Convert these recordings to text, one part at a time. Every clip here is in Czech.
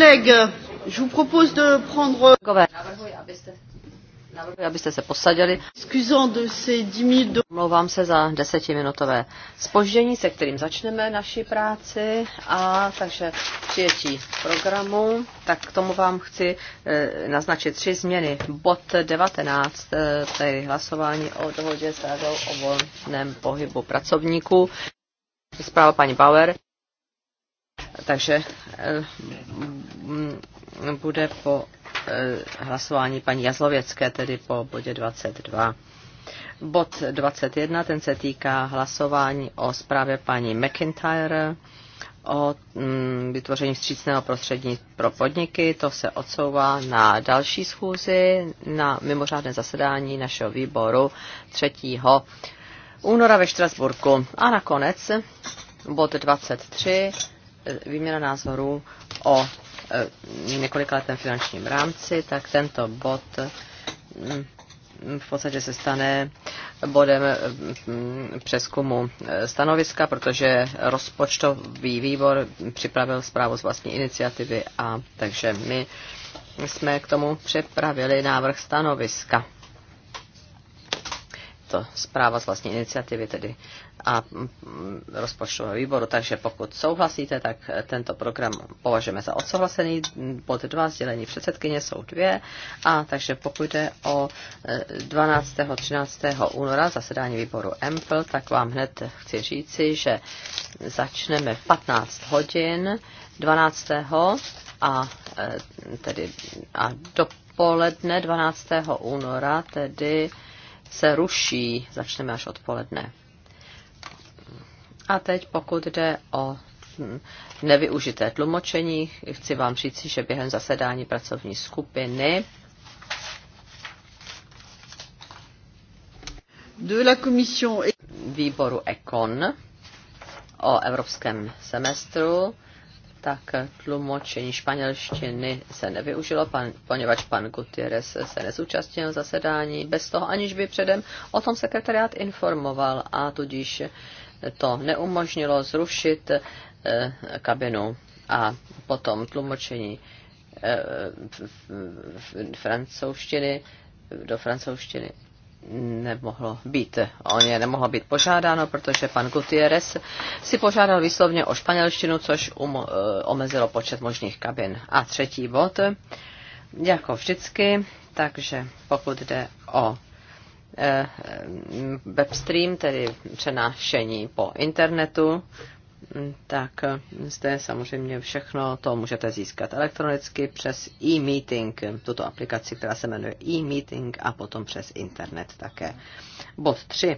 collègues, je vous propose de prendre... abyste, navrhuji, abyste se posadili. Omlouvám se za desetiminutové spoždění, se kterým začneme naši práci. A takže přijetí programu, tak k tomu vám chci e, naznačit tři změny. Bod 19, e, eh, tedy hlasování o dohodě s radou o volném pohybu pracovníků. Zpráva paní Bauer. Takže eh, mm, bude po eh, hlasování paní Jazlověcké, tedy po bodě 22. Bod 21, ten se týká hlasování o zprávě paní McIntyre o mm, vytvoření vstřícného prostředí pro podniky. To se odsouvá na další schůzi, na mimořádné zasedání našeho výboru 3. února ve Štrasburku. A nakonec bod 23 výměna názorů o e, několikaletém finančním rámci, tak tento bod mm, v podstatě se stane bodem mm, přeskumu e, stanoviska, protože rozpočtový výbor připravil zprávu z vlastní iniciativy a takže my jsme k tomu připravili návrh stanoviska to zpráva z vlastní iniciativy tedy a mm, rozpočtového výboru. Takže pokud souhlasíte, tak tento program považujeme za odsouhlasený. Bod dva sdělení předsedkyně jsou dvě. A takže pokud jde o 12. E, 13. února zasedání výboru EMPL, tak vám hned chci říci, že začneme v 15 hodin 12. a e, tedy a do poledne 12. února tedy se ruší, začneme až odpoledne. A teď pokud jde o nevyužité tlumočení, chci vám říct, že během zasedání pracovní skupiny de la commission výboru ECON o evropském semestru tak tlumočení španělštiny se nevyužilo, pan, poněvadž pan Gutierrez se nezúčastnil zasedání bez toho, aniž by předem o tom sekretariát informoval a tudíž to neumožnilo zrušit eh, kabinu a potom tlumočení eh, francouzštiny do francouzštiny nemohlo být, o ně nemohlo být požádáno, protože pan Gutierrez si požádal výslovně o španělštinu, což um, eh, omezilo počet možných kabin. A třetí bod, jako vždycky, takže pokud jde o eh, webstream, tedy přenášení po internetu, tak zde samozřejmě všechno to můžete získat elektronicky přes e-meeting, tuto aplikaci, která se jmenuje e-meeting a potom přes internet také. Bod 3.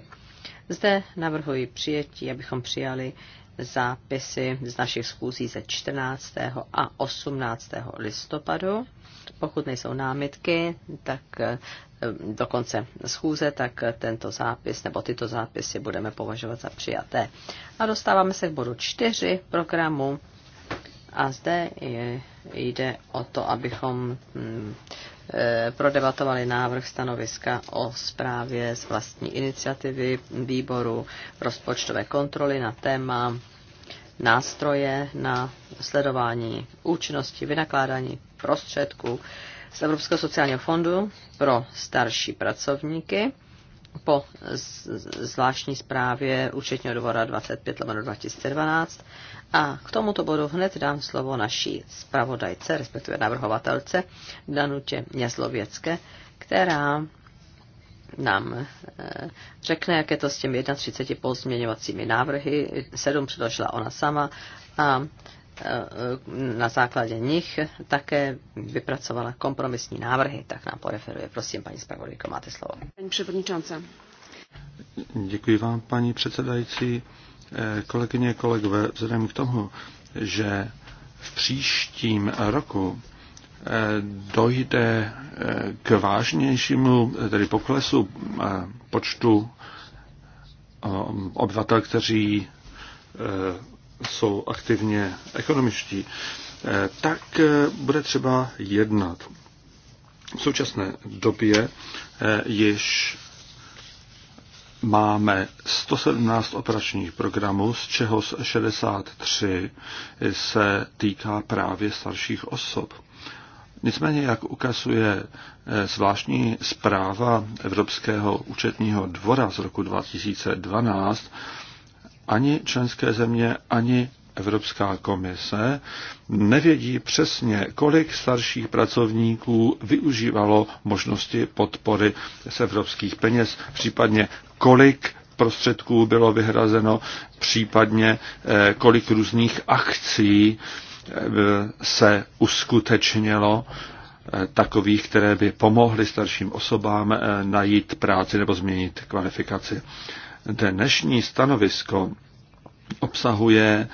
Zde navrhuji přijetí, abychom přijali zápisy z našich schůzí ze 14. a 18. listopadu. Pokud nejsou námitky, tak do konce schůze, tak tento zápis nebo tyto zápisy budeme považovat za přijaté. A dostáváme se k bodu 4 programu. A zde je, jde o to, abychom hm, prodebatovali návrh stanoviska o zprávě z vlastní iniciativy výboru rozpočtové kontroly na téma nástroje na sledování účinnosti vynakládání prostředků z Evropského sociálního fondu pro starší pracovníky po zvláštní zprávě účetního dvora 25 lomeno 2012. A k tomuto bodu hned dám slovo naší zpravodajce, respektive navrhovatelce Danutě Mězlověcké, která nám eh, řekne, jak je to s těmi 31 pozměňovacími návrhy. Sedm předložila ona sama a na základě nich také vypracovala kompromisní návrhy, tak nám poreferuje. Prosím, paní zpravodajko, máte slovo. Paní předsedničance. Děkuji vám, paní předsedající. Eh, kolegyně, kolegové, vzhledem k tomu, že v příštím roku eh, dojde eh, k vážnějšímu tedy poklesu počtu obyvatel, kteří jsou aktivně ekonomičtí, eh, tak eh, bude třeba jednat. V současné době eh, již máme 117 operačních programů, z čehož 63 se týká právě starších osob. Nicméně, jak ukazuje zvláštní zpráva Evropského účetního dvora z roku 2012, ani členské země, ani Evropská komise nevědí přesně, kolik starších pracovníků využívalo možnosti podpory z evropských peněz, případně kolik prostředků bylo vyhrazeno, případně eh, kolik různých akcí eh, se uskutečnilo eh, takových, které by pomohly starším osobám najít práci nebo změnit kvalifikaci. Dnešní stanovisko obsahuje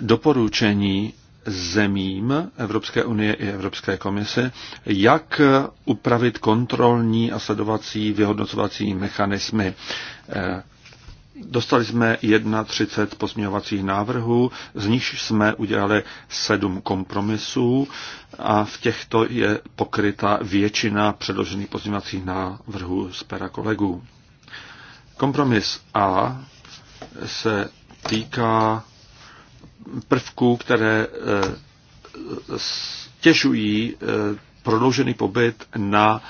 doporučení zemím Evropské unie i Evropské komise, jak upravit kontrolní a sledovací vyhodnocovací mechanismy. Eh, dostali jsme 31 pozměňovacích návrhů, z nichž jsme udělali sedm kompromisů a v těchto je pokryta většina předložených pozměňovacích návrhů z pera kolegů. Kompromis A se týká prvků, které eh, stěžují eh, prodloužený pobyt na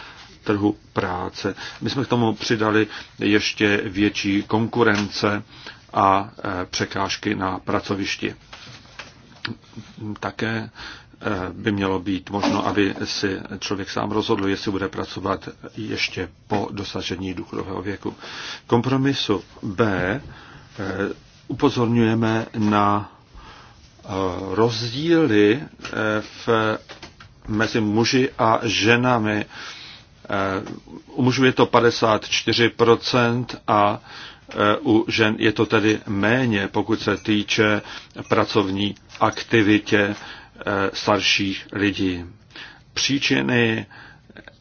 trhu práce. My jsme k tomu přidali ještě větší konkurence a eh, překážky na pracovišti. Také Eh, by mělo být možno, aby si člověk sám rozhodl, jestli bude pracovat ještě po dosažení důchodového věku. Kompromisu B eh, upozorňujeme na eh, rozdíly v, mezi muži a ženami. U mužů je to 54% a u žen je to tedy méně, pokud se týče pracovní aktivitě Eh, starších lidí. Příčiny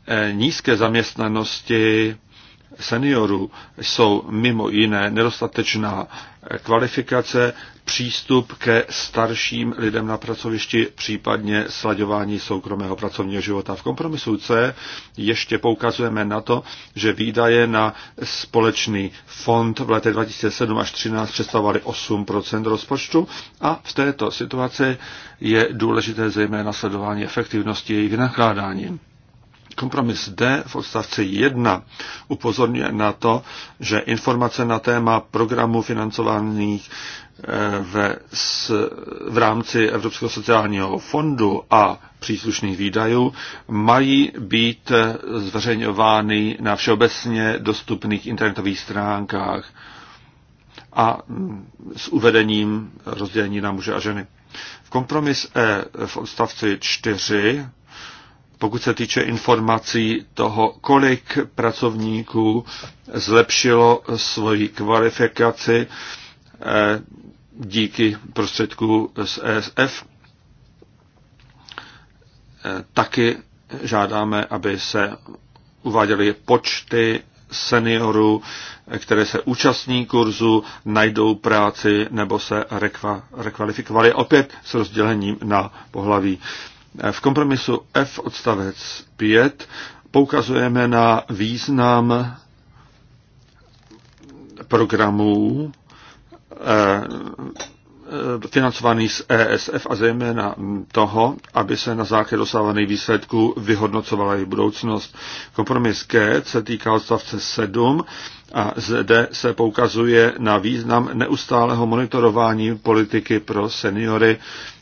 eh, nízké zaměstnanosti seniorů jsou mimo jiné nedostatečná kvalifikace, přístup ke starším lidem na pracovišti, případně slaďování soukromého pracovního života. V kompromisu C ještě poukazujeme na to, že výdaje na společný fond v letech 2007 až 2013 představovaly 8 rozpočtu a v této situaci je důležité zejména sledování efektivnosti jejich vynakládání. Kompromis D v odstavci 1 upozorňuje na to, že informace na téma programů financovaných eh, ve, s, v rámci Evropského sociálního fondu a příslušných výdajů mají být eh, zveřejňovány na všeobecně dostupných internetových stránkách a mm, s uvedením rozdělení na muže a ženy. V kompromis E v odstavci 4 pokud se týče informací toho, kolik pracovníků zlepšilo svoji kvalifikaci eh, díky prostředku z ESF. Eh, taky žádáme, aby se uváděly počty seniorů, které se účastní kurzu, najdou práci nebo se rekva, rekvalifikovali opět s rozdělením na pohlaví. V kompromisu F odstavec 5 poukazujeme na význam programů eh, eh, financovaný z ESF a zejména toho, aby se na základě dosávaných výsledků vyhodnocovala jejich budoucnost. Kompromis K se týká odstavce 7 a zde se poukazuje na význam neustálého monitorování politiky pro seniory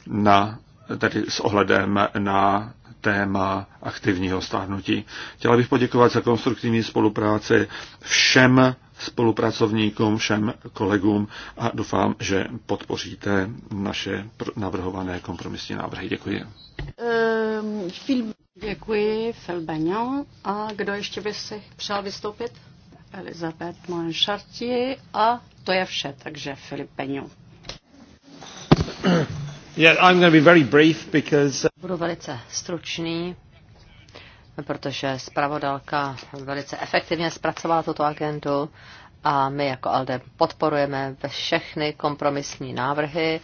na tedy s ohledem na téma aktivního stárnutí. Chtěla bych poděkovat za konstruktivní spolupráci všem spolupracovníkům, všem kolegům a doufám, že podpoříte naše navrhované kompromisní návrhy. Děkuji. Um, ehm, film. Děkuji, Felbaňo. A kdo ještě by si přál vystoupit? Elizabeth Monchartier a to je vše, takže Filip Peňo. Uh, Budu velice stručný, protože zpravodalka velice efektivně zpracovala tuto agendu a my jako ALDE podporujeme všechny kompromisní návrhy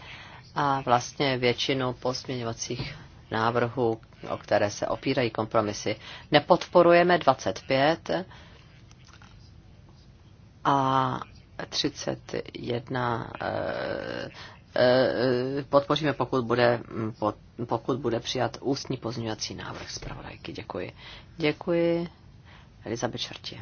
a vlastně většinu pozměňovacích návrhů, o které se opírají kompromisy. Nepodporujeme 25 a 31 Eh, eh, podpoříme, pokud bude, mm, pokud bude přijat ústní pozměňovací návrh zpravodajky. Děkuji. Děkuji. Elizabeth Šartě.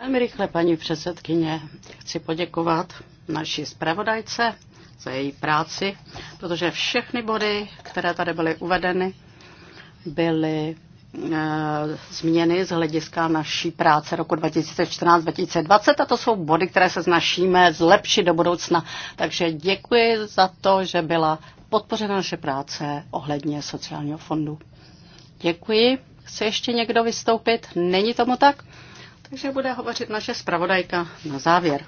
Velmi rychle, paní předsedkyně, chci poděkovat naší zpravodajce za její práci, protože všechny body, které tady byly uvedeny, byly Eh, změny z hlediska naší práce roku 2014-2020 a to jsou body, které se snažíme zlepšit do budoucna. Takže děkuji za to, že byla podpořena naše práce ohledně sociálního fondu. Děkuji. Chce ještě někdo vystoupit? Není tomu tak? Takže bude hovořit naše zpravodajka na závěr.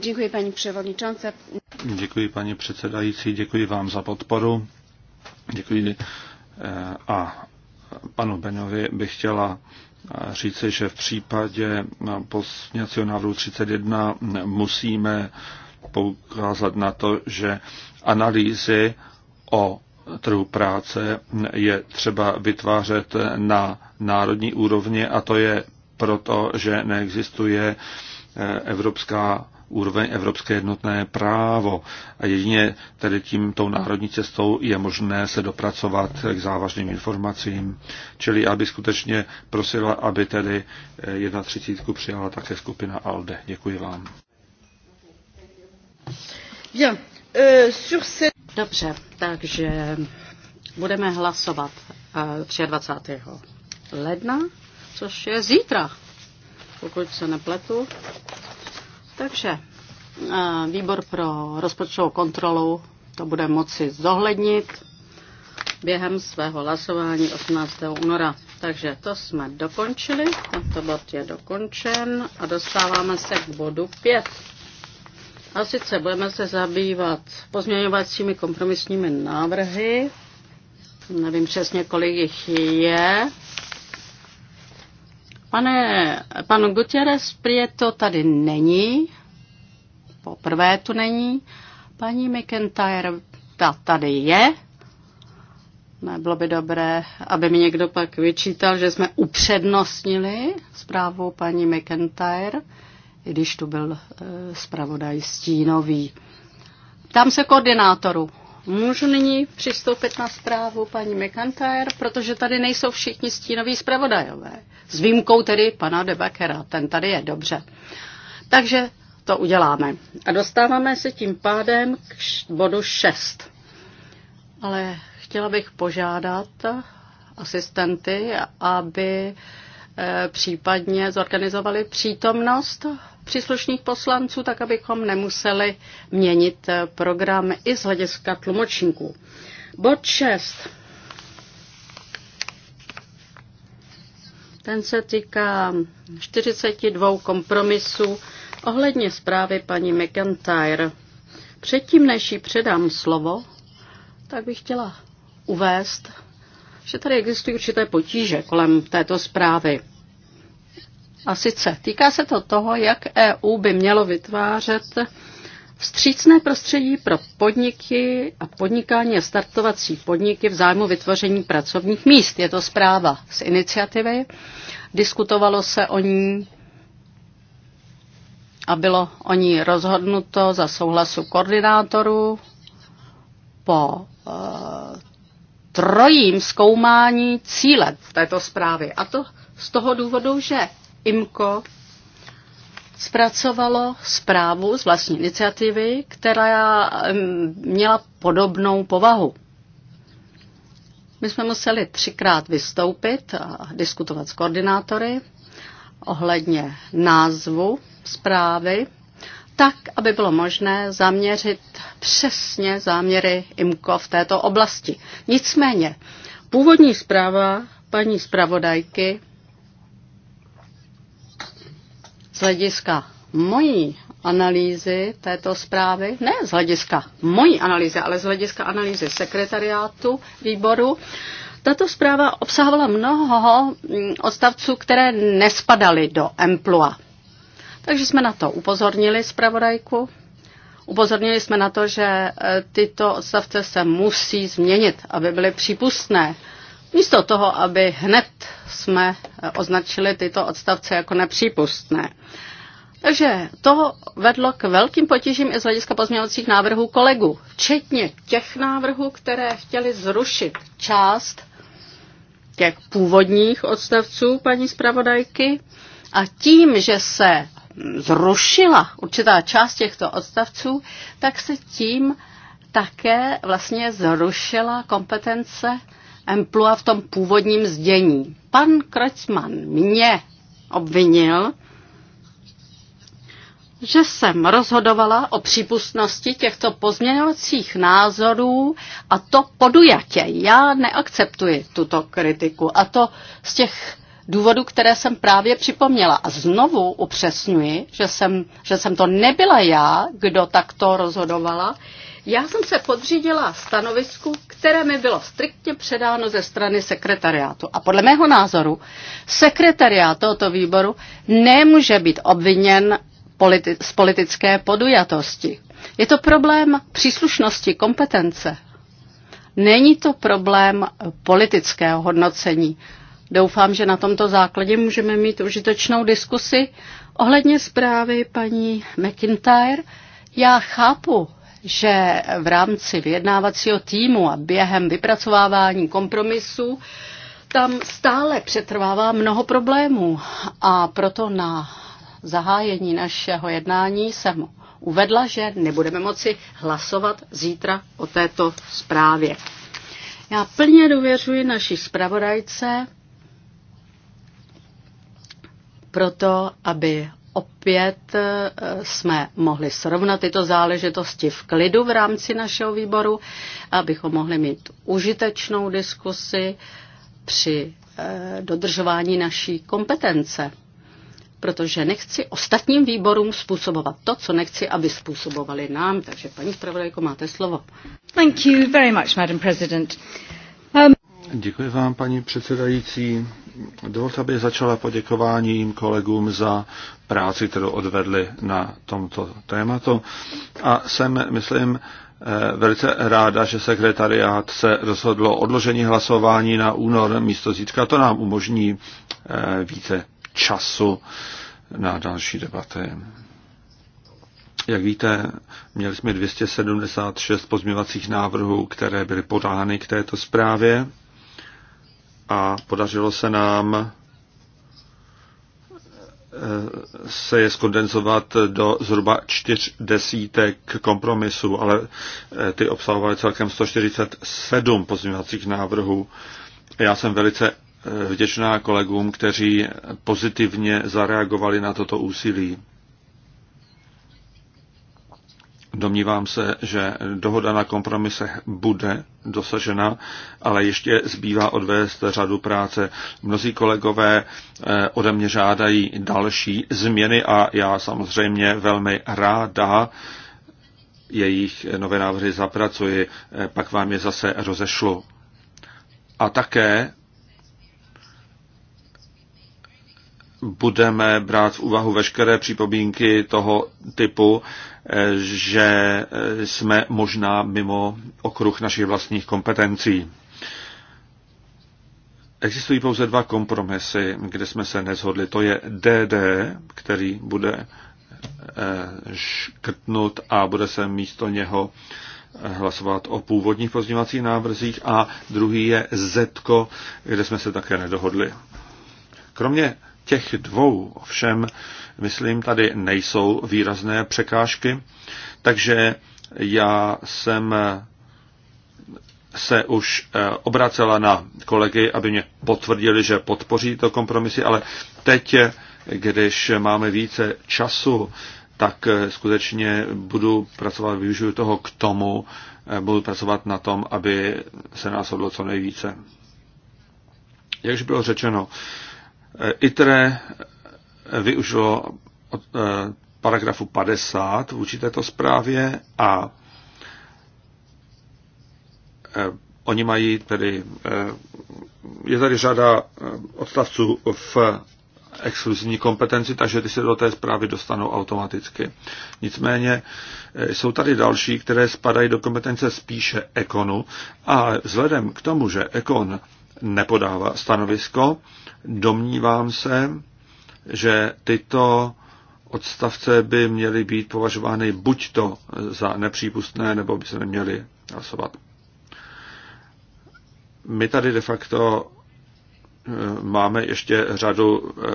Děkuji paní předsedající. Děkuji paní předsedající, děkuji vám za podporu. Děkuji a panu Benovi bych chtěla říci, že v případě posměcího návrhu 31 musíme poukázat na to, že analýzy o trhu práce je třeba vytvářet na národní úrovni a to je proto, že neexistuje evropská úroveň evropské jednotné právo. A jedině tedy tím tou národní cestou je možné se dopracovat k závažným informacím. Čili aby skutečně prosila, aby tedy 31. Eh, přijala také skupina ALDE. Děkuji vám. Euh, Dobře, takže budeme hlasovat 23. Eh, ledna, což je zítra, pokud se nepletu. Takže eh, výbor pro rozpočtovou kontrolu to bude moci zohlednit během svého hlasování 18. února. Takže to jsme dokončili, tento bod je dokončen a dostáváme se k bodu 5. A sice budeme se zabývat pozměňovacími kompromisními návrhy. Nevím přesně, kolik jich je. Pane, pan Gutierrez Prieto tady není, poprvé tu není. Paní McIntyre, ta tady je. Nebylo by dobré, aby mi někdo pak vyčítal, že jsme upřednostnili zprávu paní McIntyre, i když tu byl e, zpravodaj Stínový. Tam se koordinátoru. Můžu nyní přistoupit na zprávu paní McIntyre, protože tady nejsou všichni stínoví zpravodajové. S výjimkou tedy pana Debakera, ten tady je, dobře. Takže to uděláme. A dostáváme se tím pádem k bodu 6. Ale chtěla bych požádat asistenty, aby eh, případně zorganizovali přítomnost příslušných poslanců, tak abychom nemuseli měnit eh, program i z hlediska tlumočníků. Bod 6. Ten se týká 42 kompromisů ohledně zprávy paní McIntyre. Předtím, než jí předám slovo, tak bych chtěla uvést, že tady existují určité potíže kolem této zprávy. A sice týká se to toho, jak EU by mělo vytvářet Vstřícné prostředí pro podniky a podnikání a startovací podniky v zájmu vytvoření pracovních míst. Je to zpráva z iniciativy. Diskutovalo se o ní a bylo o ní rozhodnuto za souhlasu koordinátorů po e, trojím zkoumání cíle v této zprávy. A to z toho důvodu, že IMCO zpracovalo zprávu z vlastní iniciativy, která měla podobnou povahu. My jsme museli třikrát vystoupit a diskutovat s koordinátory ohledně názvu zprávy, tak, aby bylo možné zaměřit přesně záměry IMCO v této oblasti. Nicméně, původní zpráva paní zpravodajky z hlediska mojí analýzy této zprávy, ne z hlediska mojí analýzy, ale z hlediska analýzy sekretariátu výboru, tato zpráva obsahovala mnoho mm, odstavců, které nespadaly do emplua. Takže jsme na to upozornili zpravodajku. Upozornili jsme na to, že e, tyto odstavce se musí změnit, aby byly přípustné Místo toho, aby hned jsme eh, označili tyto odstavce jako nepřípustné. Takže to vedlo k velkým potížím i z hlediska pozměňovacích návrhů kolegů, včetně těch návrhů, které chtěli zrušit část těch původních odstavců paní zpravodajky a tím, že se zrušila určitá část těchto odstavců, tak se tím také vlastně zrušila kompetence emplua v tom původním zdění. Pan Kreutzmann mě obvinil, že jsem rozhodovala o přípustnosti těchto pozměňovacích názorů a to podujatě. Já neakceptuji tuto kritiku a to z těch důvodů, které jsem právě připomněla. A znovu upřesňuji, že jsem, že jsem to nebyla já, kdo takto rozhodovala. Já jsem se podřídila stanovisku které mi bylo striktně předáno ze strany sekretariátu. A podle mého názoru sekretariát tohoto výboru nemůže být obviněn politi- z politické podujatosti. Je to problém příslušnosti kompetence. Není to problém politického hodnocení. Doufám, že na tomto základě můžeme mít užitočnou diskusi ohledně zprávy paní McIntyre. Já chápu že v rámci vyjednávacího týmu a během vypracovávání kompromisu tam stále přetrvává mnoho problémů a proto na zahájení našeho jednání jsem uvedla, že nebudeme moci hlasovat zítra o této zprávě. Já plně důvěřuji naší zpravodajce proto, aby opět e, jsme mohli srovnat tyto záležitosti v klidu v rámci našeho výboru, abychom mohli mít užitečnou diskusi při e, dodržování naší kompetence. Protože nechci ostatním výborům způsobovat to, co nechci, aby způsobovali nám. Takže paní zpravodajko, máte slovo. Thank you very much, Madam President. Děkuji vám, paní předsedající. Dovolte, aby začala poděkováním kolegům za práci, kterou odvedli na tomto tématu. A jsem, myslím, eh, velice ráda, že sekretariát se rozhodlo odložení hlasování na únor místo zítřka. To nám umožní eh, více času na další debaty. Jak víte, měli jsme 276 pozměvacích návrhů, které byly podány k této zprávě a podařilo se nám eh, se je skondenzovat do zhruba čtyř desítek kompromisů, ale eh, ty obsahovaly celkem 147 pozměňovacích návrhů. Já jsem velice eh, vděčná kolegům, kteří pozitivně zareagovali na toto úsilí. Domnívám se, že dohoda na kompromisech bude dosažena, ale ještě zbývá odvést řadu práce. Mnozí kolegové eh, ode mě žádají další změny a já samozřejmě velmi ráda jejich nové návrhy zapracuji, eh, pak vám je zase rozešlu. A také budeme brát v úvahu veškeré připomínky toho typu, že jsme možná mimo okruh našich vlastních kompetencí. Existují pouze dva kompromisy, kde jsme se nezhodli. To je DD, který bude eh, škrtnut a bude se místo něho eh, hlasovat o původních pozdňovacích návrzích a druhý je Z, kde jsme se také nedohodli. Kromě těch dvou ovšem, myslím, tady nejsou výrazné překážky, takže já jsem se už eh, obracela na kolegy, aby mě potvrdili, že podpoří to kompromisy, ale teď, eh, když máme více času, tak eh, skutečně budu pracovat, využiju toho k tomu, budu pracovat na tom, aby se nás hodlo co nejvíce. už bylo řečeno, Eh, ITRE eh, využilo od eh, paragrafu 50 vůči této zprávě a oni mají tedy, je tady řada odstavců v exkluzivní kompetenci, takže ty se do té zprávy dostanou automaticky. Nicméně jsou tady další, které spadají do kompetence spíše ekonu a vzhledem k tomu, že ekon nepodává stanovisko. Domnívám se, že tyto odstavce by měly být považovány buď to za nepřípustné, nebo by se neměly hlasovat. My tady de facto eh, máme ještě řadu eh,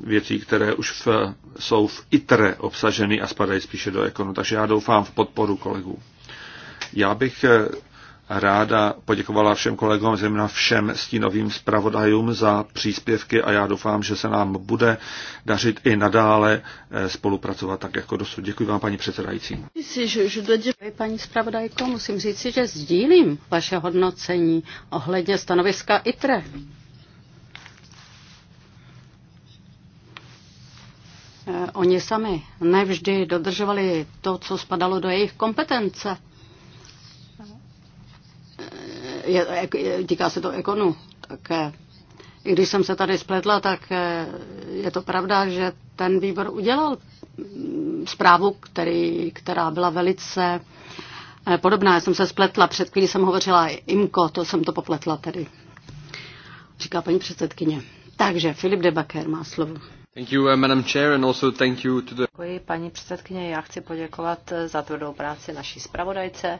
věcí, které už v, jsou v ITRE obsaženy a spadají spíše do ekonu. Takže já doufám v podporu kolegů. Já bych eh, ráda poděkovala všem kolegům, zejména všem stínovým zpravodajům za příspěvky a já doufám, že se nám bude dařit i nadále eh, spolupracovat tak jako dosud. Děkuji vám, paní předsedající. Děkuji, paní zpravodajko. Musím říct, že sdílím vaše hodnocení ohledně stanoviska ITRE. Eh, oni sami nevždy dodržovali to, co spadalo do jejich kompetence je, díká se to ekonu také. Eh, I když jsem se tady spletla, tak eh, je to pravda, že ten výbor udělal mm, zprávu, který, která byla velice eh, podobná. Já jsem se spletla, před chvílí jsem hovořila IMKO, to jsem to popletla tedy, říká paní předsedkyně. Takže Filip Debaker má slovo. Thank thank you, you Madam Chair, and also to Děkuji, paní předsedkyně. Já chci poděkovat za tvrdou práci naší zpravodajce.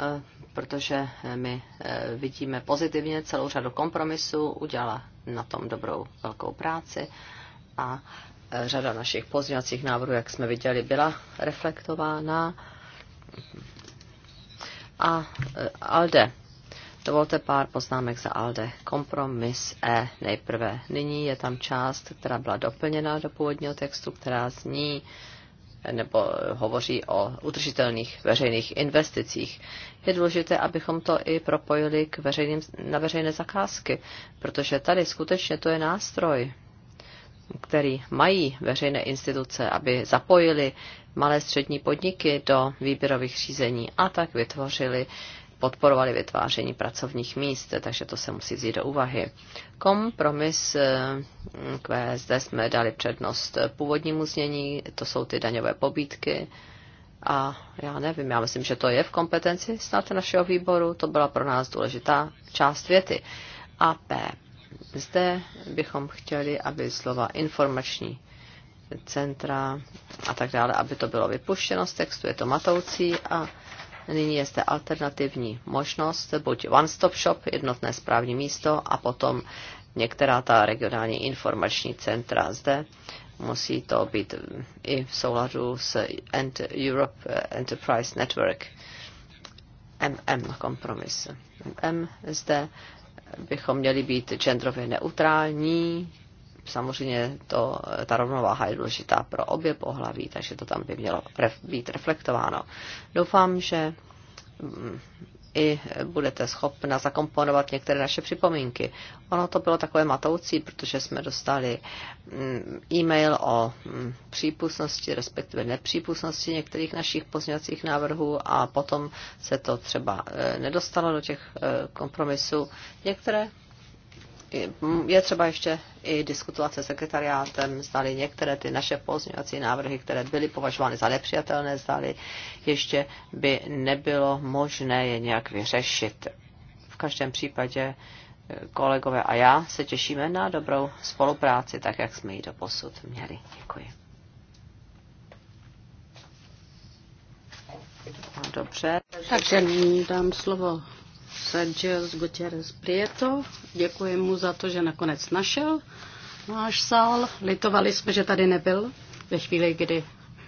Eh, protože eh, my eh, vidíme pozitivně celou řadu kompromisů, udělala na tom dobrou velkou práci a řada našich pozdělacích návrhů, jak jsme viděli, byla reflektována. A Alde, dovolte pár poznámek za Alde. Kompromis E nejprve. Nyní je tam část, která byla doplněna do původního textu, která zní, nebo hovoří o udržitelných veřejných investicích. Je důležité, abychom to i propojili k veřejným, na veřejné zakázky, protože tady skutečně to je nástroj, který mají veřejné instituce, aby zapojili malé střední podniky do výběrových řízení a tak vytvořili podporovali vytváření pracovních míst, takže to se musí vzít do úvahy. Kompromis QSD eh, jsme dali přednost původnímu znění, to jsou ty daňové pobídky a já nevím, já myslím, že to je v kompetenci snad našeho výboru, to byla pro nás důležitá část věty. A P. Zde bychom chtěli, aby slova informační centra a tak dále, aby to bylo vypuštěno z textu, je to matoucí a Nyní je zde alternativní možnost, buď one-stop shop, jednotné správní místo a potom některá ta regionální informační centra zde. Musí to být i v souladu s Europe eh, Enterprise Network. MM kompromis. MM zde bychom měli být genderově neutrální, samozřejmě to, ta rovnováha je důležitá pro obě pohlaví, takže to tam by mělo ref, být reflektováno. Doufám, že mm, i budete schopna zakomponovat některé naše připomínky. Ono to bylo takové matoucí, protože jsme dostali mm, e-mail o mm, přípustnosti, respektive nepřípustnosti některých našich pozměňovacích návrhů a potom se to třeba e, nedostalo do těch e, kompromisů. Některé Mm, je třeba ještě i diskutovat se sekretariátem, zdali některé ty naše pozměňovací návrhy, které byly považovány za nepřijatelné, zdali ještě by nebylo možné je nějak vyřešit. V každém případě eh, kolegové a já se těšíme na dobrou spolupráci, tak jak jsme ji do posud měli. Děkuji. No, dobře. Takže dám slovo z Gutierrez Prieto. Děkuji mu za to, že nakonec našel náš sál. Litovali jsme, že tady nebyl ve chvíli, kdy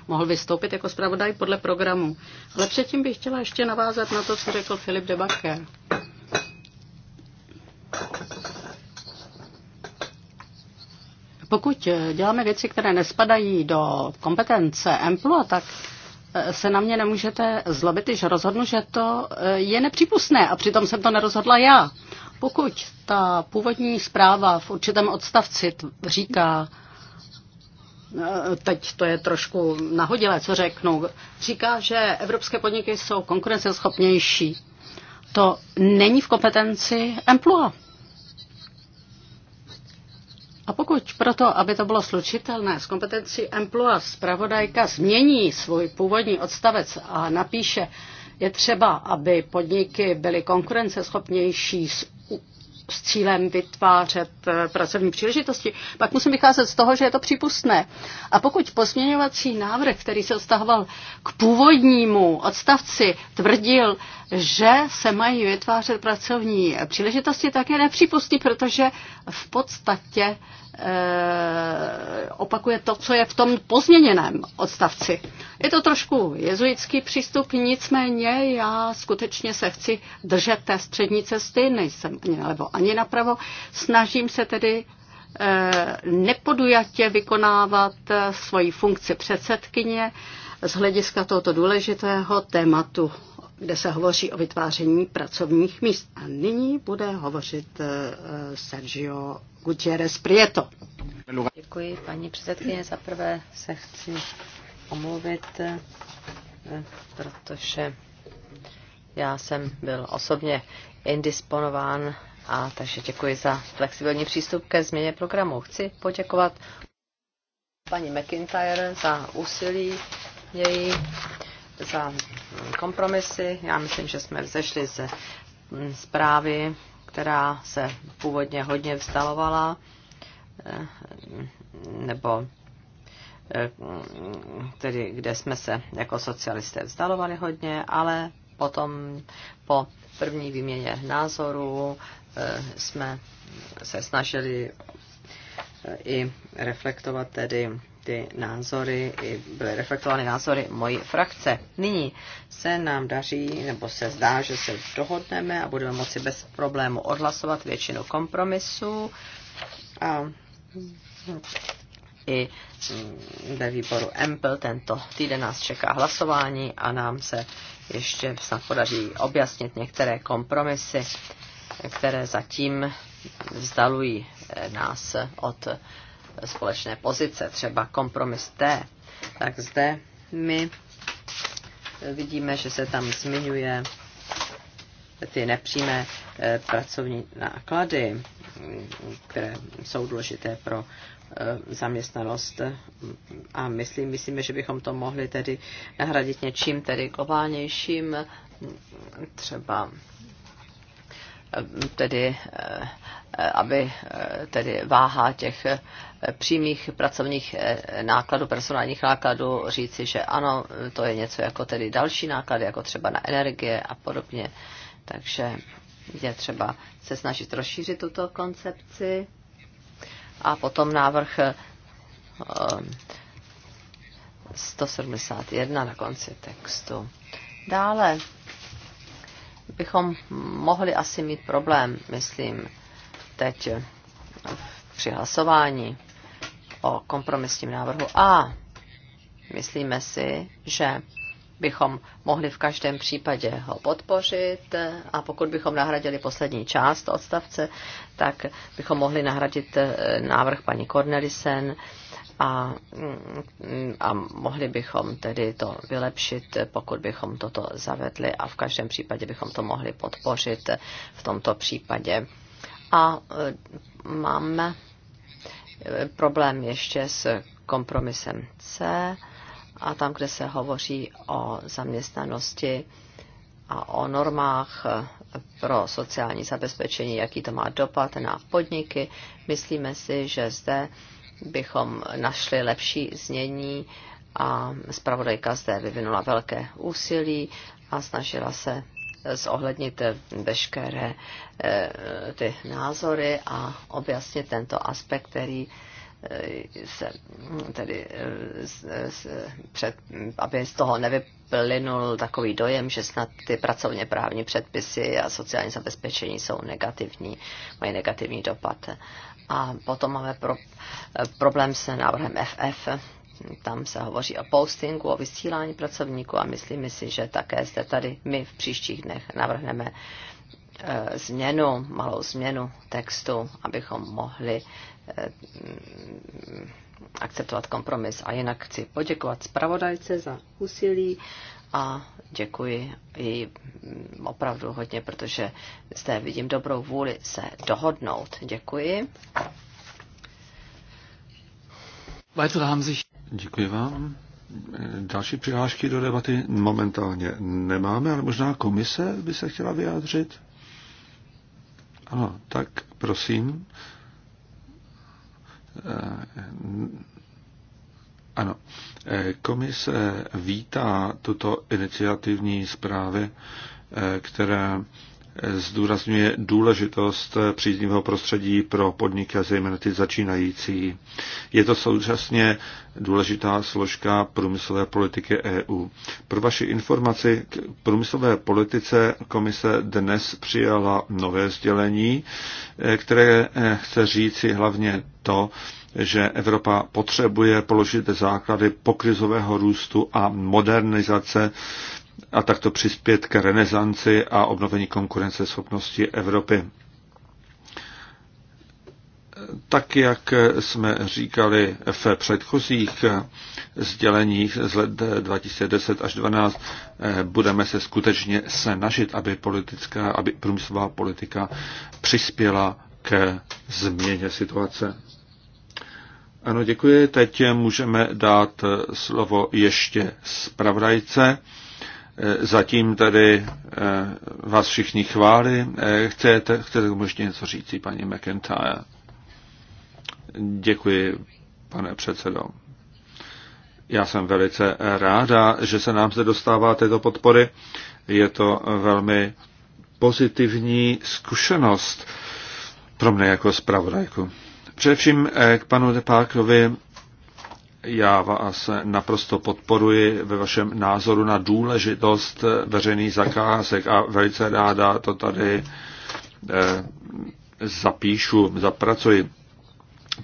mohl vystoupit jako zpravodaj podle programu. Ale předtím bych chtěla ještě navázat na to, co řekl Filip de Bacher. Pokud děláme věci, které nespadají do kompetence Emplu, tak se na mě nemůžete zlobit, když rozhodnu, že to eh, je nepřípustné a přitom jsem to nerozhodla já. Pokud ta původní zpráva v určitém odstavci říká, eh, teď to je trošku nahodilé, co řeknu, říká, že evropské podniky jsou konkurenceschopnější. To není v kompetenci Emplua. A pokud proto, aby to bylo slučitelné s kompetencí emploa, zpravodajka změní svůj původní odstavec a napíše, je třeba, aby podniky byly konkurenceschopnější s s cílem vytvářet eh, pracovní příležitosti, pak musím vycházet z toho, že je to přípustné. A pokud posměňovací návrh, který se odstahoval k původnímu odstavci, tvrdil, že se mají vytvářet pracovní příležitosti, tak je nepřípustný, protože v podstatě Eh, opakuje to, co je v tom pozměněném odstavci. Je to trošku jezuitský přístup, nicméně já skutečně se chci držet té střední cesty, nejsem ani nalevo, ani napravo. Snažím se tedy eh, nepodujatě vykonávat eh, svoji funkci předsedkyně z hlediska tohoto důležitého tématu kde se hovoří o vytváření pracovních míst. A nyní bude hovořit eh, Sergio Gutierrez Prieto. Děkuji, paní předsedkyně. Za prvé se chci omluvit, eh, protože já jsem byl osobně indisponován a takže děkuji za flexibilní přístup ke změně programu. Chci poděkovat paní McIntyre za úsilí její, za kompromisy. Já myslím, že jsme vzešli ze zprávy, která se původně hodně vzdalovala, eh, nebo eh, tedy kde jsme se jako socialisté vzdalovali hodně, ale potom po první výměně názorů eh, jsme se snažili i reflektovat tedy ty názory, byly reflektovány názory mojí frakce. Nyní se nám daří, nebo se zdá, že se dohodneme a budeme moci bez problému odhlasovat většinu kompromisů. A i mm, ve výboru EMPL tento týden nás čeká hlasování a nám se ještě snad podaří objasnit některé kompromisy, které zatím vzdalují eh, nás od společné pozice, třeba kompromis T, tak zde my vidíme, že se tam zmiňuje ty nepřímé eh, pracovní náklady, které jsou důležité pro eh, zaměstnanost a myslím, myslíme, že bychom to mohli tedy nahradit něčím tedy globálnějším, třeba tedy eh, eh, aby eh, tedy váha těch přímých pracovních nákladů, personálních nákladů, říci, že ano, to je něco jako tedy další náklady, jako třeba na energie a podobně. Takže je třeba se snažit rozšířit tuto koncepci. A potom návrh 171 na konci textu. Dále bychom mohli asi mít problém, myslím, teď při hlasování o kompromisním návrhu A. Myslíme si, že bychom mohli v každém případě ho podpořit a pokud bychom nahradili poslední část odstavce, tak bychom mohli nahradit eh, návrh paní Cornelisen a, a mohli bychom tedy to vylepšit, pokud bychom toto zavedli a v každém případě bychom to mohli podpořit v tomto případě. A e, máme e, problém ještě s kompromisem C a tam, kde se hovoří o zaměstnanosti a o normách e, pro sociální zabezpečení, jaký to má dopad na podniky. Myslíme si, že zde bychom našli lepší znění a zpravodajka zde vyvinula velké úsilí a snažila se zohlednit veškeré eh, ty názory a objasnit tento aspekt, který se tedy se, před, aby z toho nevyplynul takový dojem, že snad ty pracovně právní předpisy a sociální zabezpečení jsou negativní, mají negativní dopad. A potom máme pro, problém se návrhem FF, tam se hovoří o postingu, o vysílání pracovníků a myslíme si, že také zde tady my v příštích dnech navrhneme eh, změnu, malou změnu textu, abychom mohli Eh, akceptovat kompromis. A jinak chci poděkovat zpravodajce za úsilí a děkuji i mm, opravdu hodně, protože zde vidím dobrou vůli se dohodnout. Děkuji. Děkuji vám. Další přihlášky do debaty momentálně nemáme, ale možná komise by se chtěla vyjádřit. Ano, tak prosím. Eh, ano, eh, komise vítá tuto iniciativní zprávy, eh, které zdůrazňuje důležitost příznivého prostředí pro podniky a zejména ty začínající. Je to současně důležitá složka průmyslové politiky EU. Pro vaši informaci k průmyslové politice komise dnes přijala nové sdělení, které chce říci hlavně to, že Evropa potřebuje položit základy pokrizového růstu a modernizace a takto přispět k renesanci a obnovení konkurenceschopnosti Evropy. Tak, jak jsme říkali v předchozích sděleních z let 2010 až 2012, budeme se skutečně snažit, aby, politická, aby průmyslová politika přispěla ke změně situace. Ano, děkuji. Teď můžeme dát slovo ještě zpravodajce Eh, zatím tady eh, vás všichni chváli. Eh, chcete, chcete možná něco říct, paní McIntyre? Děkuji, pane předsedo. Já jsem velice ráda, že se nám zde dostává této podpory. Je to velmi pozitivní zkušenost pro mě jako zpravodajku. Především k panu Depákovi já vás naprosto podporuji ve vašem názoru na důležitost veřejných zakázek a velice ráda to tady eh, zapíšu, zapracuji.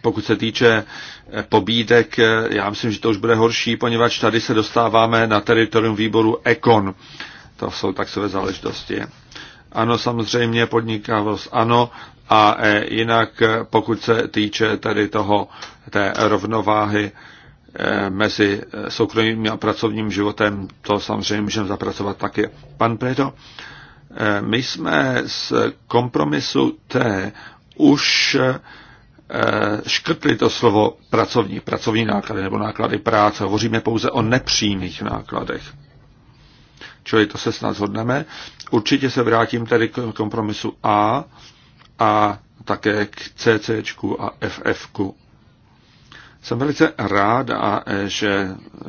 Pokud se týče eh, pobídek, eh, já myslím, že to už bude horší, poněvadž tady se dostáváme na teritorium výboru EKON. To jsou takové záležitosti. Ano, samozřejmě podnikavost, ano, a jinak pokud se týče tady toho, té rovnováhy, Eh, mezi soukromým a pracovním životem, to samozřejmě můžeme zapracovat taky. Pan Predo, eh, my jsme z kompromisu T už eh, škrtli to slovo pracovní, pracovní náklady nebo náklady práce. Hovoříme pouze o nepřímých nákladech. Čili to se snad zhodneme. Určitě se vrátím tedy k kompromisu A a také k CC a FF. -ku. Jsem velice rád, a eh, že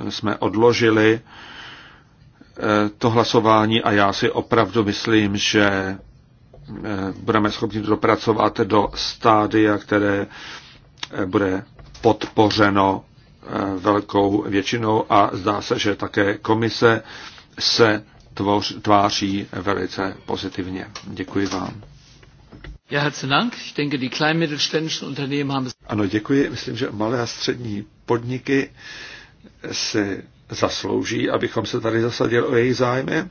jsme odložili eh, to hlasování a já si opravdu myslím, že eh, budeme schopni dopracovat do stádia, které bude podpořeno velkou většinou a zdá se, že také komise se tvoř, tváří velice pozitivně. Děkuji vám. Ja, herzlichen Dank. Ich denke, die kleinen mittelständischen Unternehmen haben Ano, děkuji. Myslím, že malé a střední podniky se zaslouží, abychom se tady zasadili o jejich zájmy.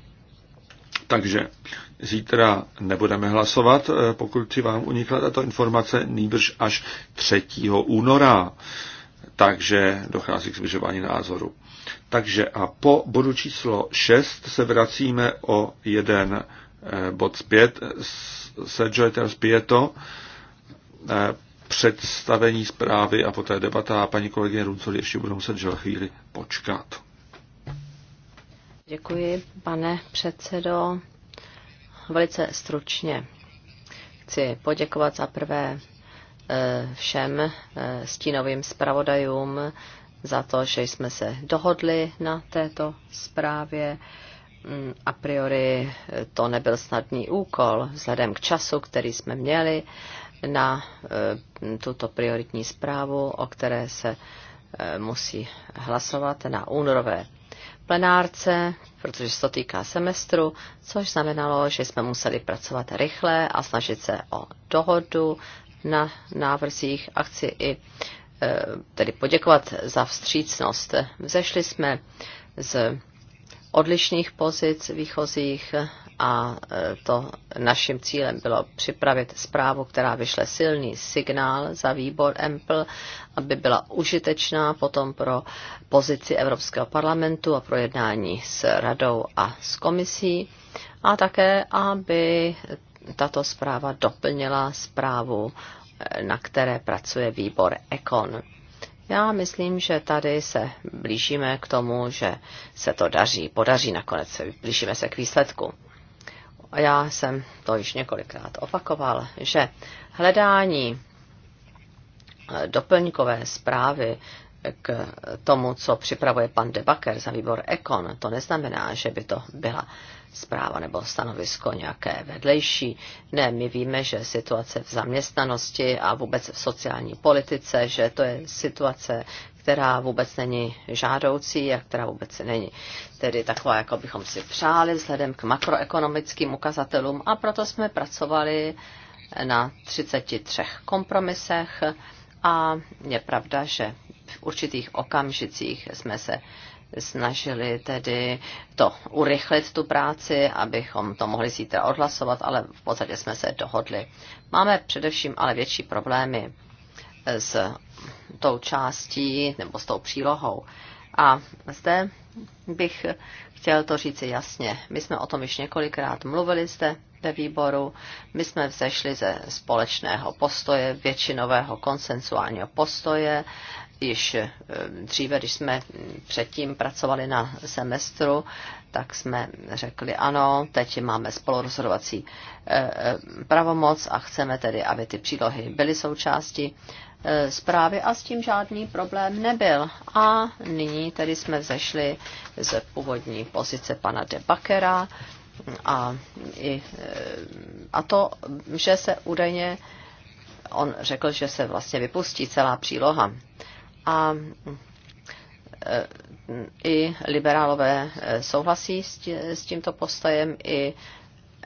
Takže zítra nebudeme hlasovat, eh, pokud si vám unikla tato informace, nýbrž až 3. února. Takže dochází k zbližování názoru. Takže a po bodu číslo 6 se vracíme o jeden eh, bod zpět S Sergio Tels Pieto, eh, představení zprávy a poté debata a paní kolegyně Runcoli ještě budou muset žel chvíli počkat. Děkuji, pane předsedo. Velice stručně chci poděkovat za prvé eh, všem eh, stínovým zpravodajům za to, že jsme se dohodli na této zprávě a priori to nebyl snadný úkol vzhledem k času, který jsme měli na eh, tuto prioritní zprávu, o které se eh, musí hlasovat na únorové plenárce, protože se to týká semestru, což znamenalo, že jsme museli pracovat rychle a snažit se o dohodu na návrzích. A chci i eh, tedy poděkovat za vstřícnost. Vzešli jsme z odlišných pozic výchozích a e, to naším cílem bylo připravit zprávu, která vyšle silný signál za výbor EMPL, aby byla užitečná potom pro pozici Evropského parlamentu a pro jednání s radou a s komisí a také, aby tato zpráva doplnila zprávu, e, na které pracuje výbor ECON. Já myslím, že tady se blížíme k tomu, že se to daří, podaří nakonec, blížíme se k výsledku. A já jsem to již několikrát opakoval, že hledání eh, doplňkové zprávy k tomu, co připravuje pan Debaker za výbor Ekon, to neznamená, že by to byla zpráva nebo stanovisko nějaké vedlejší. Ne, my víme, že situace v zaměstnanosti a vůbec v sociální politice, že to je situace, která vůbec není žádoucí a která vůbec není tedy taková, jako bychom si přáli vzhledem k makroekonomickým ukazatelům a proto jsme pracovali na 33 kompromisech a je pravda, že v určitých okamžicích jsme se snažili tedy to urychlit tu práci, abychom to mohli zítra odhlasovat, ale v podstatě jsme se dohodli. Máme především ale větší problémy s tou částí nebo s tou přílohou. A zde bych chtěl to říci jasně. My jsme o tom již několikrát mluvili zde ve výboru. My jsme vzešli ze společného postoje, většinového konsensuálního postoje již eh, dříve, když jsme předtím pracovali na semestru, tak jsme řekli ano, teď máme spolurozhodovací eh, eh, pravomoc a chceme tedy, aby ty přílohy byly součástí zprávy a s tím žádný problém nebyl. A nyní tedy jsme vzešli z původní pozice pana Bakera a, i, a to, že se údajně on řekl, že se vlastně vypustí celá příloha a e, i liberálové e, souhlasí s tímto postojem, i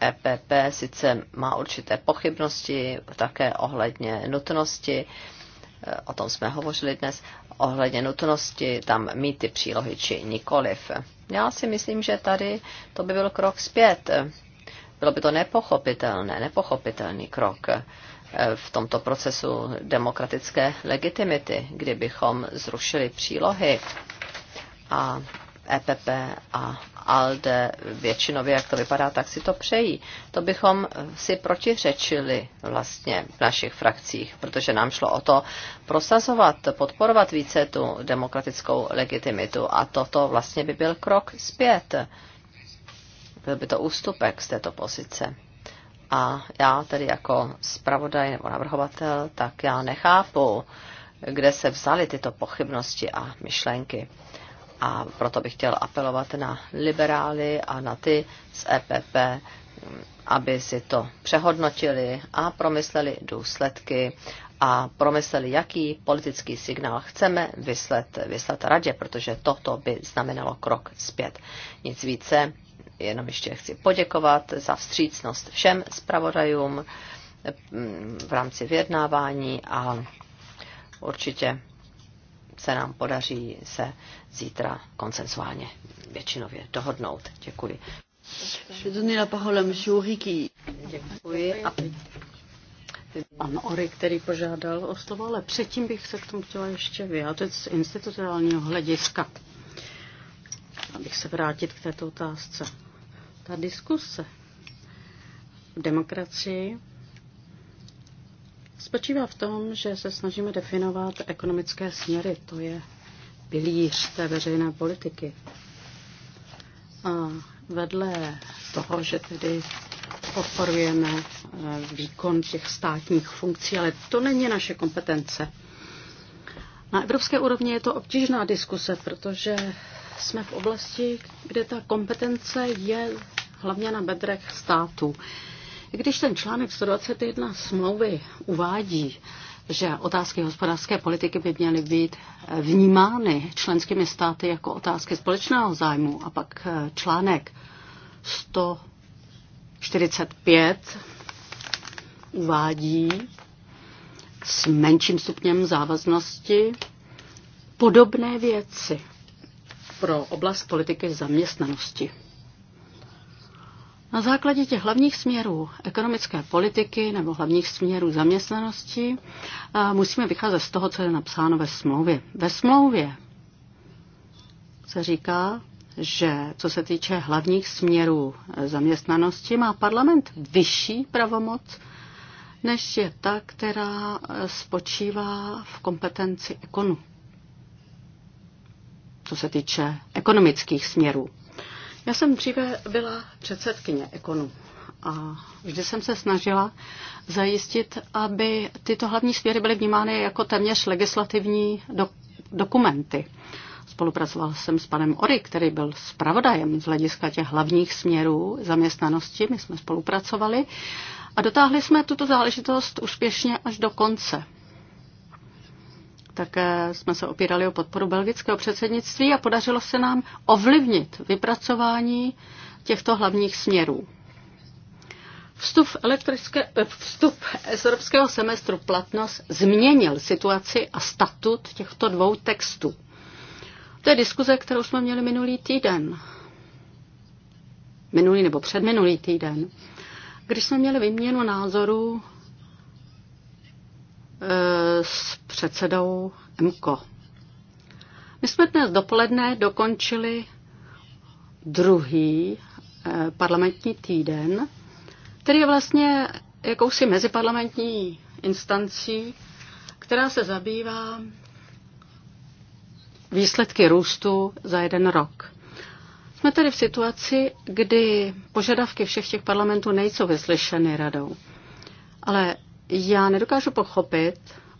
EPP sice má určité pochybnosti také ohledně nutnosti, e, o tom jsme hovořili dnes, ohledně nutnosti tam mít ty přílohy či nikoliv. Já si myslím, že tady to by byl krok zpět. Bylo by to nepochopitelné, nepochopitelný krok v tomto procesu demokratické legitimity, kdybychom zrušili přílohy a EPP a ALDE většinově, jak to vypadá, tak si to přejí. To bychom si protiřečili vlastně v našich frakcích, protože nám šlo o to prosazovat, podporovat více tu demokratickou legitimitu a toto vlastně by byl krok zpět. Byl by to ústupek z této pozice. A já tedy jako zpravodaj nebo navrhovatel, tak já nechápu, kde se vzaly tyto pochybnosti a myšlenky. A proto bych chtěl apelovat na liberály a na ty z EPP, aby si to přehodnotili a promysleli důsledky a promysleli, jaký politický signál chceme vyslat, vyslat radě, protože toto by znamenalo krok zpět. Nic více jenom ještě chci poděkovat za vstřícnost všem zpravodajům mm, v rámci vyjednávání a určitě se nám podaří se zítra konsensuálně většinově dohodnout. Děkuji. Děkuji. pan Ory, který požádal o slovo, ale předtím bych se k tomu chtěla ještě vyjádřit z institucionálního hlediska. Abych se vrátit k této otázce ta diskuse v demokracii spočívá v tom, že se snažíme definovat ekonomické směry. To je pilíř té veřejné politiky. A vedle toho, že tedy podporujeme eh, výkon těch státních funkcí, ale to není naše kompetence. Na evropské úrovni je to obtížná diskuse, protože jsme v oblasti, kde ta kompetence je hlavně na bedrech států. Když ten článek 121 smlouvy uvádí, že otázky hospodářské politiky by měly být eh, vnímány členskými státy jako otázky společného zájmu a pak eh, článek 145 uvádí s menším stupněm závaznosti podobné věci pro oblast politiky zaměstnanosti. Na základě těch hlavních směrů ekonomické politiky nebo hlavních směrů zaměstnanosti musíme vycházet z toho, co je napsáno ve smlouvě. Ve smlouvě se říká, že co se týče hlavních směrů zaměstnanosti, má parlament vyšší pravomoc, než je ta, která spočívá v kompetenci ekonu co se týče ekonomických směrů. Já jsem dříve byla předsedkyně ekonu a vždy jsem se snažila zajistit, aby tyto hlavní směry byly vnímány jako téměř legislativní do, dokumenty. spolupracovala jsem s panem Ory, který byl zpravodajem z hlediska těch hlavních směrů zaměstnanosti. My jsme spolupracovali a dotáhli jsme tuto záležitost úspěšně až do konce tak jsme se opírali o podporu belgického předsednictví a podařilo se nám ovlivnit vypracování těchto hlavních směrů. Vstup, elektrické, eh, vstup evropského semestru platnost změnil situaci a statut těchto dvou textů. To je diskuze, kterou jsme měli minulý týden. Minulý nebo předminulý týden. Když jsme měli výměnu názorů Eh, s předsedou MKO. My jsme dnes dopoledne dokončili druhý eh, parlamentní týden, který je vlastně jakousi meziparlamentní instancí, která se zabývá výsledky růstu za jeden rok. Jsme tedy v situaci, kdy požadavky všech těch parlamentů nejsou vyslyšeny radou. Ale já nedokážu pochopit,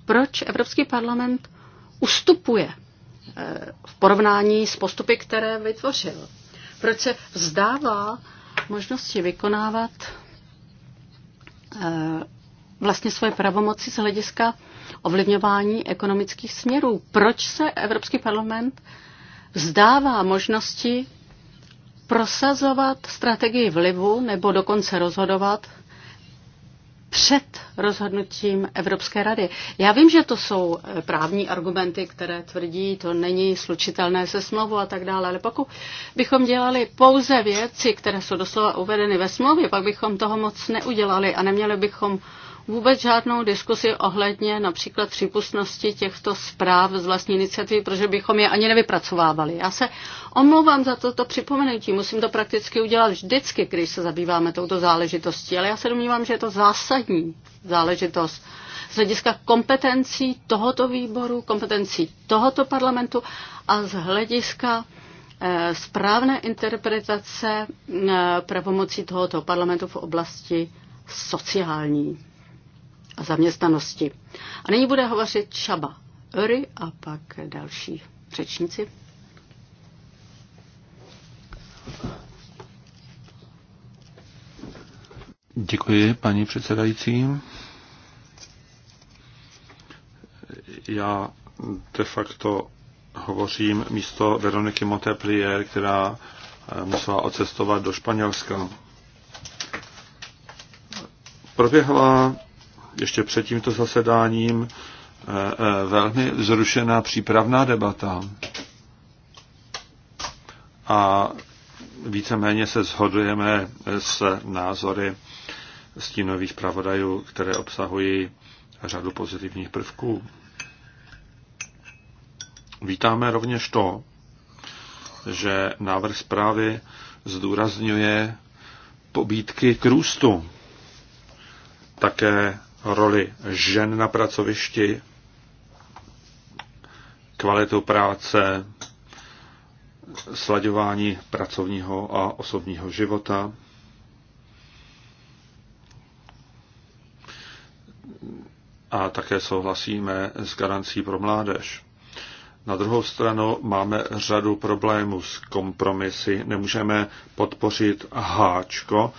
proč Evropský parlament ustupuje eh, v porovnání s postupy, které vytvořil. Proč se vzdává možnosti vykonávat eh, vlastně svoje pravomoci z hlediska ovlivňování ekonomických směrů. Proč se Evropský parlament vzdává možnosti prosazovat strategii vlivu nebo dokonce rozhodovat před rozhodnutím Evropské rady. Já vím, že to jsou eh, právní argumenty, které tvrdí, to není slučitelné se smlouvou a tak dále, ale pokud bychom dělali pouze věci, které jsou doslova uvedeny ve smlouvě, pak bychom toho moc neudělali a neměli bychom vůbec žádnou diskusi ohledně například přípustnosti těchto zpráv z vlastní iniciativy, protože bychom je ani nevypracovávali. Já se omlouvám za toto připomenutí, musím to prakticky udělat vždycky, když se zabýváme touto záležitostí, ale já se domnívám, že je to zásadní záležitost z hlediska kompetencí tohoto výboru, kompetencí tohoto parlamentu a z hlediska eh, správné interpretace eh, pravomocí tohoto parlamentu v oblasti sociální a zaměstnanosti. A nyní bude hovořit Šaba Öry a pak další řečníci. Děkuji, paní předsedající. Já de facto hovořím místo Veroniky Monteplier, která eh, musela odcestovat do Španělska. Proběhla ještě před tímto zasedáním eh, eh, velmi zrušená přípravná debata. A víceméně se shodujeme eh, s názory stínových pravodajů, které obsahují řadu pozitivních prvků. Vítáme rovněž to, že návrh zprávy zdůrazňuje pobídky k růstu. Také roli žen na pracovišti, kvalitu práce, slaďování pracovního a osobního života. A také souhlasíme s garancí pro mládež. Na druhou stranu máme řadu problémů s kompromisy. Nemůžeme podpořit háčko,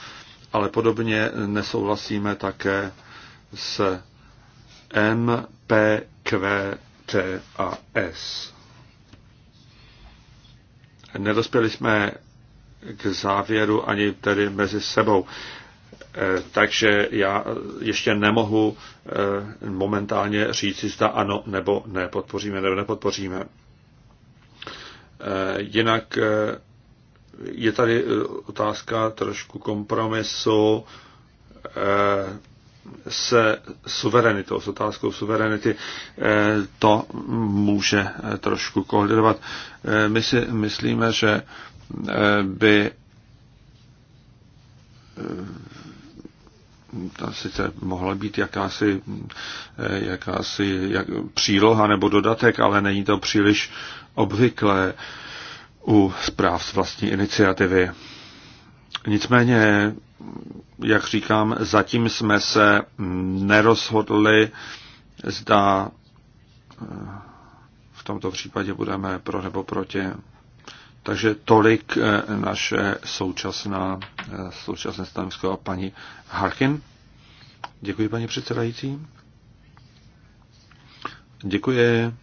ale podobně nesouhlasíme také s M, P, Q, T a S. Nedospěli jsme k závěru ani tedy mezi sebou. Eh, takže já ještě nemohu eh, momentálně říct, zda ano nebo ne, podpoříme nebo nepodpoříme. Eh, jinak je tady otázka trošku kompromisu se suverenitou, s otázkou suverenity, eh, to může eh, trošku kolidovat. Eh, my si myslíme, že by to sice mohla být jakási, jakási jak, příloha nebo dodatek, ale není to příliš obvyklé u zpráv z vlastní iniciativy. Nicméně, jak říkám, zatím jsme se nerozhodli, zda eh, v tomto případě budeme pro nebo proti. Takže tolik eh, naše současná, eh, současné stanovisko paní Harkin. Děkuji, paní předsedající. Děkuji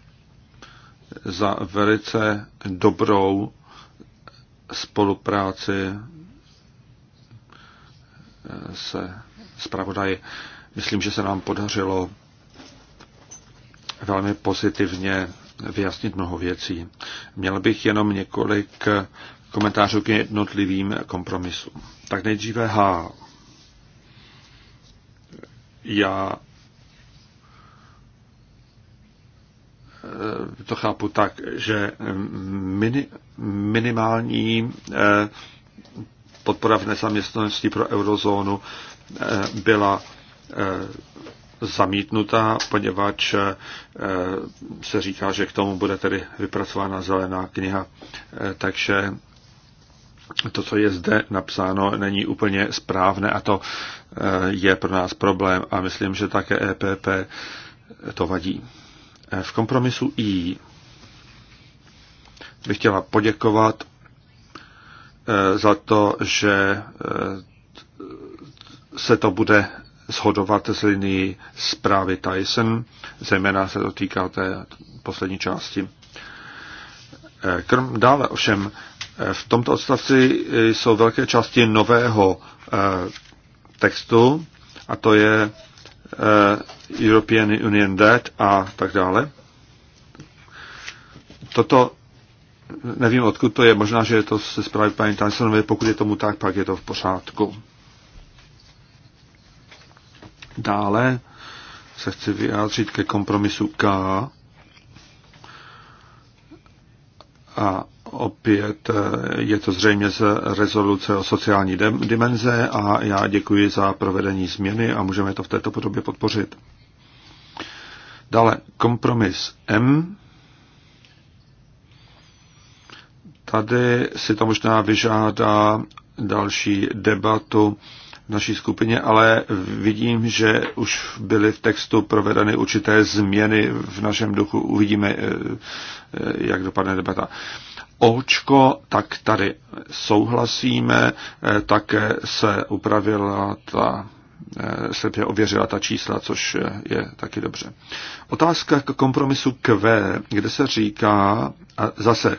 za velice dobrou spolupráci se zpravodaji. Myslím, že se nám podařilo velmi pozitivně vyjasnit mnoho věcí. Měl bych jenom několik komentářů k jednotlivým kompromisům. Tak nejdříve H. Já to chápu tak, že mini, minimální eh, podpora v nezaměstnanosti pro eurozónu eh, byla eh, zamítnutá, poněvadž eh, se říká, že k tomu bude tedy vypracována zelená kniha. Takže to, co je zde napsáno, není úplně správné a to je pro nás problém a myslím, že také EPP to vadí. V kompromisu I bych chtěla poděkovat Eh, za to, že eh, se to bude shodovat s linií zprávy Tyson, zejména se to týká té poslední části. Eh, krom dále ovšem v tomto odstavci jsou velké části nového textu, a to je European Union Debt a tak dále. Toto nevím, odkud to je, možná, že je to se zprávy paní Tansonové, pokud je tomu tak, pak je to v pořádku. Dále se chci vyjádřit ke kompromisu K. A opět eh, je to zřejmě z rezoluce o sociální dimenze a já děkuji za provedení změny a můžeme to v této podobě podpořit. Dále kompromis M Tady si to možná vyžádá další debatu v naší skupině, ale vidím, že už byly v textu provedeny určité změny v našem duchu. Uvidíme, eh, eh, jak dopadne debata. Očko, tak tady souhlasíme, eh, také se upravila ta srpně ověřila ta čísla, což je taky dobře. Otázka k kompromisu Q, kde se říká, a zase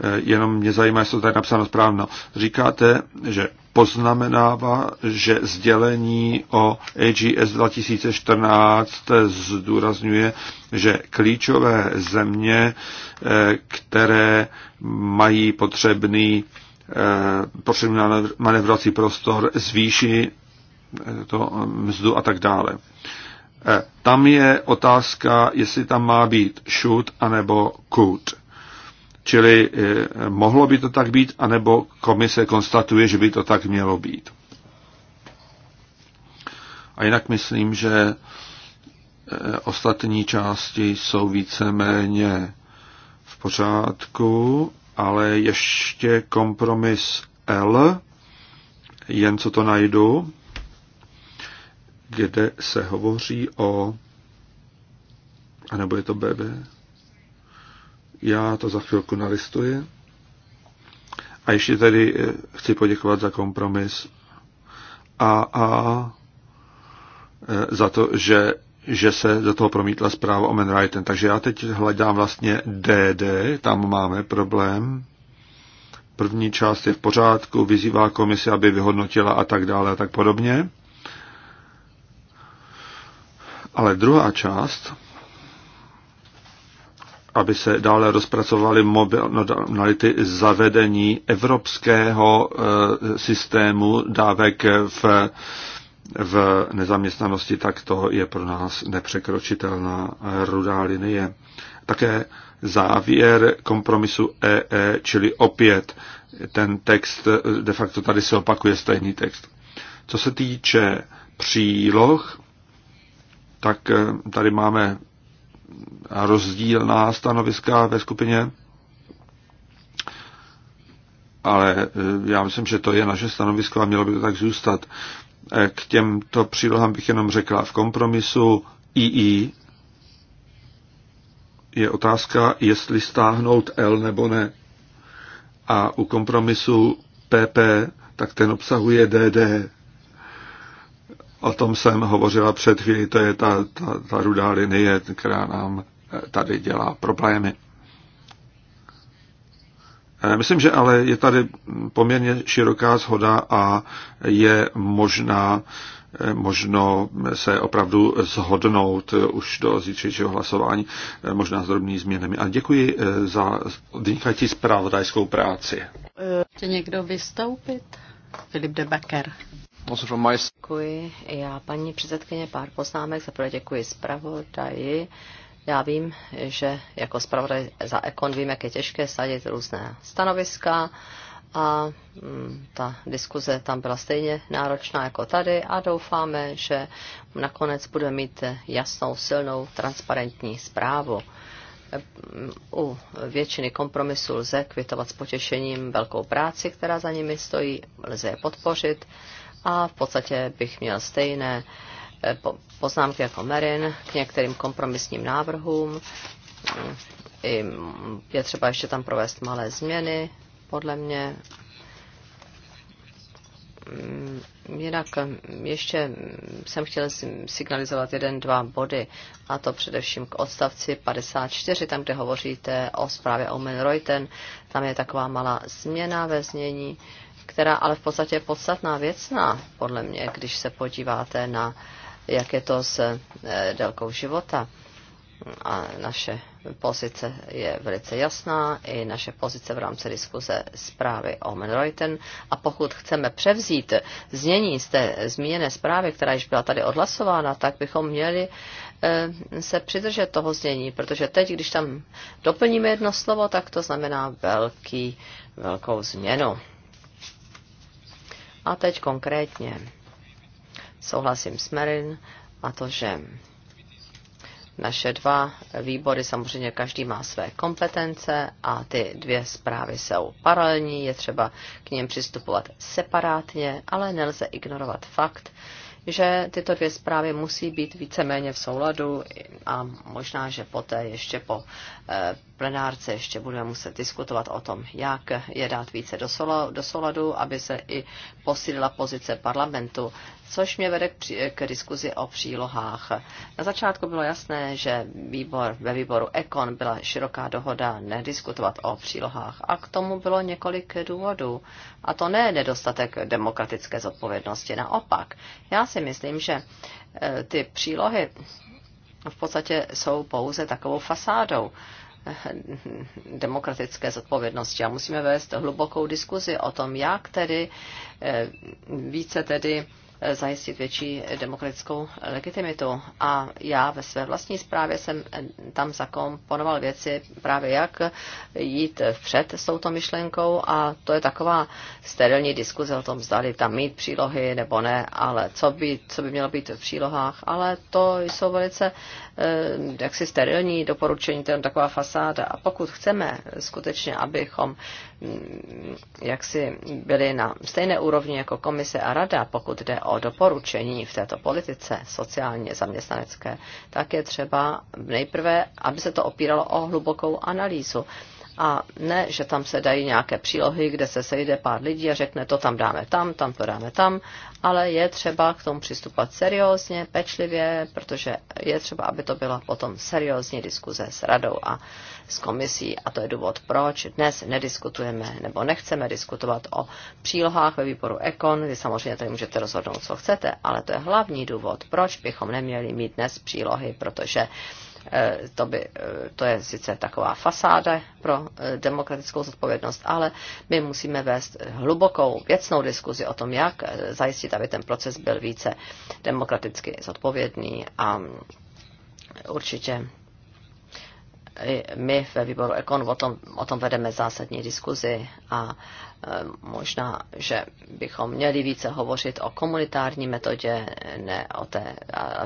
Eh, jenom mě zajímá, jestli to tak napsáno správno. Říkáte, že poznamenává, že sdělení o AGS 2014 zdůrazňuje, že klíčové země, eh, které mají potřebný, eh, potřebný manevrovací prostor, zvýší to mzdu a tak dále. Tam je otázka, jestli tam má být shoot anebo could Čili eh, mohlo by to tak být, anebo komise konstatuje, že by to tak mělo být. A jinak myslím, že eh, ostatní části jsou víceméně v pořádku, ale ještě kompromis L, jen co to najdu, kde se hovoří o, a nebo je to BB, já to za chvilku nalistuji. A ještě tady eh, chci poděkovat za kompromis a, a eh, za to, že, že se do toho promítla zpráva o Manwriten. Takže já teď hledám vlastně DD, tam máme problém. První část je v pořádku, vyzývá komisi, aby vyhodnotila a tak dále a tak podobně. Ale druhá část, aby se dále rozpracovaly modality zavedení evropského eh, systému dávek v, v nezaměstnanosti, tak to je pro nás nepřekročitelná eh, rudá linie. Také závěr kompromisu EE, e, čili opět ten text, eh, de facto tady se opakuje stejný text. Co se týče příloh, tak tady máme rozdílná stanoviska ve skupině, ale e, já myslím, že to je naše stanovisko a mělo by to tak zůstat. E, k těmto přílohám bych jenom řekla v kompromisu II je otázka, jestli stáhnout L nebo ne. A u kompromisu PP, tak ten obsahuje DD. O tom jsem hovořila před chvílí, to je ta, ta, ta rudá linie, která nám eh, tady dělá problémy. Eh, myslím, že ale je tady poměrně široká shoda a je možná, eh, možno se opravdu zhodnout už do zítřejšího hlasování, možná s drobnými změnami. A děkuji za vynikající zpravodajskou práci. Chce někdo vystoupit? Filip de Becker. Děkuji. Já, paní předsedkyně, pár poznámek. Zaprvé děkuji zpravodaji. Já vím, že jako zpravodaj za Ekon vím, jak je těžké sadit různé stanoviska a mm, ta diskuze tam byla stejně náročná jako tady a doufáme, že nakonec budeme mít jasnou, silnou, transparentní zprávu. U většiny kompromisů lze kvitovat s potěšením velkou práci, která za nimi stojí, lze je podpořit a v podstatě bych měl stejné eh, poznámky jako Merin k některým kompromisním návrhům. Je třeba ještě tam provést malé změny, podle mě. Mm, jinak eh, ještě jsem chtěl signalizovat jeden, dva body, a to především k odstavci 54, tam, kde hovoříte o zprávě o Reuten. Tam je taková malá změna ve znění která ale v podstatě je podstatná věcná, podle mě, když se podíváte na, jak je to s eh, délkou života. A naše pozice je velice jasná, i naše pozice v rámci diskuze zprávy o Menreuten. A pokud chceme převzít znění z té zmíněné zprávy, která již byla tady odhlasována, tak bychom měli eh, se přidržet toho znění, protože teď, když tam doplníme jedno slovo, tak to znamená velký, velkou změnu. A teď konkrétně souhlasím s Merin a to, že naše dva výbory, samozřejmě každý má své kompetence a ty dvě zprávy jsou paralelní, je třeba k něm přistupovat separátně, ale nelze ignorovat fakt, že tyto dvě zprávy musí být víceméně v souladu a možná, že poté ještě po eh, plenárce ještě budeme muset diskutovat o tom, jak je dát více do souladu, aby se i posílila pozice parlamentu, což mě vede k, diskuzi o přílohách. Na začátku bylo jasné, že výbor, ve výboru Ekon byla široká dohoda nediskutovat o přílohách a k tomu bylo několik důvodů. A to ne nedostatek demokratické zodpovědnosti, naopak. Já si myslím, že eh, ty přílohy v podstatě jsou pouze takovou fasádou eh, demokratické zodpovědnosti a musíme vést hlubokou diskuzi o tom, jak tedy eh, více tedy zajistit větší demokratickou legitimitu. A já ve své vlastní zprávě jsem tam zakomponoval věci právě jak jít vpřed s touto myšlenkou a to je taková sterilní diskuze o tom, zdali tam mít přílohy nebo ne, ale co by, co by mělo být v přílohách, ale to jsou velice Eh, jaksi sterilní doporučení, to je taková fasáda. A pokud chceme skutečně, abychom mm, jaksi byli na stejné úrovni jako komise a rada, pokud jde o doporučení v této politice sociálně zaměstnanecké, tak je třeba nejprve, aby se to opíralo o hlubokou analýzu a ne, že tam se dají nějaké přílohy, kde se sejde pár lidí a řekne, to tam dáme tam, tam to dáme tam, ale je třeba k tomu přistupovat seriózně, pečlivě, protože je třeba, aby to byla potom seriózní diskuze s radou a s komisí a to je důvod, proč dnes nediskutujeme nebo nechceme diskutovat o přílohách ve výboru Ekon, vy samozřejmě tady můžete rozhodnout, co chcete, ale to je hlavní důvod, proč bychom neměli mít dnes přílohy, protože Eh, to, by, eh, to je sice taková fasáda pro eh, demokratickou zodpovědnost, ale my musíme vést hlubokou věcnou diskuzi o tom, jak zajistit, aby ten proces byl více demokraticky zodpovědný a mm, určitě my ve výboru Ekon o tom, o tom vedeme zásadní diskuzi a e, možná, že bychom měli více hovořit o komunitární metodě, ne o té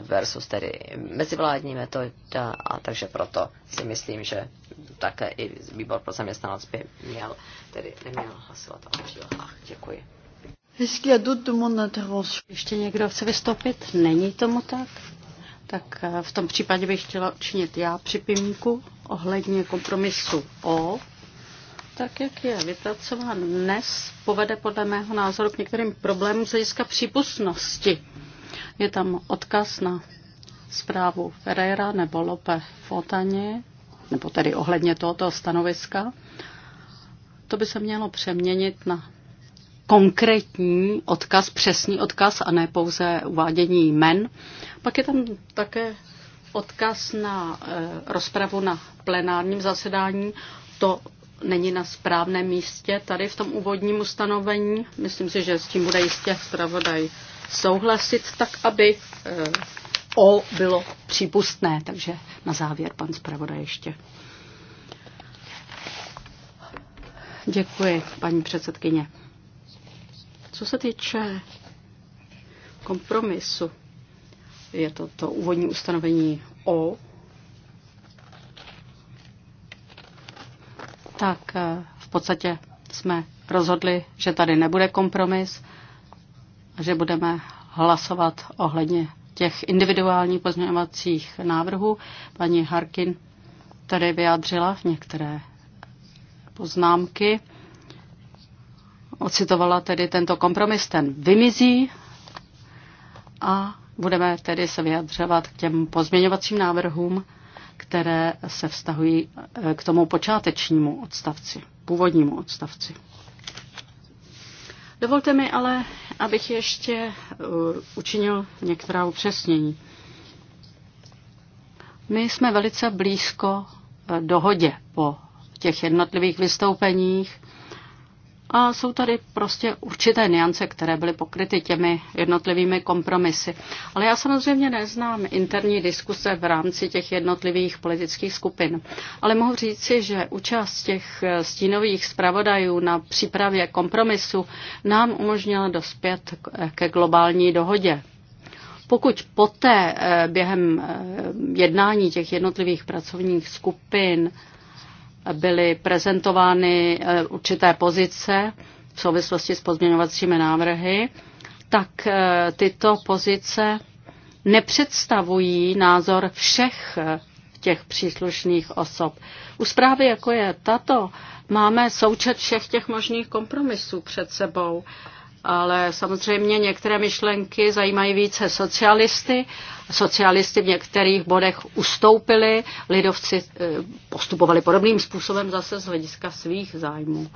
versus tedy mezivládní metoda a takže proto si myslím, že také i výbor pro zaměstnanost by měl, tedy neměl hlasovat o přílohách. Děkuji. Ještě někdo chce vystoupit? Není tomu tak? tak eh, v tom případě bych chtěla učinit já připomínku ohledně kompromisu O. Tak, jak je vypracován dnes, povede podle mého názoru k některým problémům z hlediska přípustnosti. Je tam odkaz na zprávu Ferreira nebo Lope Fotaně, nebo tedy ohledně tohoto stanoviska. To by se mělo přeměnit na konkrétní odkaz, přesný odkaz a ne pouze uvádění jmen. Pak je tam také odkaz na eh, rozpravu na plenárním zasedání. To není na správném místě tady v tom úvodním ustanovení. Myslím si, že s tím bude jistě zpravodaj souhlasit, tak aby eh, O bylo přípustné. Takže na závěr pan zpravodaj ještě. Děkuji, paní předsedkyně. Co se týče kompromisu, je to to úvodní ustanovení O, tak eh, v podstatě jsme rozhodli, že tady nebude kompromis a že budeme hlasovat ohledně těch individuálních pozměňovacích návrhů. Paní Harkin tady vyjádřila některé poznámky ocitovala tedy tento kompromis, ten vymizí a budeme tedy se vyjadřovat k těm pozměňovacím návrhům, které se vztahují eh, k tomu počátečnímu odstavci, původnímu odstavci. Dovolte mi ale, abych ještě eh, učinil některá upřesnění. My jsme velice blízko eh, dohodě po těch jednotlivých vystoupeních a jsou tady prostě určité niance, které byly pokryty těmi jednotlivými kompromisy. Ale já samozřejmě neznám interní diskuse v rámci těch jednotlivých politických skupin. Ale mohu říci, že účast těch stínových zpravodajů na přípravě kompromisu nám umožnila dospět ke globální dohodě. Pokud poté eh, během eh, jednání těch jednotlivých pracovních skupin byly prezentovány eh, určité pozice v souvislosti s pozměňovacími návrhy, tak eh, tyto pozice nepředstavují názor všech eh, těch příslušných osob. U zprávy, jako je tato, máme součet všech těch možných kompromisů před sebou ale samozřejmě některé myšlenky zajímají více socialisty. Socialisty v některých bodech ustoupili, lidovci eh, postupovali podobným způsobem zase z hlediska svých zájmů.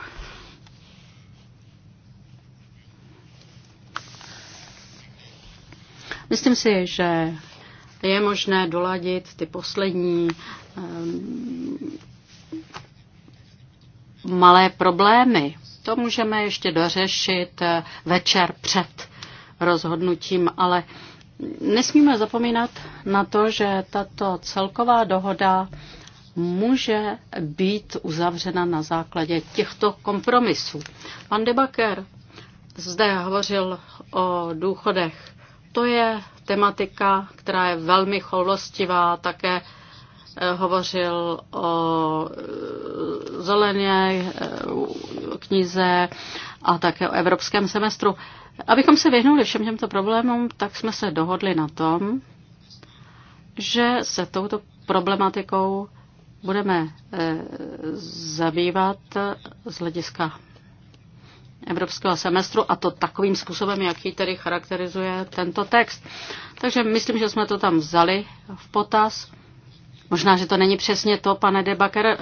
Myslím si, že je možné doladit ty poslední um, malé problémy to můžeme ještě dořešit eh, večer před rozhodnutím, ale nesmíme zapomínat na to, že tato celková dohoda může být uzavřena na základě těchto kompromisů. Pan Debaker zde hovořil o důchodech. To je tematika, která je velmi cholostivá, také Eh, hovořil o eh, zeleně, eh, knize a také o evropském semestru. Abychom se vyhnuli všem těmto problémům, tak jsme se dohodli na tom, že se touto problematikou budeme zabývat z hlediska evropského semestru a to takovým způsobem, jaký tedy charakterizuje tento text. Takže myslím, že jsme to tam vzali v potaz Možná, že to není přesně to, pane Debaker, eh,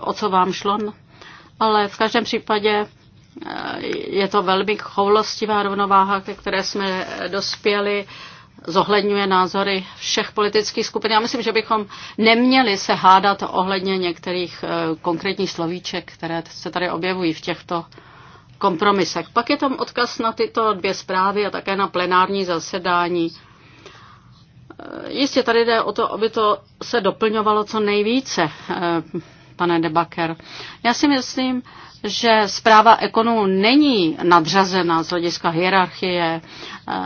o co vám šlo, no. ale v každém případě eh, je to velmi choulostivá rovnováha, ke které jsme dospěli, zohledňuje názory všech politických skupin. Já myslím, že bychom neměli se hádat ohledně některých eh, konkrétních slovíček, které se tady objevují v těchto kompromisech. Pak je tam odkaz na tyto dvě zprávy a také na plenární zasedání Jistě tady jde o to, aby to se doplňovalo co nejvíce, eh, pane Debaker. Já si myslím, že zpráva ekonomů není nadřazena z hlediska hierarchie eh,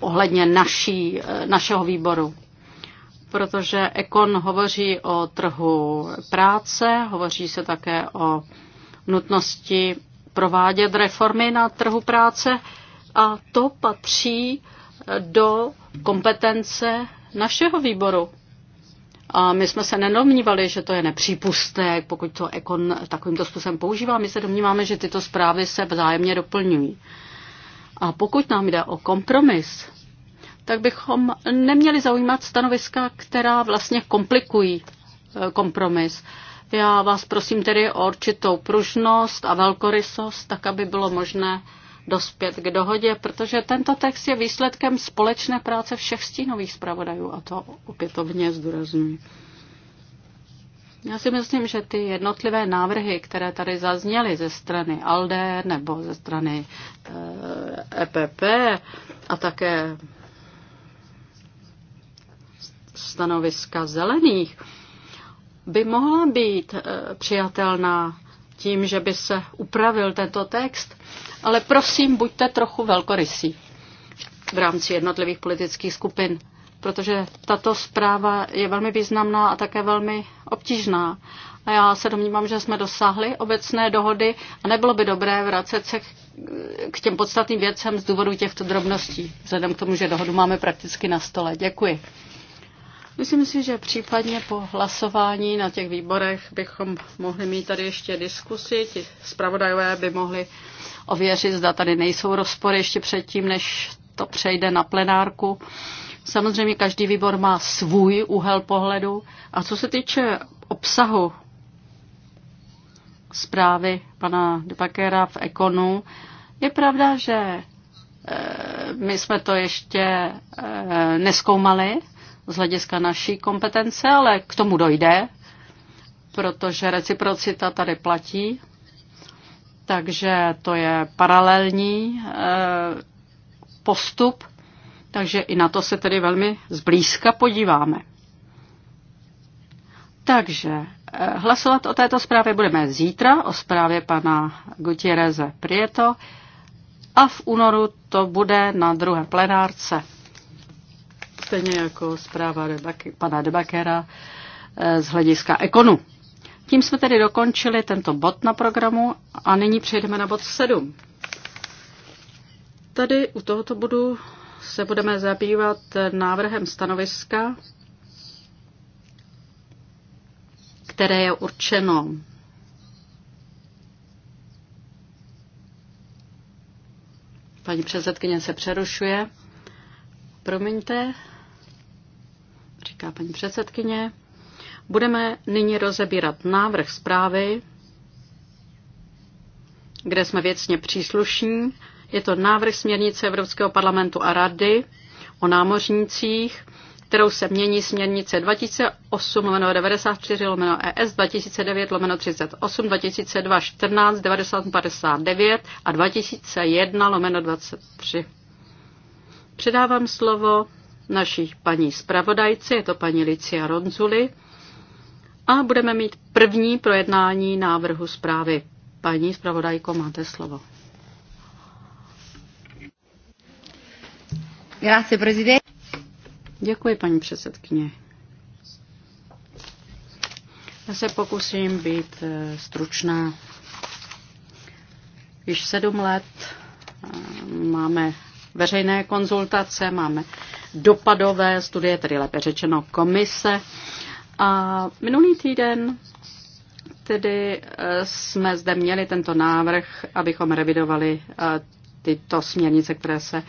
ohledně naší, eh, našeho výboru protože Ekon hovoří o trhu práce, hovoří se také o nutnosti provádět reformy na trhu práce a to patří do kompetence našeho výboru. A my jsme se nenomnívali, že to je nepřípustné, pokud to Ekon takovýmto způsobem používá. My se domníváme, že tyto zprávy se vzájemně doplňují. A pokud nám jde o kompromis, tak bychom neměli zaujímat stanoviska, která vlastně komplikují eh, kompromis. Já vás prosím tedy o určitou pružnost a velkorysost, tak aby bylo možné dospět k dohodě, protože tento text je výsledkem společné práce všech stínových zpravodajů a to opětovně zdůraznuju. Já si myslím, že ty jednotlivé návrhy, které tady zazněly ze strany ALDE nebo ze strany EPP eh, e a také stanoviska zelených, by mohla být eh, přijatelná tím, že by se upravil tento text ale prosím, buďte trochu velkorysí v rámci jednotlivých politických skupin, protože tato zpráva je velmi významná a také velmi obtížná. A já se domnívám, že jsme dosáhli obecné dohody a nebylo by dobré vracet se k těm podstatným věcem z důvodu těchto drobností, vzhledem k tomu, že dohodu máme prakticky na stole. Děkuji. Myslím si, že případně po hlasování na těch výborech bychom mohli mít tady ještě diskusi. Ti zpravodajové by mohli ověřit, zda tady nejsou rozpory ještě předtím, než to přejde na plenárku. Samozřejmě každý výbor má svůj úhel pohledu. A co se týče obsahu zprávy pana Depakera v Ekonu, je pravda, že eh, my jsme to ještě eh, neskoumali, z hlediska naší kompetence, ale k tomu dojde, protože reciprocita tady platí. Takže to je paralelní eh, postup, takže i na to se tedy velmi zblízka podíváme. Takže eh, hlasovat o této zprávě budeme zítra, o zprávě pana Gutiereze Prieto a v únoru to bude na druhé plenárce stejně jako zpráva Debake, pana Debakera eh, z hlediska ekonu. Tím jsme tedy dokončili tento bod na programu a nyní přejdeme na bod 7. Tady u tohoto bodu se budeme zabývat návrhem stanoviska, které je určeno Paní předsedkyně se přerušuje. Promiňte, říká paní předsedkyně. Budeme nyní rozebírat návrh zprávy, kde jsme věcně příslušní. Je to návrh směrnice Evropského parlamentu a rady o námořnících, kterou se mění směrnice 2008 lomeno 94 lomeno ES, 2009 lomeno 38, 2002 14, 2004-59 a 2001 lomeno 23. Předávám slovo naší paní zpravodajci, je to paní Licia Ronzuli, a budeme mít první projednání návrhu zprávy. Paní zpravodajko, máte slovo. Děkuji, paní předsedkyně. Já se pokusím být eh, stručná. Již sedm let eh, máme veřejné konzultace, máme dopadové studie, tedy lépe řečeno komise. A minulý týden tedy eh, jsme zde měli tento návrh, abychom revidovali eh, tyto směrnice, které se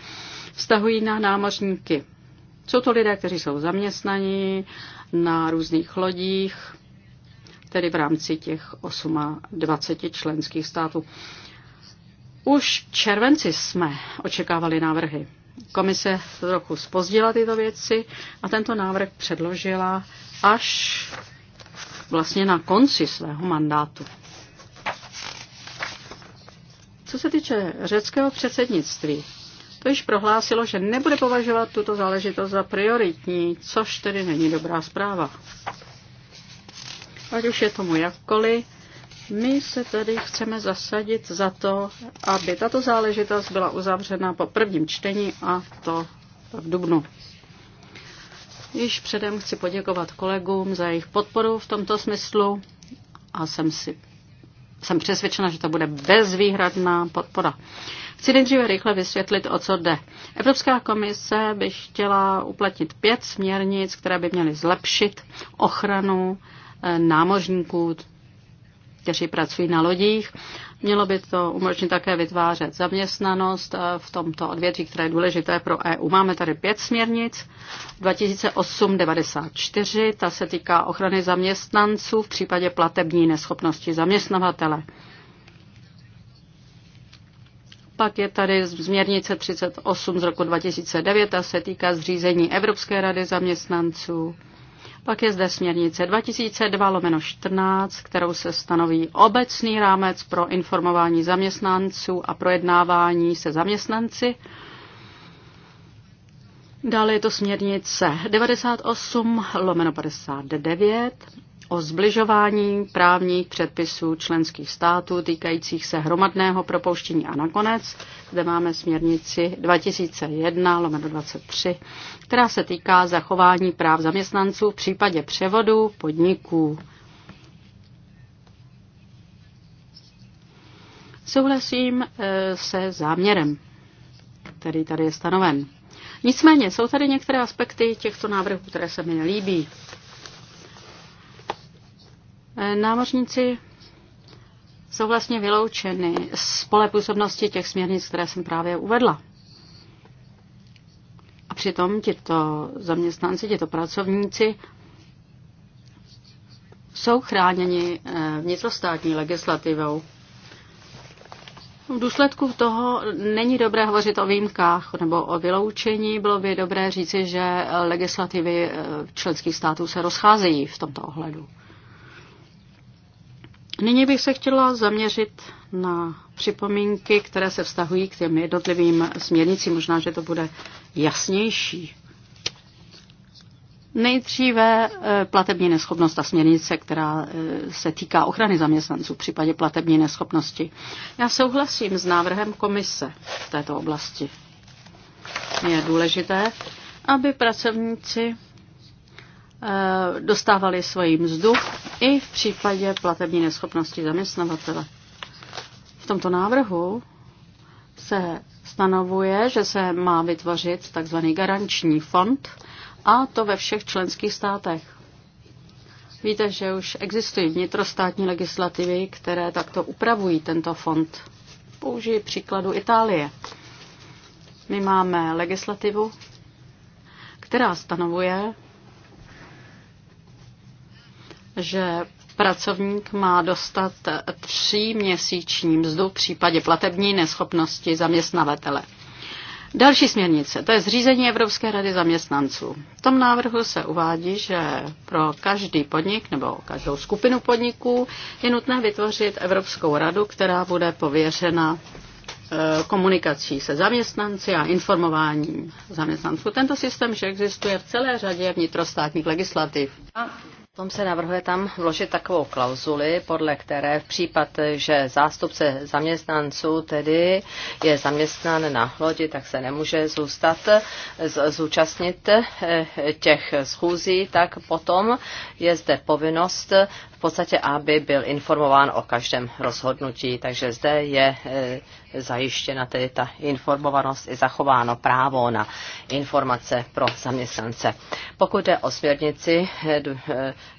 vztahují na námořníky. Jsou to lidé, kteří jsou zaměstnaní na různých lodích, tedy v rámci těch 28 členských států. Už v červenci jsme očekávali návrhy. Komise trochu spozdila tyto věci a tento návrh předložila až vlastně na konci svého mandátu. Co se týče řeckého předsednictví, to již prohlásilo, že nebude považovat tuto záležitost za prioritní, což tedy není dobrá zpráva. Ať už je tomu jakkoliv, my se tedy chceme zasadit za to, aby tato záležitost byla uzavřena po prvním čtení a to v Dubnu. Již předem chci poděkovat kolegům za jejich podporu v tomto smyslu a jsem si jsem přesvědčena, že to bude bezvýhradná podpora. Chci nejdříve rychle vysvětlit, o co jde. Evropská komise by chtěla uplatnit pět směrnic, které by měly zlepšit ochranu eh, námořníků, kteří pracují na lodích. Mělo by to umožnit také vytvářet zaměstnanost eh, v tomto odvětví, které je důležité pro EU. Máme tady pět směrnic, 2008-94, ta se týká ochrany zaměstnanců v případě platební neschopnosti zaměstnavatele. Pak je tady změrnice 38 z roku 2009, ta se týká zřízení Evropské rady zaměstnanců. Pak je zde směrnice 2002-14, kterou se stanoví obecný rámec pro informování zaměstnanců a projednávání se zaměstnanci. Dále je to směrnice 98 lomeno 59 o zbližování právních předpisů členských států týkajících se hromadného propouštění. A nakonec zde máme směrnici 2001-23, která se týká zachování práv zaměstnanců v případě převodu podniků. Souhlasím eh, se záměrem, který tady je stanoven. Nicméně jsou tady některé aspekty těchto návrhů, které se mi nelíbí. Námořníci jsou vlastně vyloučeny z pole působnosti těch směrnic, které jsem právě uvedla. A přitom tito zaměstnanci, tito pracovníci jsou chráněni eh, vnitrostátní legislativou. V důsledku toho není dobré hovořit o výjimkách nebo o vyloučení. Bylo by dobré říci, že legislativy eh, členských států se rozcházejí v tomto ohledu. Nyní bych se chtěla zaměřit na připomínky, které se vztahují k těm jednotlivým směrnicím. Možná, že to bude jasnější. Nejdříve eh, platební neschopnost, a směrnice, která eh, se týká ochrany zaměstnanců v případě platební neschopnosti. Já souhlasím s návrhem komise v této oblasti. Je důležité, aby pracovníci Eh, dostávali svoji mzdu i v případě platební neschopnosti zaměstnavatele. V tomto návrhu se stanovuje, že se má vytvořit tzv. garanční fond a to ve všech členských státech. Víte, že už existují vnitrostátní legislativy, které takto upravují tento fond. Použiji příkladu Itálie. My máme legislativu, která stanovuje, že pracovník má dostat měsíční mzdu v případě platební neschopnosti zaměstnavatele. Další směrnice, to je zřízení Evropské rady zaměstnanců. V tom návrhu se uvádí, že pro každý podnik nebo každou skupinu podniků je nutné vytvořit Evropskou radu, která bude pověřena e, komunikací se zaměstnanci a informováním zaměstnanců. Tento systém, že existuje v celé řadě vnitrostátních legislativ tom se navrhuje tam vložit takovou klauzuli, podle které v případ, že zástupce zaměstnanců tedy je zaměstnán na lodi, tak se nemůže zůstat, zúčastnit eh, těch schůzí, tak potom je zde povinnost v podstatě, aby byl informován o každém rozhodnutí. Takže zde je eh, zajištěna tedy ta informovanost i zachováno právo na informace pro zaměstnance. Pokud jde o směrnici,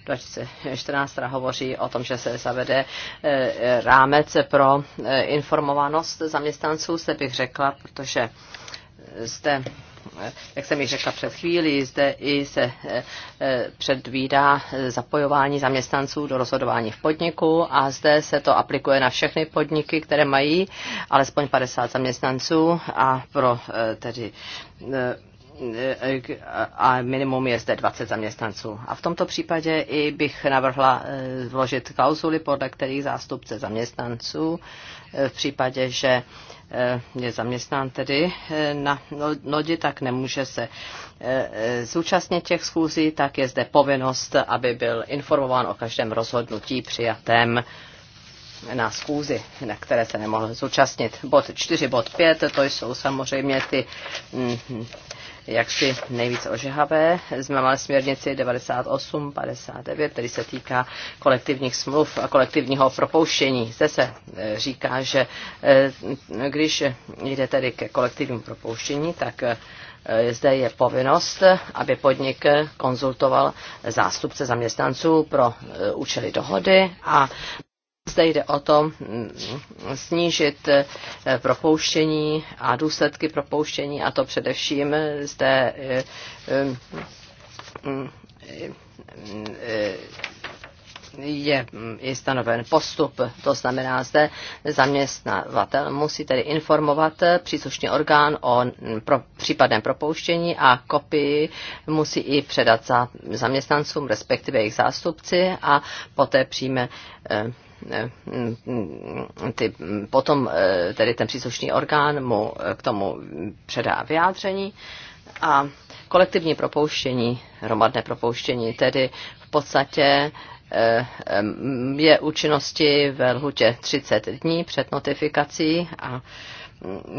2014 eh, eh, hovoří o tom, že se zavede eh, rámec pro informovanost zaměstnanců, se bych řekla, protože zde jak jsem již řekla před chvílí, zde i se e, e, předvídá zapojování zaměstnanců do rozhodování v podniku a zde se to aplikuje na všechny podniky, které mají alespoň 50 zaměstnanců a pro e, tedy a minimum je zde 20 zaměstnanců. A v tomto případě i bych navrhla vložit klauzuly, podle kterých zástupce zaměstnanců v případě, že Eh, je zaměstnán tedy eh, na no, lodi, tak nemůže se eh, zúčastnit těch schůzí, tak je zde povinnost, aby byl informován o každém rozhodnutí přijatém na schůzi, na které se nemohl zúčastnit. Bod 4, bod 5, to jsou samozřejmě ty mm, jaksi nejvíc ožehavé. Jsme mali směrnici 98-59, který se týká kolektivních smluv a kolektivního propouštění. Zde se e, říká, že e, když jde tedy ke kolektivnímu propouštění, tak e, zde je povinnost, aby podnik konzultoval zástupce zaměstnanců pro účely dohody a zde jde o to mm, snížit eh, propouštění a důsledky propouštění, a to především zde eh, eh, mm, je mm, i stanoven postup, to znamená zde zaměstnavatel musí tedy informovat příslušný orgán o pro, případném propouštění a kopii musí i předat za zaměstnancům, respektive jejich zástupci a poté přijme Eh, ty, potom eh, tedy ten příslušný orgán mu eh, k tomu předá vyjádření a kolektivní propouštění, hromadné propouštění, tedy v podstatě je účinnosti ve lhutě 30 dní před notifikací a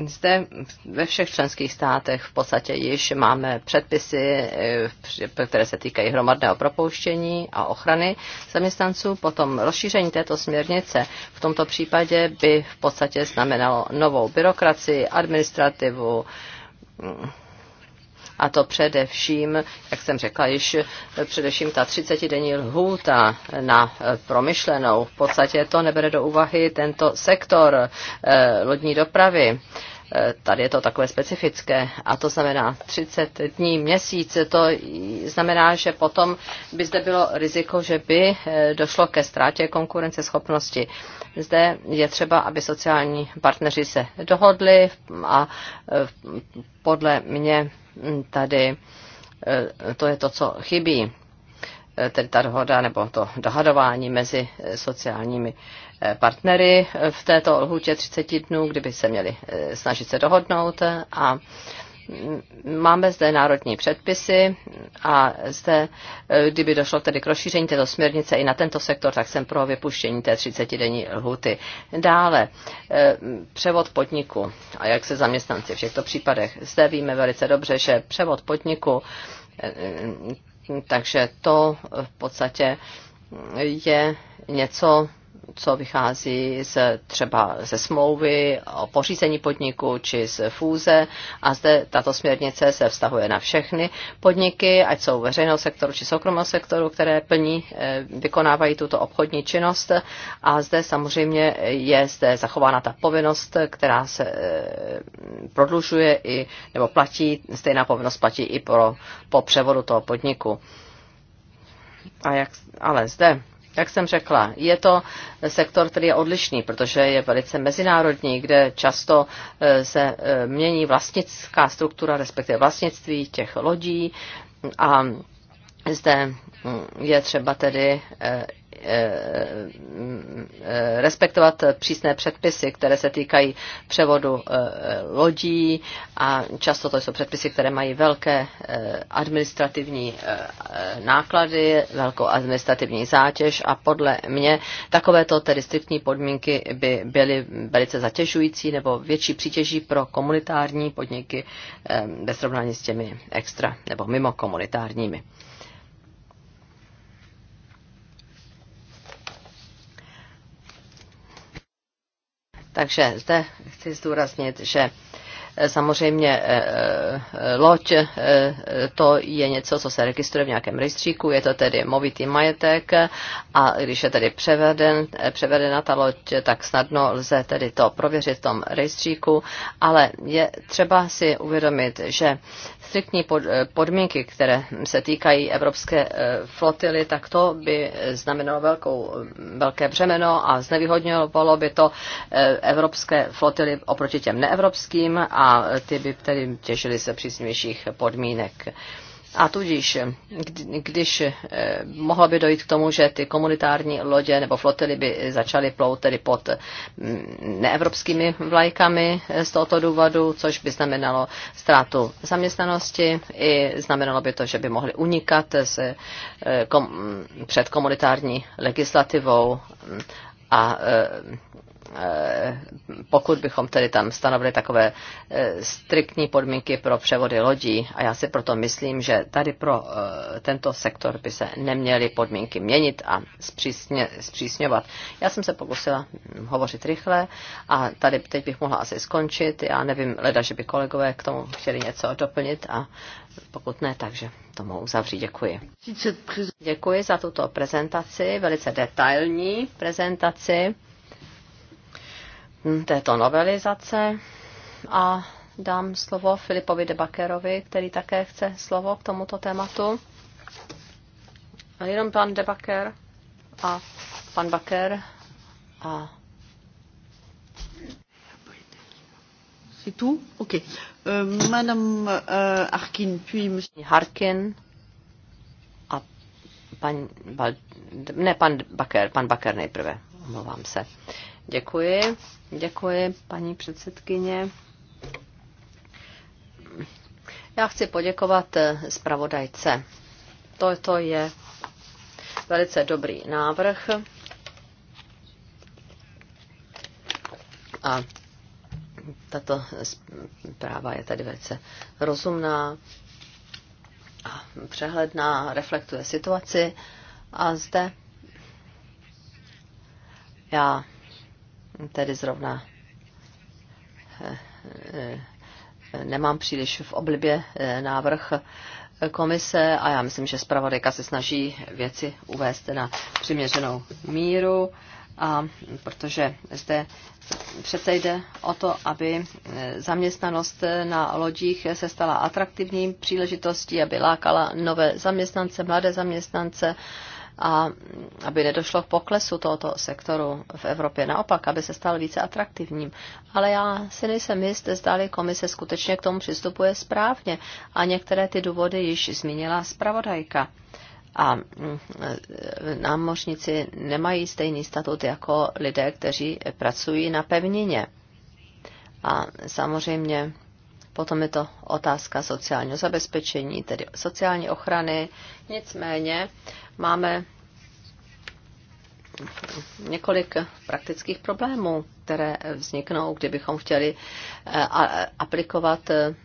zde ve všech členských státech v podstatě již máme předpisy, eh, které se týkají hromadného propouštění a ochrany zaměstnanců. Potom rozšíření této směrnice v tomto případě by v podstatě znamenalo novou byrokracii, administrativu, a to především, jak jsem řekla již, eh, především ta 30-denní lhůta na eh, promyšlenou. V podstatě to nebere do úvahy tento sektor eh, lodní dopravy tady je to takové specifické a to znamená 30 dní, měsíc, to znamená, že potom by zde bylo riziko, že by došlo ke ztrátě konkurenceschopnosti. Zde je třeba, aby sociální partneři se dohodli a podle mě tady eh, to je to, co chybí, eh, tedy ta dohoda nebo to dohadování mezi eh, sociálními partnery v této lhůtě 30 dnů, kdyby se měli snažit se dohodnout a mm, máme zde národní předpisy, a zde, eh, kdyby došlo tedy k rozšíření této směrnice i na tento sektor, tak jsem pro vypuštění té 30-denní lhuty. Dále, eh, převod podniku a jak se zaměstnanci v těchto případech. Zde víme velice dobře, že převod podniku, eh, takže to v podstatě je něco, co vychází z, třeba ze smlouvy o pořízení podniku či z fůze. A zde tato směrnice se vztahuje na všechny podniky, ať jsou veřejného sektoru či soukromého sektoru, které plní, eh, vykonávají tuto obchodní činnost. A zde samozřejmě je zde zachována ta povinnost, která se eh, prodlužuje i, nebo platí, stejná povinnost platí i pro, po převodu toho podniku. A jak, ale zde jak jsem řekla, je to sektor, který je odlišný, protože je velice mezinárodní, kde často e, se e, mění vlastnická struktura, respektive vlastnictví těch lodí a zde mm, je třeba tedy eh, eh, mm, eh, respektovat přísné předpisy, které se týkají převodu lodí a často to jsou předpisy, které mají velké administrativní náklady, velkou administrativní zátěž a podle mě takovéto tedy striktní podmínky by byly velice zatěžující nebo větší přítěží pro komunitární podniky ve srovnání s těmi extra nebo mimo komunitárními. Takže zde chci zdůraznit, že e, Samozřejmě e, e, loď to je něco, co se registruje v nějakém rejstříku, je to tedy movitý majetek a když je tedy převeden, převedena ta loď, tak snadno lze tedy to prověřit v tom rejstříku, ale je třeba si uvědomit, že striktní eh, podmínky, které se týkají evropské eh, flotily, tak to by znamenalo velkou, mm, velké břemeno a znevýhodňovalo by to eh, evropské flotily oproti těm neevropským a ty by tedy těžily se příznivějších podmínek. A tudíž, když eh, mohlo by dojít k tomu, že ty komunitární lodě nebo flotily by začaly plout tedy pod mm, neevropskými vlajkami eh, z tohoto důvodu, což by znamenalo ztrátu zaměstnanosti i znamenalo by to, že by mohly unikat se eh, kom, před komunitární legislativou mm, a Eh, pokud bychom tedy tam stanovili takové eh, striktní podmínky pro převody lodí, a já si proto myslím, že tady pro eh, tento sektor by se neměly podmínky měnit a zpřísně, zpřísňovat. Já jsem se pokusila hm, hovořit rychle a tady teď bych mohla asi skončit. Já nevím, leda, že by kolegové k tomu chtěli něco doplnit a pokud ne, takže to mohu uzavřít. Děkuji. Děkuji za tuto prezentaci, velice detailní prezentaci této novelizace a dám slovo Filipovi Debakerovi, který také chce slovo k tomuto tématu. A jenom pan Debaker a pan Baker a C'est tout Ok. Euh, Madame euh, Harkin, puis Monsieur Harkin a pan, ne, pan Baker, pan Baker nejprve, omlouvám se. Uh, Děkuji. Děkuji, paní předsedkyně. Já chci poděkovat zpravodajce. Toto je velice dobrý návrh. A tato zpráva je tady velice rozumná a přehledná, reflektuje situaci. A zde já tedy zrovna eh, eh, nemám příliš v oblibě eh, návrh komise a já myslím, že zpravodajka se snaží věci uvést na přiměřenou míru, a protože zde přece jde o to, aby zaměstnanost na lodích se stala atraktivním příležitostí, aby lákala nové zaměstnance, mladé zaměstnance, a aby nedošlo k poklesu tohoto sektoru v Evropě. Naopak, aby se stal více atraktivním. Ale já si nejsem jist, zdali komise skutečně k tomu přistupuje správně a některé ty důvody již zmínila zpravodajka a mm, e, námořníci nemají stejný statut jako lidé, kteří pracují na pevnině. A samozřejmě potom je to otázka sociálního zabezpečení, tedy sociální ochrany. Nicméně máme několik praktických problémů, které vzniknou, kdybychom chtěli eh, aplikovat eh,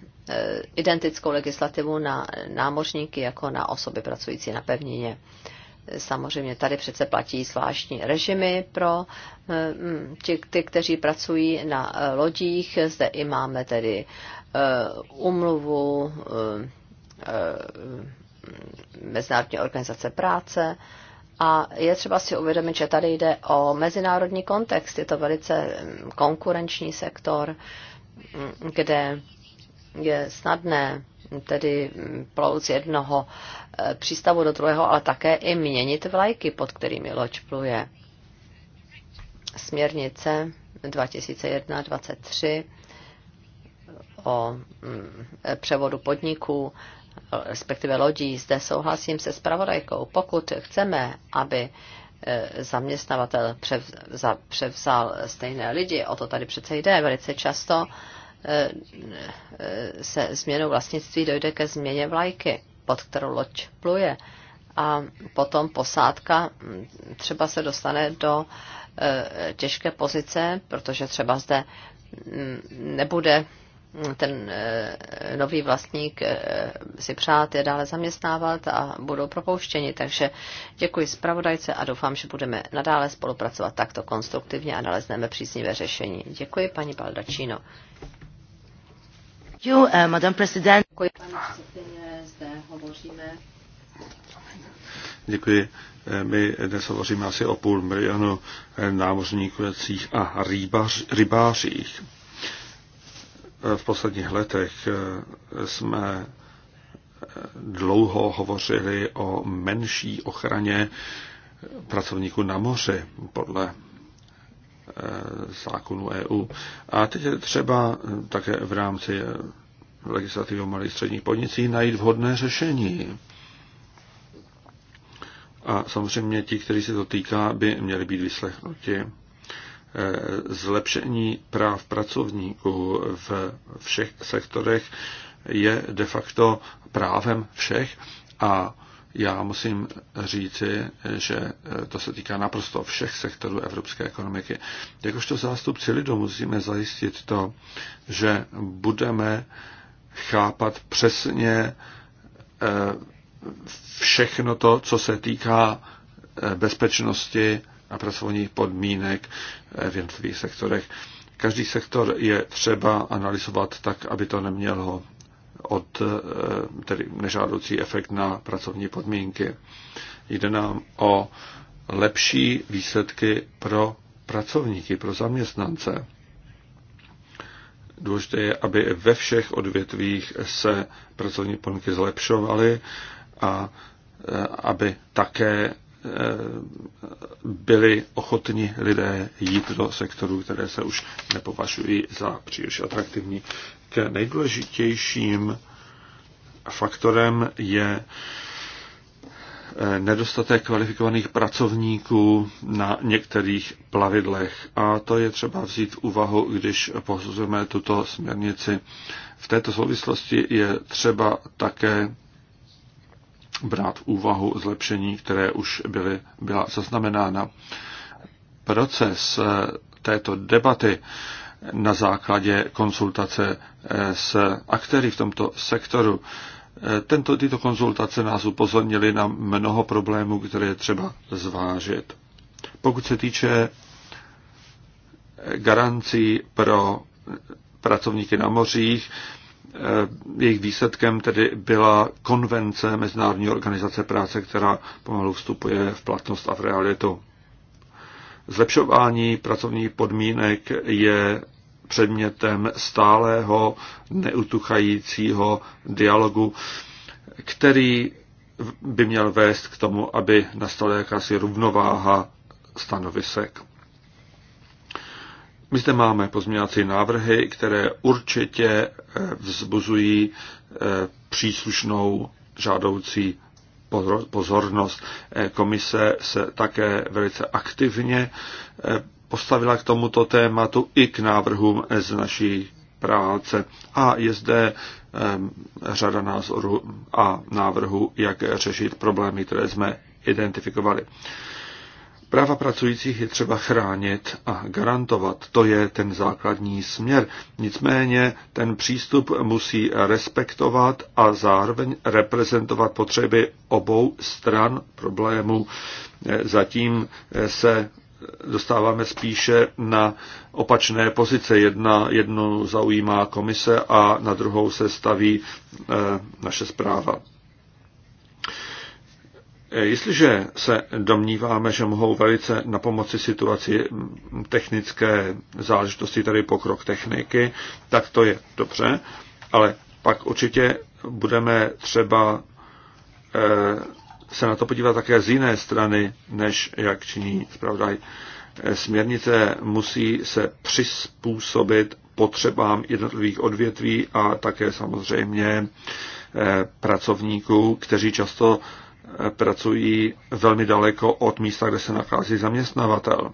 identickou legislativu na námořníky jako na osoby pracující na pevnině. Samozřejmě tady přece platí zvláštní režimy pro eh, ty, ty, kteří pracují na lodích. Zde i máme tedy umluvu Mezinárodní organizace práce. A je třeba si uvědomit, že tady jde o mezinárodní kontext. Je to velice mm, konkurenční sektor, mm, kde je snadné tedy mm, plout z jednoho e, přístavu do druhého, ale také i měnit vlajky, pod kterými loď pluje. Směrnice 2001-23 o e, převodu podniků respektive lodí. Zde souhlasím se spravodajkou. Pokud chceme, aby e, zaměstnavatel převzal, převzal stejné lidi, o to tady přece jde velice často, e, e, se změnou vlastnictví dojde ke změně vlajky, pod kterou loď pluje. A potom posádka třeba se dostane do těžké pozice, protože třeba zde nebude ten eh, nový vlastník eh, si přát je dále zaměstnávat a budou propouštěni. Takže děkuji zpravodajce a doufám, že budeme nadále spolupracovat takto konstruktivně a nalezneme příznivé řešení. Děkuji, paní Baldačino. Děkuji, eh, madam president. Děkuji, paní hovoříme. Děkuji. My dnes hovoříme asi o půl milionu námořníků a rýbař, rybářích v posledních letech eh, jsme eh, dlouho hovořili o menší ochraně pracovníků na moři podle eh, zákonu e EU. A teď je třeba také v rámci legislativy o malých středních podnicích najít vhodné řešení. A samozřejmě ti, kteří se to týká, by měli být vyslechnuti zlepšení práv pracovníků v všech sektorech je de facto právem všech a já musím říci, že to se týká naprosto všech sektorů evropské ekonomiky. Jakožto zástupci lidu musíme zajistit to, že budeme chápat přesně eh, všechno to, co se týká eh, bezpečnosti a pracovních podmínek v jednotlivých sektorech. Každý sektor je třeba analyzovat tak, aby to nemělo od eh, tedy nežádoucí efekt na pracovní podmínky. Jde nám o lepší výsledky pro pracovníky, pro zaměstnance. Důležité je, aby ve všech odvětvích se pracovní podmínky zlepšovaly a eh, aby také Eh, byli ochotni lidé jít do sektorů, které se už nepovažují za příliš atraktivní. K nejdůležitějším faktorem je eh, nedostatek kvalifikovaných pracovníků na některých plavidlech. A to je třeba vzít v úvahu, když posuzujeme tuto směrnici. V této souvislosti je třeba také brát v úvahu zlepšení, které už byly, byla zaznamenána. Proces eh, této debaty na základě konsultace eh, s aktéry v tomto sektoru. Eh, tento, tyto konzultace nás upozornily na mnoho problémů, které je třeba zvážit. Pokud se týče garancí pro pracovníky na mořích, Eh, jejich výsledkem tedy byla konvence Mezinárodní organizace práce, která pomalu vstupuje v platnost a v realitu. Zlepšování pracovních podmínek je předmětem stálého, neutuchajícího dialogu, který by měl vést k tomu, aby nastala jakási rovnováha stanovisek. My zde máme pozměňovací návrhy, které určitě eh, vzbuzují eh, příslušnou žádoucí pozornost. Eh, komise se také velice aktivně postavila k tomuto tématu i k návrhům z naší práce. A je zde ehm, řada názorů a návrhů, jak řešit problémy, které jsme identifikovali. Práva pracujících je třeba chránit a garantovat. To je ten základní směr. Nicméně ten přístup musí respektovat a zároveň reprezentovat potřeby obou stran problému. Zatím se dostáváme spíše na opačné pozice. Jedna, jednu zaujímá komise a na druhou se staví eh, naše zpráva. Eh, jestliže se domníváme, že mohou velice na pomoci situaci mm, technické záležitosti, tedy pokrok techniky, tak to je dobře, ale pak určitě budeme třeba eh, se na to podívat také z jiné strany, než jak činí zpravodaj. Eh, směrnice musí se přizpůsobit potřebám jednotlivých odvětví a také samozřejmě pracovníků, kteří často pracují velmi daleko od místa, kde se nachází zaměstnavatel.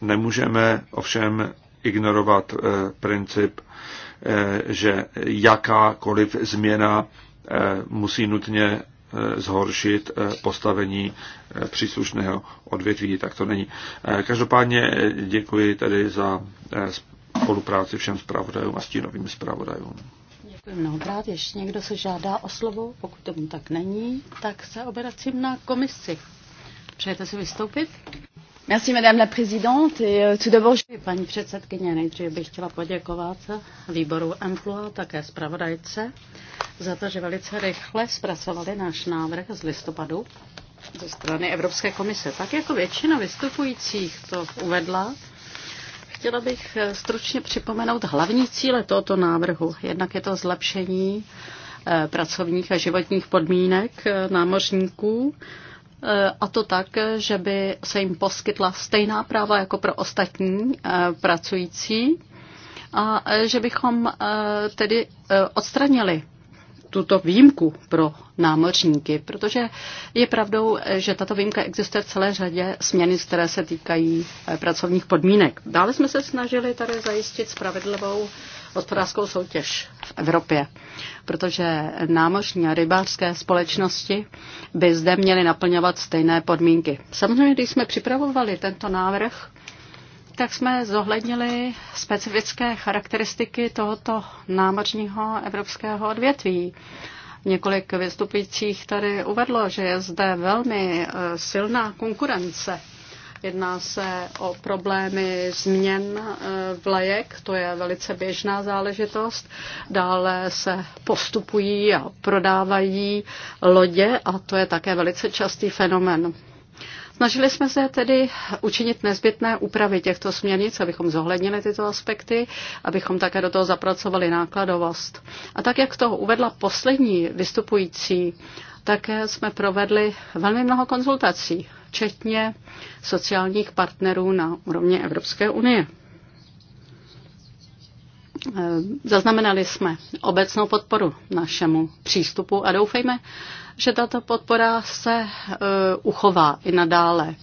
Nemůžeme ovšem ignorovat eh, princip, eh, že jakákoliv změna eh, musí nutně zhoršit postavení příslušného odvětví, tak to není. Každopádně děkuji tedy za spolupráci všem zpravodajům a stínovým zpravodajům. Děkuji mnohokrát. Ještě někdo se žádá o slovo? Pokud tomu tak není, tak se obracím na komisi. Přejete si vystoupit? Merci, madame la présidente. Et euh, tout d'abord, je... Paní předsedkyně, nejdříve bych chtěla poděkovat výboru Emplua, také zpravodajce, za to, že velice rychle zpracovali náš návrh z listopadu ze strany Evropské komise. Tak jako většina vystupujících to uvedla, Chtěla bych eh, stručně připomenout hlavní cíle tohoto návrhu. Jednak je to zlepšení eh, pracovních a životních podmínek eh, námořníků, a to tak, že by se jim poskytla stejná práva jako pro ostatní pracující a že bychom tedy odstranili tuto výjimku pro námořníky, protože je pravdou, že tato výjimka existuje v celé řadě směny, které se týkají eh, pracovních podmínek. Dále jsme se snažili tady zajistit spravedlivou hospodářskou soutěž v Evropě, protože námořní a rybářské společnosti by zde měly naplňovat stejné podmínky. Samozřejmě, když jsme připravovali tento návrh, tak jsme zohlednili specifické charakteristiky tohoto námořního evropského odvětví. Několik vystupujících tady uvedlo, že je zde velmi eh, silná konkurence. Jedná se o problémy změn eh, vlajek, to je velice běžná záležitost. Dále se postupují a prodávají lodě a to je také velice častý fenomen. Snažili jsme se tedy učinit nezbytné úpravy těchto směrnic, abychom zohlednili tyto aspekty, abychom také do toho zapracovali nákladovost. A tak, jak toho uvedla poslední vystupující, tak jsme provedli velmi mnoho konzultací, včetně sociálních partnerů na úrovni Evropské unie. Zaznamenali jsme obecnou podporu našemu přístupu a doufejme, že tato podpora se e, uchová i nadále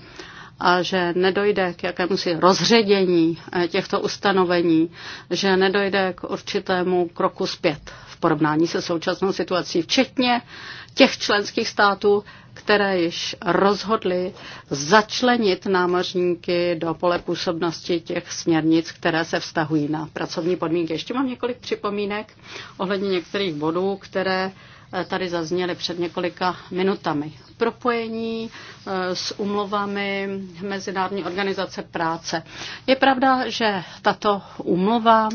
a že nedojde k jakémusi rozředění e, těchto ustanovení, že nedojde k určitému kroku zpět v porovnání se současnou situací, včetně těch členských států, které již rozhodly začlenit námořníky do pole působnosti těch směrnic, které se vztahují na pracovní podmínky. Ještě mám několik připomínek ohledně některých bodů, které Eh, tady zazněly před několika minutami. Propojení eh, s umluvami Mezinárodní organizace práce. Je pravda, že tato umluva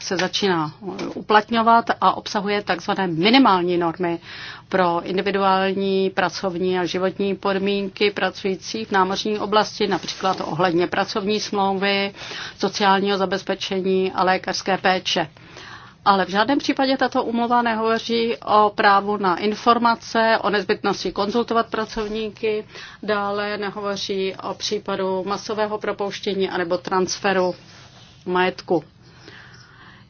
se začíná eh, uplatňovat a obsahuje takzvané minimální normy pro individuální pracovní a životní podmínky pracujících v námořní oblasti, například ohledně pracovní smlouvy, sociálního zabezpečení a lékařské péče ale v žádném případě tato umluva nehovoří o právu na informace, o nezbytnosti konzultovat pracovníky, dále nehovoří o případu masového propouštění anebo transferu majetku.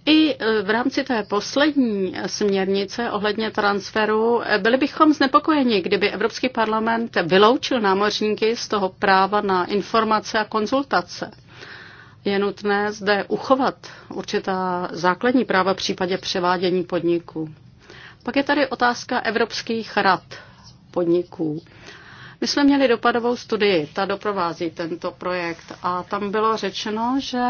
I e, v rámci té poslední směrnice ohledně transferu e, byli bychom znepokojeni, kdyby Evropský parlament vyloučil námořníky z toho práva na informace a konzultace je nutné zde uchovat určitá základní práva v případě převádění podniků. Pak je tady otázka evropských rad podniků. My jsme měli dopadovou studii, ta doprovází tento projekt a tam bylo řečeno, že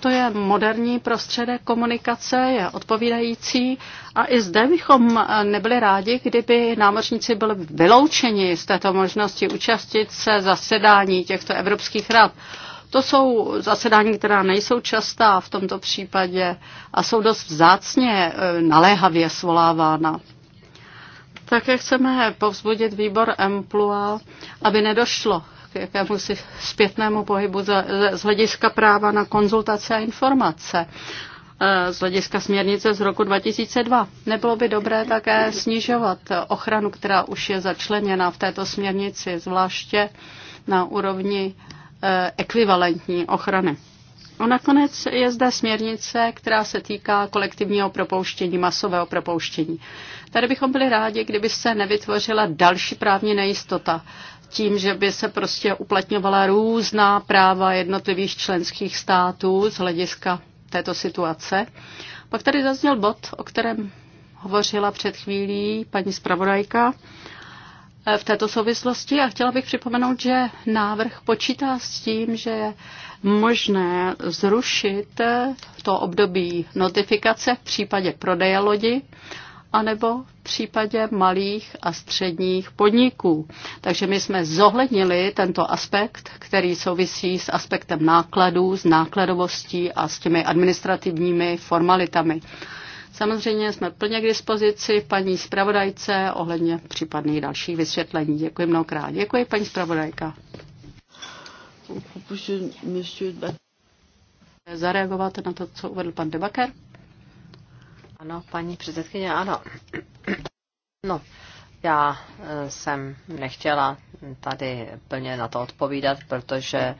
to je moderní prostředek komunikace, je odpovídající a i zde bychom nebyli rádi, kdyby námořníci byli vyloučeni z této možnosti účastit se zasedání těchto evropských rad to jsou zasedání, která nejsou častá v tomto případě a jsou dost vzácně e, naléhavě svolávána. Také chceme povzbudit výbor Emplua, aby nedošlo k jakémusi zpětnému pohybu z hlediska práva na konzultace a informace e, z hlediska směrnice z roku 2002. Nebylo by dobré také snižovat ochranu, která už je začleněna v této směrnici, zvláště na úrovni Eh, ekvivalentní ochrany. A nakonec je zde směrnice, která se týká kolektivního propouštění, masového propouštění. Tady bychom byli rádi, kdyby se nevytvořila další právní nejistota tím, že by se prostě uplatňovala různá práva jednotlivých členských států z hlediska této situace. Pak tady zazněl bod, o kterém hovořila před chvílí paní zpravodajka, Eh, v této souvislosti a chtěla bych připomenout, že návrh počítá s tím, že je možné zrušit eh, to období notifikace v případě prodeje lodi anebo v případě malých a středních podniků. Takže my jsme zohlednili tento aspekt, který souvisí s aspektem nákladů, s nákladovostí a s těmi administrativními formalitami. Samozřejmě jsme plně k dispozici paní zpravodajce ohledně případných dalších vysvětlení. Děkuji mnohokrát. Děkuji, paní zpravodajka. Zareagovat na to, co uvedl pan Debaker? Ano, paní předsedkyně, ano. No, já eh, jsem nechtěla tady plně na to odpovídat, protože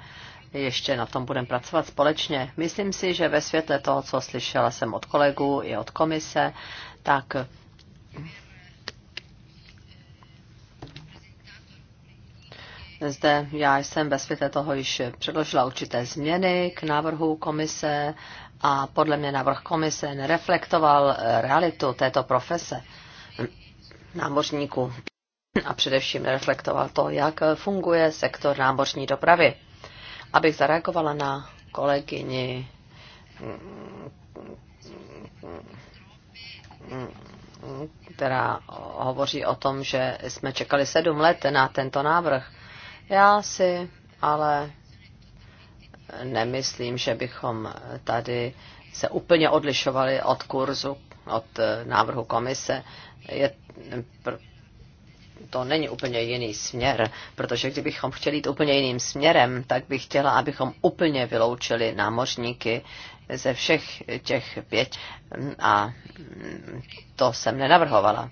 ještě na tom budeme pracovat společně. Myslím si, že ve světle toho, co slyšela jsem od kolegů i od komise, tak Zde já jsem ve světle toho již předložila určité změny k návrhu komise a podle mě návrh komise nereflektoval realitu této profese námořníků a především nereflektoval to, jak funguje sektor námořní dopravy abych zareagovala na kolegyni která hovoří o tom, že jsme čekali sedm let na tento návrh. Já si ale nemyslím, že bychom tady se úplně odlišovali od kurzu, od návrhu komise, je, to není úplně jiný směr, protože kdybychom chtěli jít úplně jiným směrem, tak bych chtěla, abychom úplně vyloučili námořníky ze všech těch pět a to jsem nenavrhovala.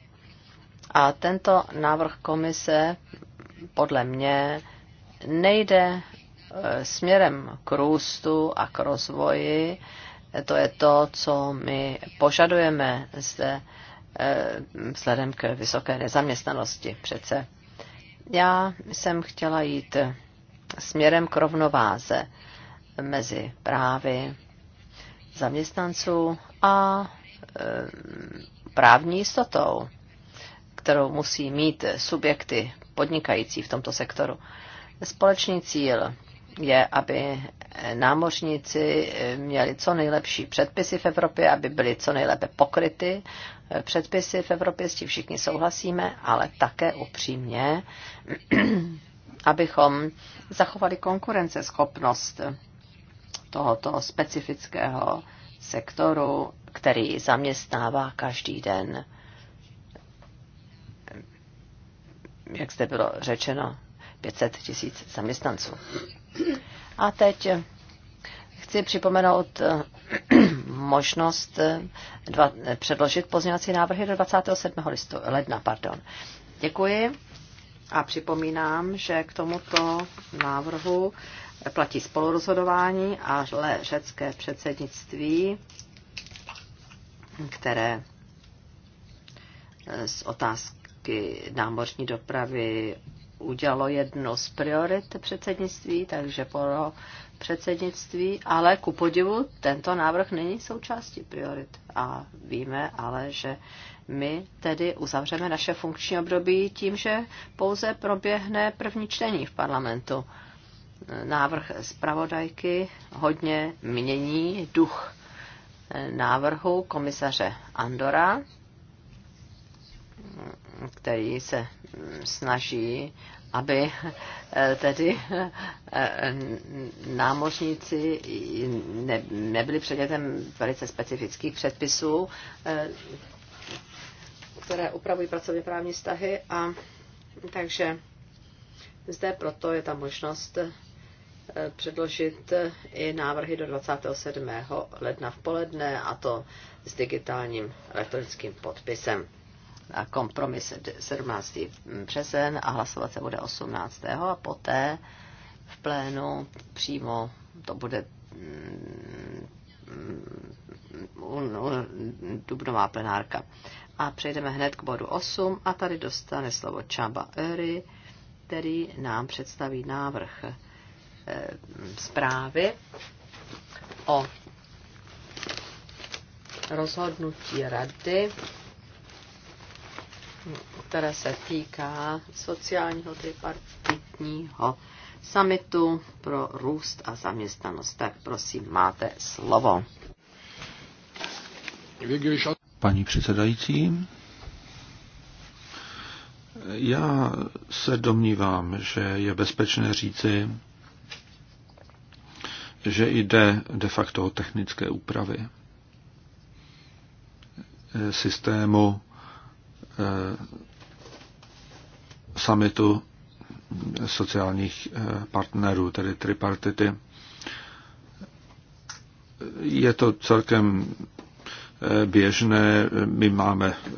A tento návrh komise podle mě nejde eh, směrem k růstu a k rozvoji. To je to, co my požadujeme zde Eh, vzhledem k vysoké nezaměstnanosti přece. Já jsem chtěla jít směrem k rovnováze mezi právy zaměstnanců a eh, právní jistotou, kterou musí mít subjekty podnikající v tomto sektoru. Společný cíl je, aby námořníci měli co nejlepší předpisy v Evropě, aby byly co nejlépe pokryty eh, předpisy v Evropě, s tím všichni souhlasíme, ale také upřímně, abychom zachovali konkurenceschopnost tohoto specifického sektoru, který zaměstnává každý den, jak zde bylo řečeno, 500 tisíc zaměstnanců. A teď chci připomenout eh, možnost eh, dva, eh, předložit pozměňovací návrhy do 27. Listu, ledna. Pardon. Děkuji a připomínám, že k tomuto návrhu platí spolurozhodování a řecké předsednictví, které z otázky námořní dopravy udělalo jedno z priorit předsednictví, takže pro předsednictví, ale ku podivu tento návrh není součástí priorit. A víme ale, že my tedy uzavřeme naše funkční období tím, že pouze proběhne první čtení v parlamentu. Návrh zpravodajky hodně mění duch návrhu komisaře Andora který se mm, snaží, aby eh, tedy eh, námořníci nebyli předmětem velice specifických předpisů, eh, které upravují pracovně právní vztahy a takže zde proto je ta možnost předložit i návrhy do 27. ledna v poledne a to s digitálním elektronickým podpisem a kompromis 17. březen a hlasovat se bude 18. a poté v plénu přímo to bude mm, mm, mm, dubnová plenárka. A přejdeme hned k bodu 8 a tady dostane slovo Čaba Öry, který nám představí návrh eh, zprávy o rozhodnutí rady které se týká sociálního tripartitního samitu pro růst a zaměstnanost. Tak prosím, máte slovo. Paní předsedající, já se domnívám, že je bezpečné říci, že jde de facto o technické úpravy systému eh, samitu sociálních eh, partnerů, tedy tripartity. Je to celkem eh, běžné. My máme eh,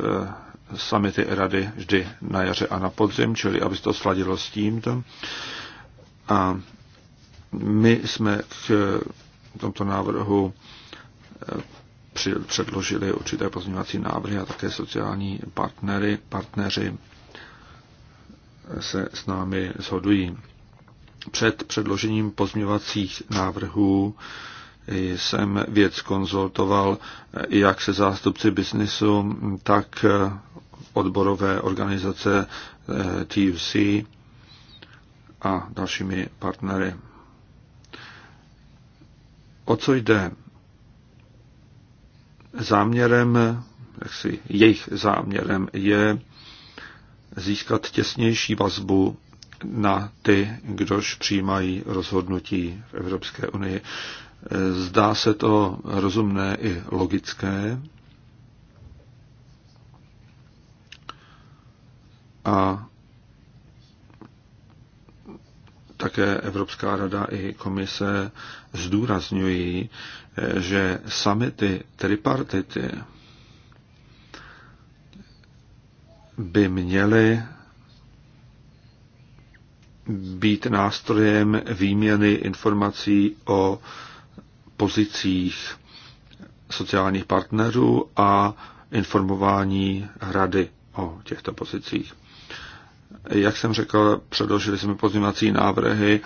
samity rady vždy na jaře a na podzim, čili aby se to sladilo s tímto. A my jsme k tomto návrhu předložili určité pozměňovací návrhy a také sociální partnery, partneři se s námi shodují. Před předložením pozměvacích návrhů jsem věc konzultoval jak se zástupci biznisu, tak odborové organizace eh, TUC a dalšími partnery. O co jde? Záměrem, jaksi jejich záměrem je získat těsnější vazbu na ty, kdož přijímají rozhodnutí v Evropské unii. Zdá se to rozumné i logické. A také Evropská rada i komise zdůrazňují, že samity tripartity by měly být nástrojem výměny informací o pozicích sociálních partnerů a informování rady o těchto pozicích. Jak jsem řekl, předložili jsme pozměňovací návrhy,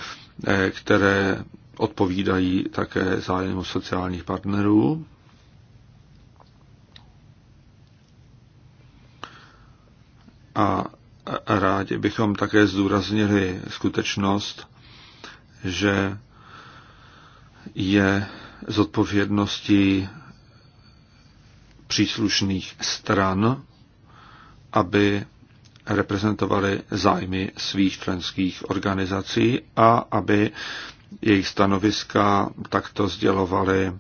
eh, které odpovídají také zájmu sociálních partnerů. A rádi bychom také zdůraznili skutečnost, že je zodpovědností příslušných stran, aby reprezentovali zájmy svých členských organizací a aby jejich stanoviska takto sdělovali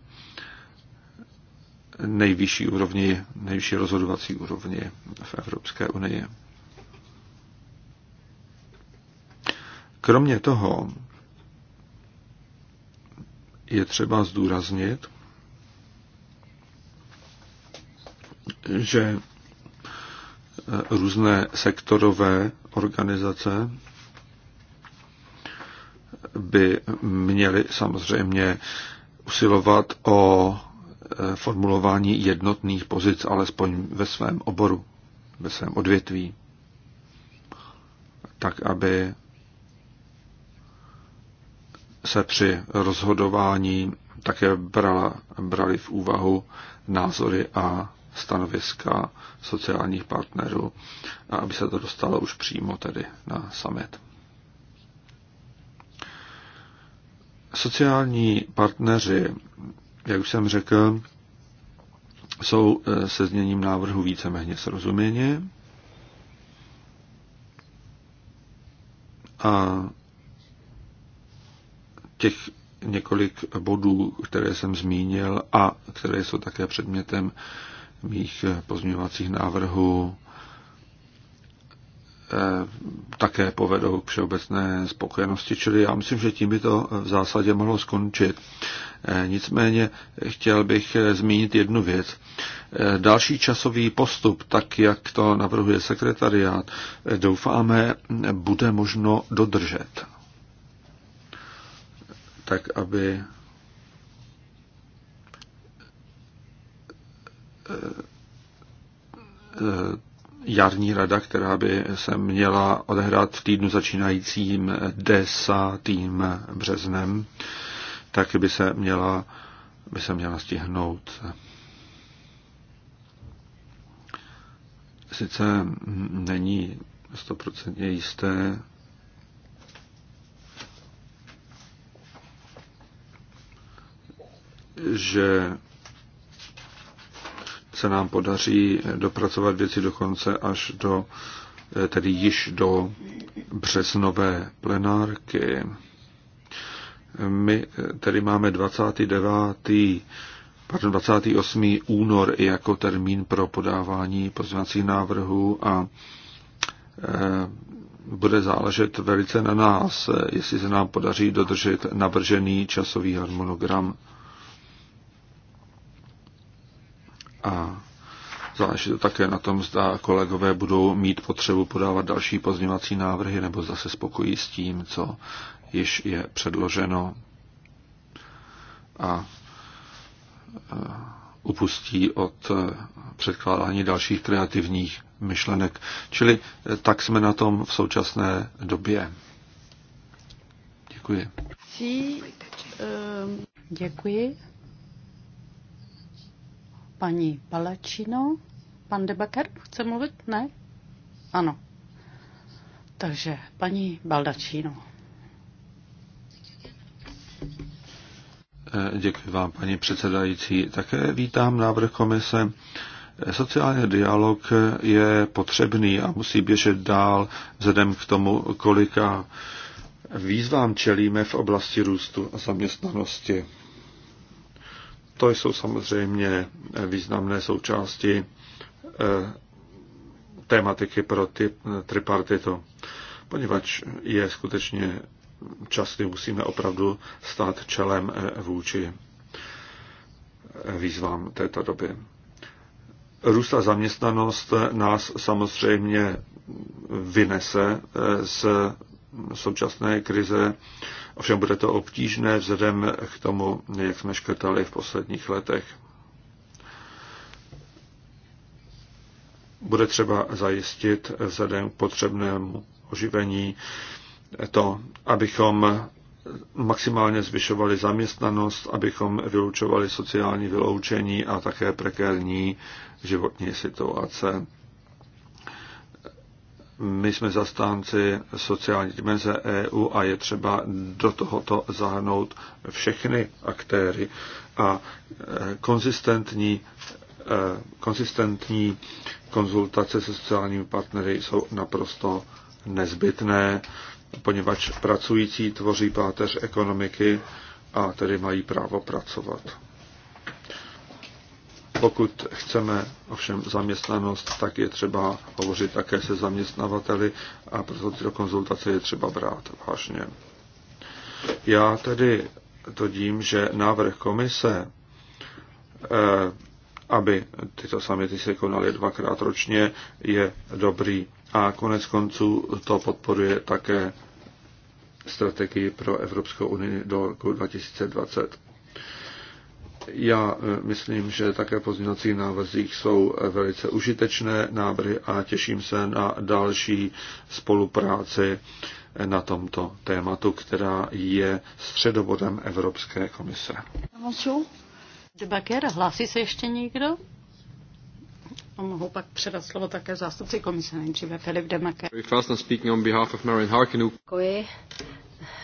nejvyšší úrovni, nejvyšší rozhodovací úrovni v Evropské unii. Kromě toho je třeba zdůraznit, že eh, různé sektorové organizace by měly samozřejmě usilovat o eh, formulování jednotných pozic, alespoň ve svém oboru, ve svém odvětví, tak aby se při rozhodování také brala, brali v úvahu názory a stanoviska sociálních partnerů, a aby se to dostalo už přímo tedy na summit. Sociální partneři, jak už jsem řekl, jsou eh, se změním návrhu víceméně srozuměni. A těch několik bodů, které jsem zmínil a které jsou také předmětem mých eh, pozměňovacích návrhů, eh, také povedou k všeobecné spokojenosti, čili já myslím, že tím by to v zásadě mohlo skončit. Eh, nicméně chtěl bych zmínit jednu věc. Další časový postup, tak jak to navrhuje sekretariát, doufáme, bude možno dodržet tak aby eh, eh, jarní rada, která by se měla odehrát v týdnu začínajícím desátým březnem, tak by se měla, by se měla stihnout. Sice není stoprocentně jisté, že se nám podaří dopracovat věci dokonce až do, eh, tedy již do březnové plenárky. My eh, tedy máme 29. Pardon, 28. únor jako termín pro podávání pozvacích návrhů a eh, bude záležet velice na nás, jestli se nám podaří dodržet navržený časový harmonogram. A záleží to také na tom, zda kolegové budou mít potřebu podávat další pozměňovací návrhy, nebo zda se spokojí s tím, co již je předloženo. A e, upustí od e, předkládání dalších kreativních myšlenek. Čili e, tak jsme na tom v současné době. Děkuji. Děkuji paní Palačino. Pan Debaker chce mluvit? Ne? Ano. Takže paní Baldačino. Eh, děkuji vám, paní předsedající. Také vítám návrh komise. Sociální dialog je potřebný a musí běžet dál vzhledem k tomu, kolika výzvám čelíme v oblasti růstu a zaměstnanosti. To jsou samozřejmě významné součásti eh, tématiky pro ty, eh, tripartitu, poněvadž je skutečně čas, kdy musíme opravdu stát čelem eh, vůči výzvám této doby. Růst a zaměstnanost nás samozřejmě vynese z současné krize Ovšem bude to obtížné vzhledem k tomu, jak jsme škrtali v posledních letech. Bude třeba zajistit vzhledem k potřebnému oživení to, abychom maximálně zvyšovali zaměstnanost, abychom vylučovali sociální vyloučení a také prekérní životní situace. My jsme zastánci sociální dimenze EU a je třeba do tohoto zahrnout všechny aktéry a e, konzistentní, e, konzistentní konzultace se sociálními partnery jsou naprosto nezbytné, poněvadž pracující tvoří páteř ekonomiky a tedy mají právo pracovat. Pokud chceme ovšem zaměstnanost, tak je třeba hovořit také se zaměstnavateli a proto tyto konzultace je třeba brát vážně. Já tedy to dím, že návrh komise, eh, aby tyto samity se konaly dvakrát ročně, je dobrý. A konec konců to podporuje také strategii pro Evropskou unii do roku 2020. Já e, myslím, že také pozměňovací návrzích jsou e, velice užitečné návrhy a těším se na další spolupráci e, na tomto tématu, která je středobodem Evropské komise. Debaker, hlásí se ještě někdo? A no, mohu pak předat slovo také zástupci komise, nejdříve Filip Demake. Děkuji.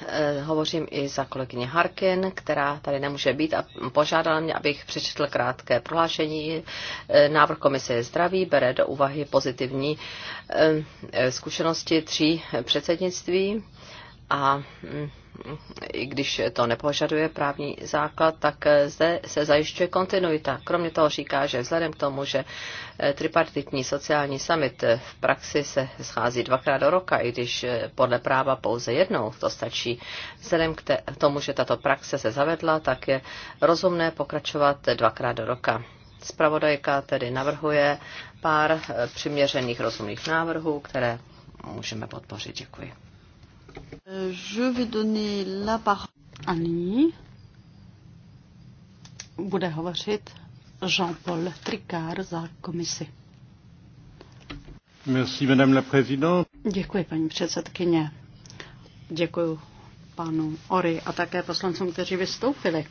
Eh, hovořím i za kolegyně Harkin, která tady nemůže být a požádala mě, abych přečetl krátké prohlášení. Eh, návrh komise je zdravý, bere do úvahy pozitivní eh, zkušenosti tří předsednictví a mm, i když to nepožaduje právní základ, tak zde se zajišťuje kontinuita. Kromě toho říká, že vzhledem k tomu, že eh, tripartitní sociální summit eh, v praxi se schází dvakrát do roka, i když eh, podle práva pouze jednou, to stačí. Vzhledem k tomu, že tato praxe se zavedla, tak je rozumné pokračovat dvakrát do roka. Spravodajka tedy navrhuje pár přiměřených rozumných návrhů, které můžeme podpořit. Děkuji. Je vais donner la parole. A nyní bude hovořit Jean-Paul Tricard za komisi. Merci, madame la présidente. Děkuji, paní předsedkyně. Děkuji panu Ory a také poslancům, kteří vystoupili.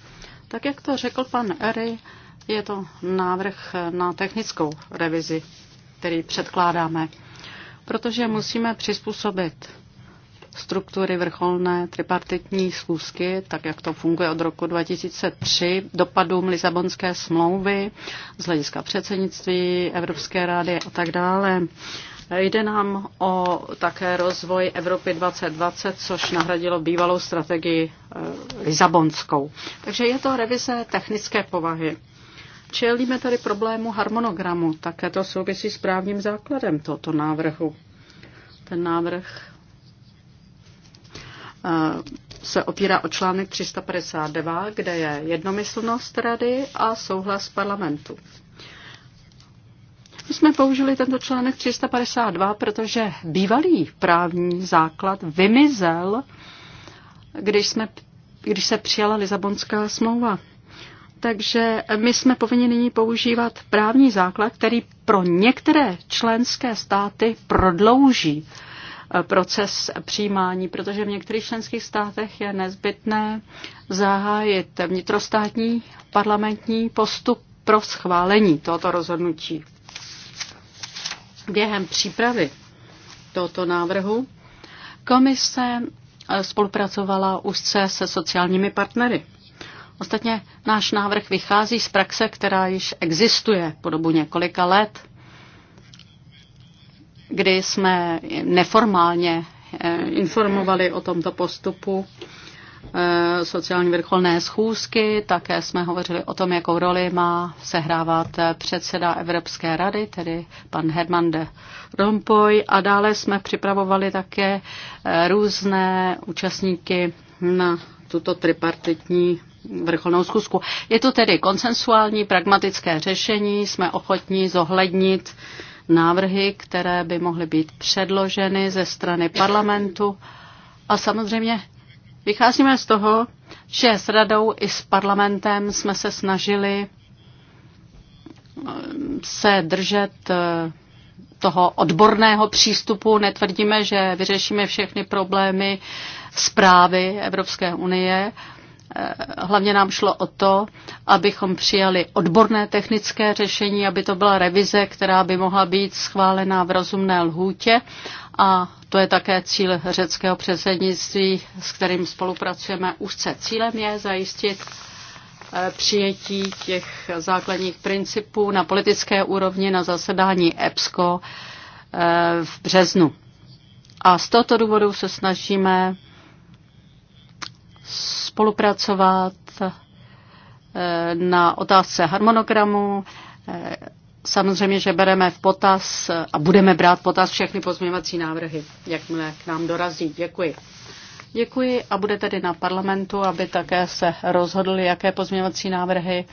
Tak jak to řekl pan Ery, je to návrh na technickou revizi, který předkládáme, protože musíme přizpůsobit struktury vrcholné tripartitní schůzky, tak jak to funguje od roku 2003, dopadům Lisabonské smlouvy z hlediska předsednictví Evropské rády a tak dále. Jde nám o také rozvoj Evropy 2020, což nahradilo bývalou strategii eh, Lisabonskou. Takže je to revize technické povahy. Čelíme tady problému harmonogramu, také to souvisí s právním základem tohoto návrhu. Ten návrh se opírá o článek 352, kde je jednomyslnost rady a souhlas parlamentu. My jsme použili tento článek 352, protože bývalý právní základ vymizel, když, jsme, když se přijala Lizabonská smlouva. Takže my jsme povinni nyní používat právní základ, který pro některé členské státy prodlouží uh, proces přijímání, protože v některých členských státech je nezbytné zahájit vnitrostátní parlamentní postup pro schválení tohoto rozhodnutí. Během přípravy tohoto návrhu komise eh, spolupracovala úzce se sociálními partnery. Ostatně náš návrh vychází z praxe, která již existuje po dobu několika let kdy jsme neformálně eh, informovali o tomto postupu eh, sociální vrcholné schůzky. Také jsme hovořili o tom, jakou roli má sehrávat předseda Evropské rady, tedy pan Herman de Rompuy. A dále jsme připravovali také eh, různé účastníky na tuto tripartitní vrcholnou schůzku. Je to tedy konsensuální, pragmatické řešení, jsme ochotní zohlednit uh, návrhy, které by mohly být předloženy ze strany parlamentu. A samozřejmě vycházíme z toho, že s radou i s parlamentem jsme se snažili eh, se držet eh, toho odborného přístupu. Netvrdíme, že vyřešíme všechny problémy zprávy Evropské unie, Eh, hlavně nám šlo o to, abychom přijali odborné technické řešení, aby to byla revize, která by mohla být schválená v rozumné lhůtě a to je také cíl řeckého předsednictví, s kterým spolupracujeme úzce. Cílem je zajistit eh, přijetí těch základních principů na politické úrovni na zasedání EPSCO eh, v březnu. A z tohoto důvodu se snažíme spolupracovat eh, na otázce harmonogramu. Eh, samozřejmě, že bereme v potaz eh, a budeme brát v potaz všechny pozměňovací návrhy, jakmile k nám dorazí. Děkuji. Děkuji a bude tedy na parlamentu, aby také se rozhodl, jaké pozměňovací návrhy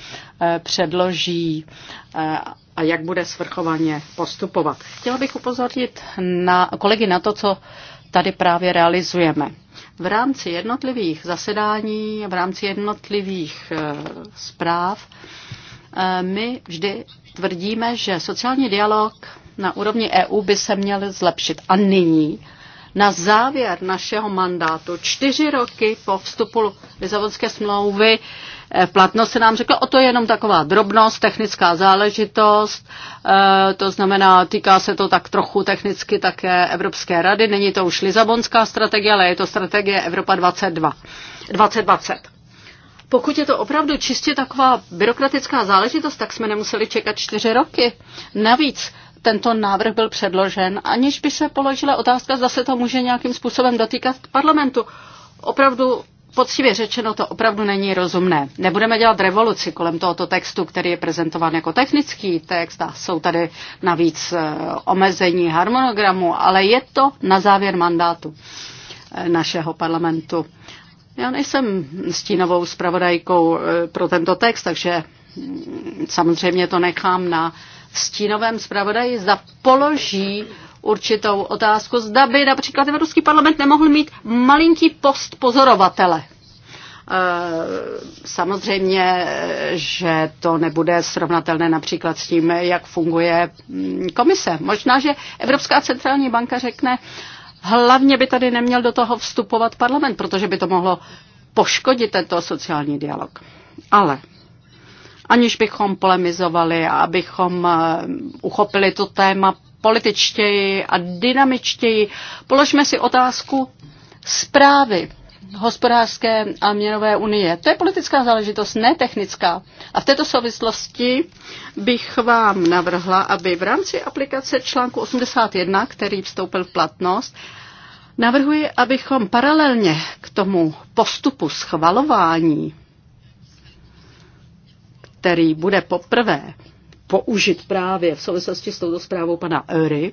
předloží a jak bude svrchovaně postupovat. Chtěla bych upozornit na, kolegy na to, co tady právě realizujeme v rámci jednotlivých zasedání, v rámci jednotlivých eh, zpráv, eh, my vždy tvrdíme, že sociální dialog na úrovni EU by se měl zlepšit. A nyní na závěr našeho mandátu, čtyři roky po vstupu Lizabonské smlouvy, eh, platnost se nám řekla, o to je jenom taková drobnost, technická záležitost, eh, to znamená, týká se to tak trochu technicky také Evropské rady, není to už Lizabonská strategie, ale je to strategie Evropa 22, 2020. Pokud je to opravdu čistě taková byrokratická záležitost, tak jsme nemuseli čekat čtyři roky. Navíc tento návrh byl předložen, aniž by se položila otázka, zda se to může nějakým způsobem dotýkat parlamentu. Opravdu, poctivě řečeno, to opravdu není rozumné. Nebudeme dělat revoluci kolem tohoto textu, který je prezentován jako technický text a jsou tady navíc eh, omezení harmonogramu, ale je to na závěr mandátu eh, našeho parlamentu. Já nejsem stínovou zpravodajkou eh, pro tento text, takže mm, samozřejmě to nechám na stínovém zpravodaji zapoloží určitou otázku, zda by například Evropský parlament nemohl mít malinký post pozorovatele. Eh, samozřejmě, že to nebude srovnatelné například s tím, jak funguje mm, komise. Možná, že Evropská centrální banka řekne, hlavně by tady neměl do toho vstupovat parlament, protože by to mohlo poškodit tento sociální dialog. Ale aniž bychom polemizovali a abychom eh, uchopili to téma političtěji a dynamičtěji. Položme si otázku zprávy hospodářské a měnové unie. To je politická záležitost, ne technická. A v této souvislosti bych vám navrhla, aby v rámci aplikace článku 81, který vstoupil v platnost, navrhuji, abychom paralelně k tomu postupu schvalování který bude poprvé použit právě v souvislosti s touto zprávou pana Öry,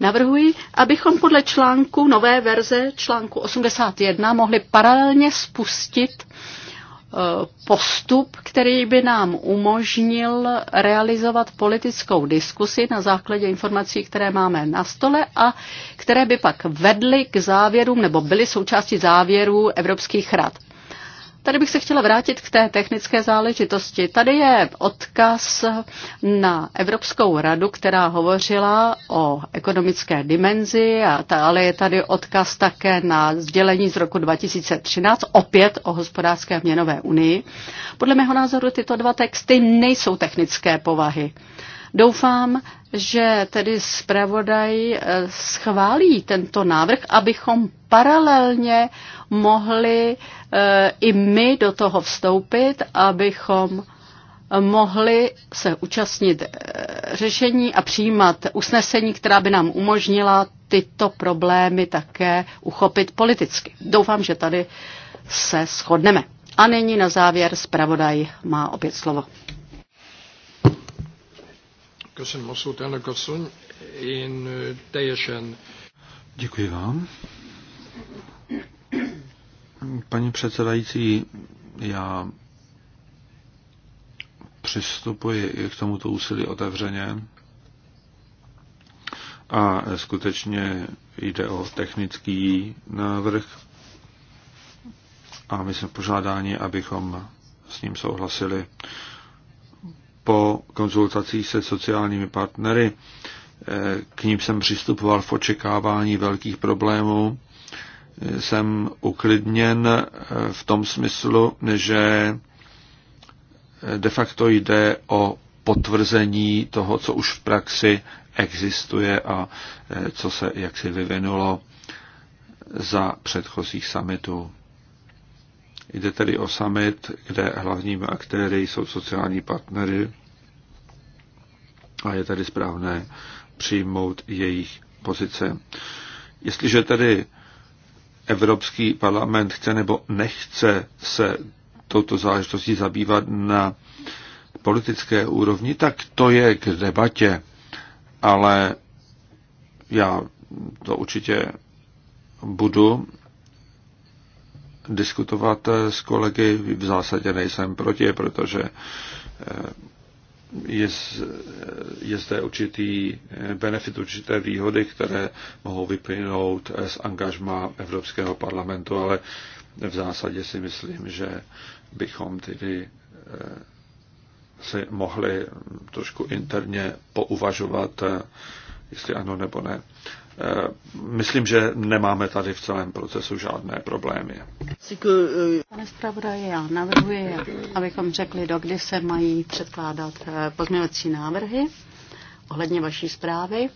navrhuji, abychom podle článku nové verze článku 81 mohli paralelně spustit eh, postup, který by nám umožnil realizovat politickou diskusi na základě informací, které máme na stole a které by pak vedly k závěrům nebo byly součástí závěrů Evropských rad. Tady bych se chtěla vrátit k té technické záležitosti. Tady je odkaz na Evropskou radu, která hovořila o ekonomické dimenzi, a ta, ale je tady odkaz také na sdělení z roku 2013, opět o hospodářské měnové unii. Podle mého názoru tyto dva texty nejsou technické povahy. Doufám, že tedy zpravodaj eh, schválí tento návrh, abychom paralelně mohli eh, i my do toho vstoupit, abychom mohli se účastnit eh, řešení a přijímat usnesení, která by nám umožnila tyto problémy také uchopit politicky. Doufám, že tady se shodneme. A nyní na závěr zpravodaj má opět slovo. Eh, Děkuji vám. Paní předsedající, já přistupuji k tomuto úsilí otevřeně a skutečně jde o technický návrh a my jsme požádáni, abychom s ním souhlasili. Po konzultacích se sociálními partnery k ním jsem přistupoval v očekávání velkých problémů jsem uklidněn v tom smyslu, že de facto jde o potvrzení toho, co už v praxi existuje a eh, co se jaksi vyvinulo za předchozích summitů. Jde tedy o summit, kde hlavními aktéry jsou sociální partnery a je tedy správné přijmout jejich pozice. Jestliže tedy Evropský parlament chce nebo nechce se touto záležitostí zabývat na politické úrovni, tak to je k debatě. Ale já to určitě budu diskutovat s kolegy. V zásadě nejsem proti, protože eh, je, je zde určitý eh, benefit, určité výhody, které mohou vyplynout eh, z angažma Evropského parlamentu, ale v zásadě si myslím, že bychom tedy eh, si mohli trošku interně pouvažovat, jestli ano nebo ne. Eh, myslím, že nemáme tady v celém procesu žádné problémy. Pane zpravodaji, já navrhuji, abychom řekli, do kdy se mají předkládat eh, pozměňovací návrhy ohledně vaší zprávy.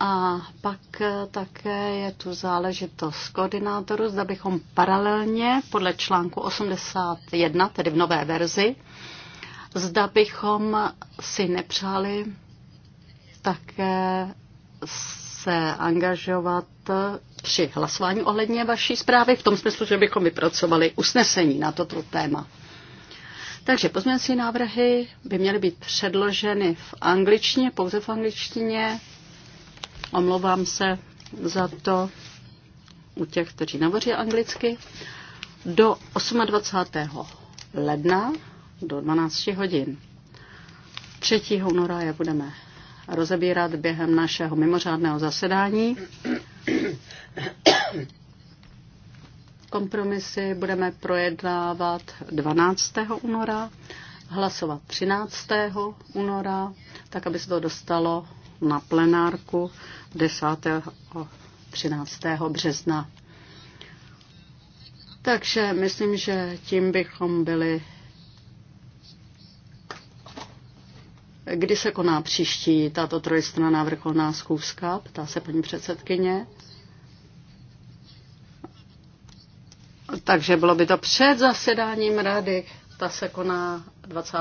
A pak eh, také je tu záležitost koordinátoru, zda bychom paralelně podle článku 81, tedy v nové verzi, zda bychom si nepřáli také se angažovat při hlasování ohledně vaší zprávy, v tom smyslu, že bychom vypracovali usnesení na toto téma. Takže pozměňovací návrhy by měly být předloženy v angličtině, pouze v angličtině. Omlouvám se za to u těch, kteří navoří anglicky. Do 28. ledna do 12 hodin. 3. února je budeme rozebírat během našeho mimořádného zasedání. Kompromisy budeme projednávat 12. února, hlasovat 13. února, tak aby se to dostalo na plenárku 10. a 13. března. Takže myslím, že tím bychom byli Kdy se koná příští tato trojstranná vrcholná schůzka? Ptá se paní předsedkyně. Takže bylo by to před zasedáním rady. Ta se koná 20.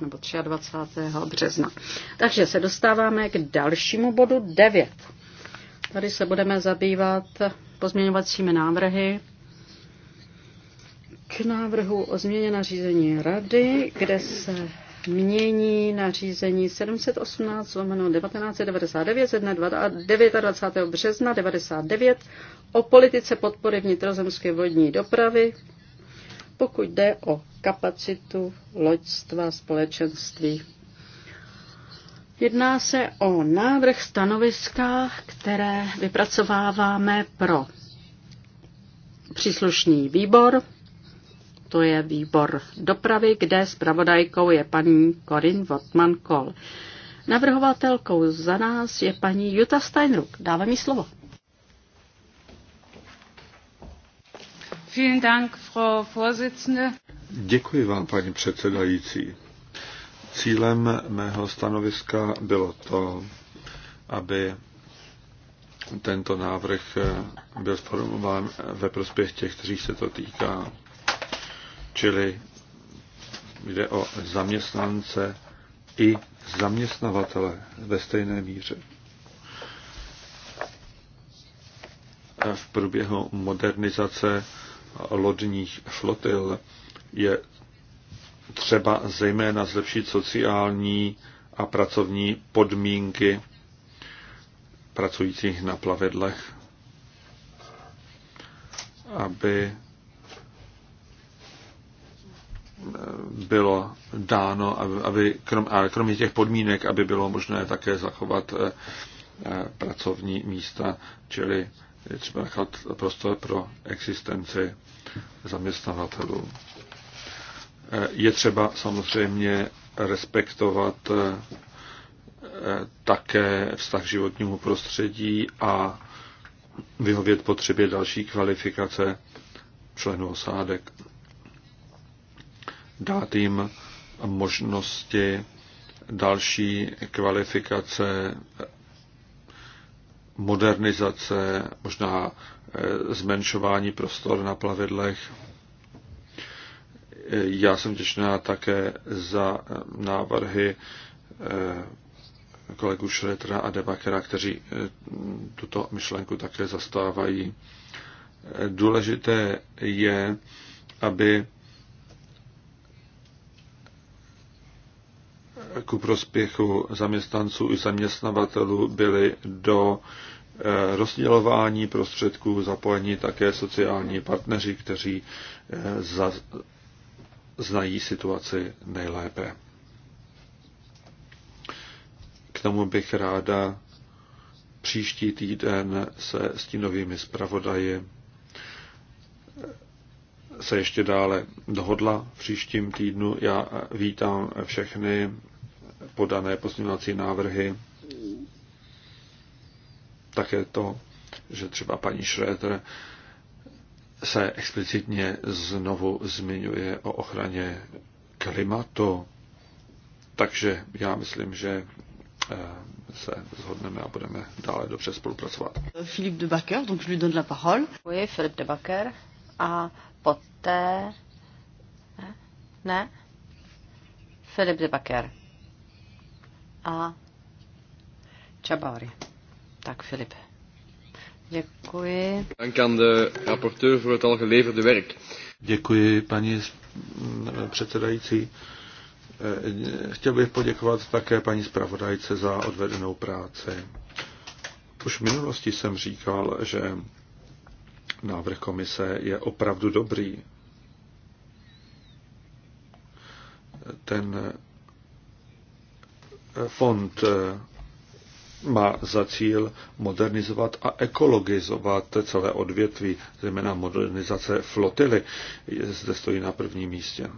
nebo 23. března. Takže se dostáváme k dalšímu bodu 9. Tady se budeme zabývat pozměňovacími návrhy k návrhu o změně nařízení rady, kde se mění nařízení 718 lomeno 1999 ze dne 29. března 99 o politice podpory vnitrozemské vodní dopravy, pokud jde o kapacitu loďstva společenství. Jedná se o návrh stanoviska, které vypracováváme pro příslušný výbor to je výbor dopravy, kde zpravodajkou je paní Corin wortmann Kol. Navrhovatelkou za nás je paní Jutta Steinruck. Dáme mi slovo. Děkuji vám, paní předsedající. Cílem mého stanoviska bylo to, aby tento návrh byl sformulován ve prospěch těch, kteří se to týká. Čili jde o zaměstnance i zaměstnavatele ve stejné míře. V průběhu modernizace lodních flotil je třeba zejména zlepšit sociální a pracovní podmínky pracujících na plavidlech, aby bylo dáno, aby krom, a kromě těch podmínek, aby bylo možné také zachovat eh, eh, pracovní místa, čili je třeba nechat prostor pro existenci zaměstnavatelů. Eh, je třeba samozřejmě respektovat také vztah k životnímu prostředí a vyhovět potřebě další kvalifikace členů osádek dát jim možnosti další kvalifikace, modernizace, možná eh, zmenšování prostor na plavidlech. Já jsem těšná také za eh, návrhy eh, kolegu Šretra a Debakera, kteří tuto myšlenku také zastávají. Důležité je, aby ku prospěchu zaměstnanců i zaměstnavatelů byly do eh, rozdělování prostředků zapojeni také sociální partneři, kteří eh, za, znají situaci nejlépe. K tomu bych ráda příští týden se stínovými zpravodaji eh, se ještě dále dohodla v příštím týdnu. Já vítám všechny podané pozměňovací návrhy. Také to, že třeba paní Schroeder se explicitně znovu zmiňuje o ochraně klimatu. Takže já myslím, že eh, se zhodneme a budeme dále dobře spolupracovat. Filip de Backer, donc je lui donne la parole. Oui, Filip de Backer. A poté... Eh, ne? Filip de Backer a Čabáry. Tak, Filip. Děkuji. Dank aan de rapporteur voor het al geleverde werk. Děkuji, paní předsedající. Eh, chtěl bych poděkovat také paní zpravodajce za odvedenou práci. Už v minulosti jsem říkal, že návrh komise je opravdu dobrý. Ten Fond eh, má za cíl modernizovat a ekologizovat celé odvětví, zejména modernizace flotily. Zde stojí na prvním místě.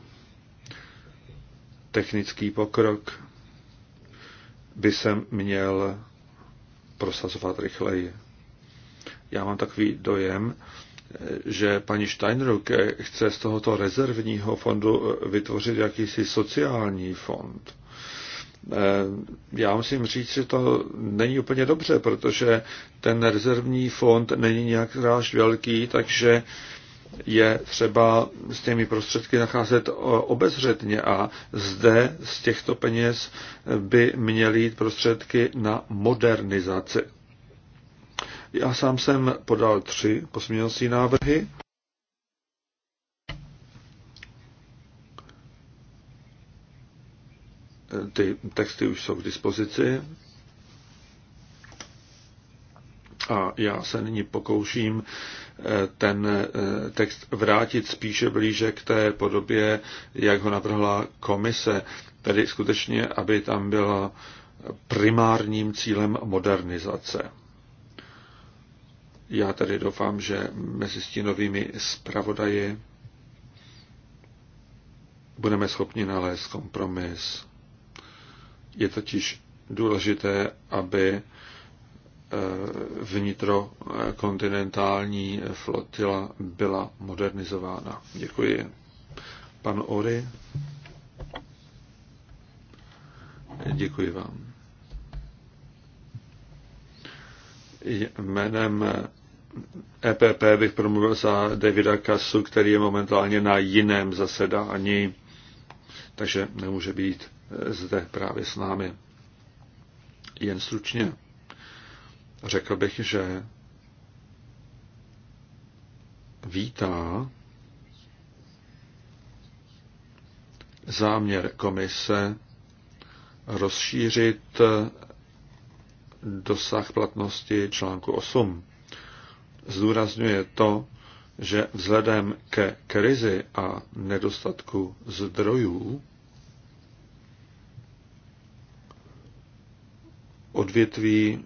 Technický pokrok by se měl prosazovat rychleji. Já mám takový dojem, že paní Steinruck chce z tohoto rezervního fondu vytvořit jakýsi sociální fond Eh, já musím říct, že to není úplně dobře, protože ten rezervní fond není nějak zvlášť velký, takže je třeba s těmi prostředky nacházet eh, obezřetně a zde z těchto peněz by měly jít prostředky na modernizaci. Já sám jsem podal tři posměnosti návrhy Ty texty už jsou k dispozici. A já se nyní pokouším eh, ten eh, text vrátit spíše blíže k té podobě, jak ho navrhla komise. Tedy skutečně, aby tam byla primárním cílem modernizace. Já tady doufám, že mezi stínovými zpravodaji budeme schopni nalézt kompromis. Je totiž důležité, aby eh, vnitrokontinentální eh, eh, flotila byla modernizována. Děkuji. Pan Ory. Děkuji vám. Jménem EPP e bych promluvil za Davida Kasu, který je momentálně na jiném zasedání, takže nemůže být zde právě s námi. Jen stručně řekl bych, že vítá záměr komise rozšířit dosah platnosti článku 8. Zdůrazňuje to, že vzhledem ke krizi a nedostatku zdrojů odvětví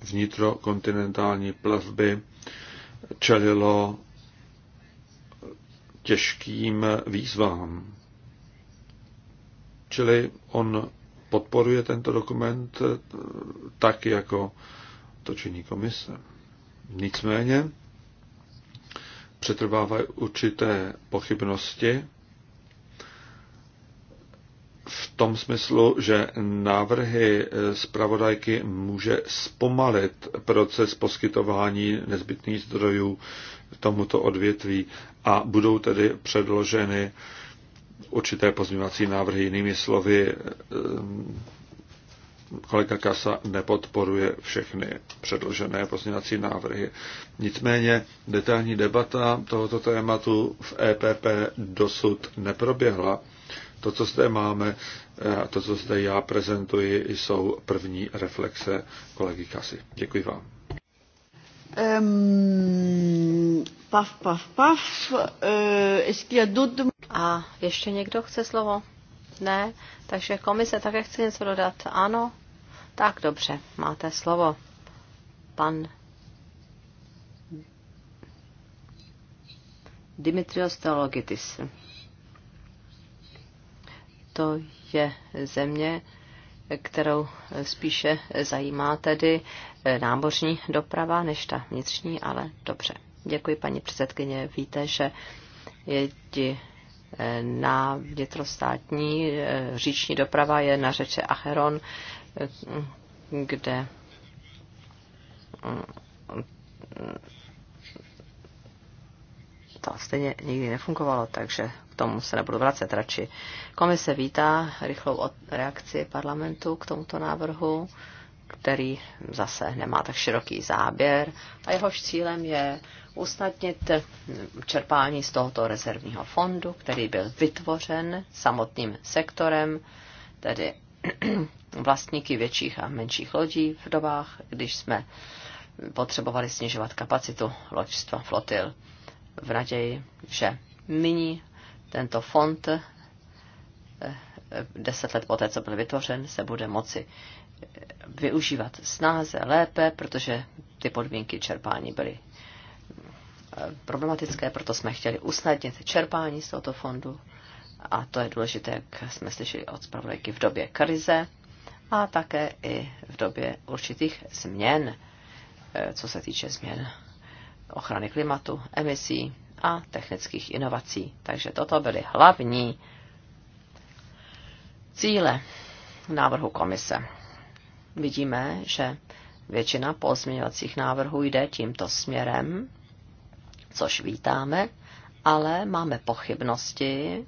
vnitrokontinentální plavby čelilo těžkým výzvám. Čili on podporuje tento dokument eh, tak, jako to činí komise. Nicméně přetrvávají určité pochybnosti v tom smyslu, že návrhy zpravodajky může zpomalit proces poskytování nezbytných zdrojů tomuto odvětví a budou tedy předloženy určité pozměňovací návrhy. Jinými slovy, ehm, kolega Kasa nepodporuje všechny předložené pozměňovací návrhy. Nicméně detailní debata tohoto tématu v EPP dosud neproběhla to, co zde máme eh, a to, co zde já prezentuji, jsou první reflexe kolegy Kasy. Děkuji vám. Um, paf, paf, paf. Uh, a ještě někdo chce slovo? Ne? Takže komise také chce něco dodat? Ano? Tak dobře, máte slovo. Pan Dimitrios Teologitis to je země, kterou spíše zajímá tedy eh, námořní doprava než ta vnitřní, ale dobře. Děkuji, paní předsedkyně. Víte, že ti eh, na vnitrostátní eh, říční doprava je na řeče Acheron, kde mm, to stejně nikdy nefungovalo, takže k tomu se nebudu vracet radši. Komise vítá rychlou reakci parlamentu k tomuto návrhu, který zase nemá tak široký záběr a jehož cílem je usnadnit čerpání z tohoto rezervního fondu, který byl vytvořen samotným sektorem, tedy vlastníky větších a menších lodí v dobách, když jsme potřebovali snižovat kapacitu loďstva flotil v naději, že nyní tento fond eh, deset let poté, co byl vytvořen, se bude moci eh, využívat snáze lépe, protože ty podmínky čerpání byly eh, problematické, proto jsme chtěli usnadnit čerpání z tohoto fondu a to je důležité, jak jsme slyšeli od zpravodajky v době krize a také i v době určitých změn, co se týče změn ochrany klimatu, emisí a technických inovací. Takže toto byly hlavní cíle návrhu komise. Vidíme, že většina pozměňovacích návrhů jde tímto směrem, což vítáme, ale máme pochybnosti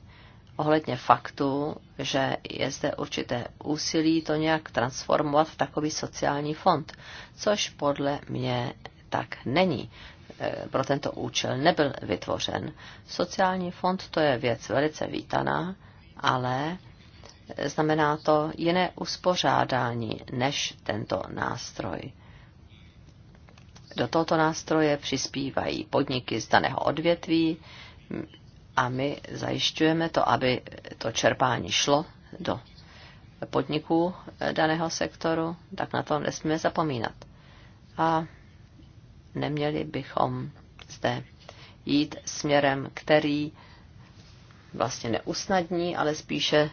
ohledně faktu, že je zde určité úsilí to nějak transformovat v takový sociální fond, což podle mě tak není. Eh, pro tento účel nebyl vytvořen. Sociální fond to je věc velice vítaná, ale eh, znamená to jiné uspořádání než tento nástroj. Do tohoto nástroje přispívají podniky z daného odvětví a my zajišťujeme to, aby to čerpání šlo do podniků eh, daného sektoru, tak na to nesmíme zapomínat. A neměli bychom zde jít směrem, který vlastně neusnadní, ale spíše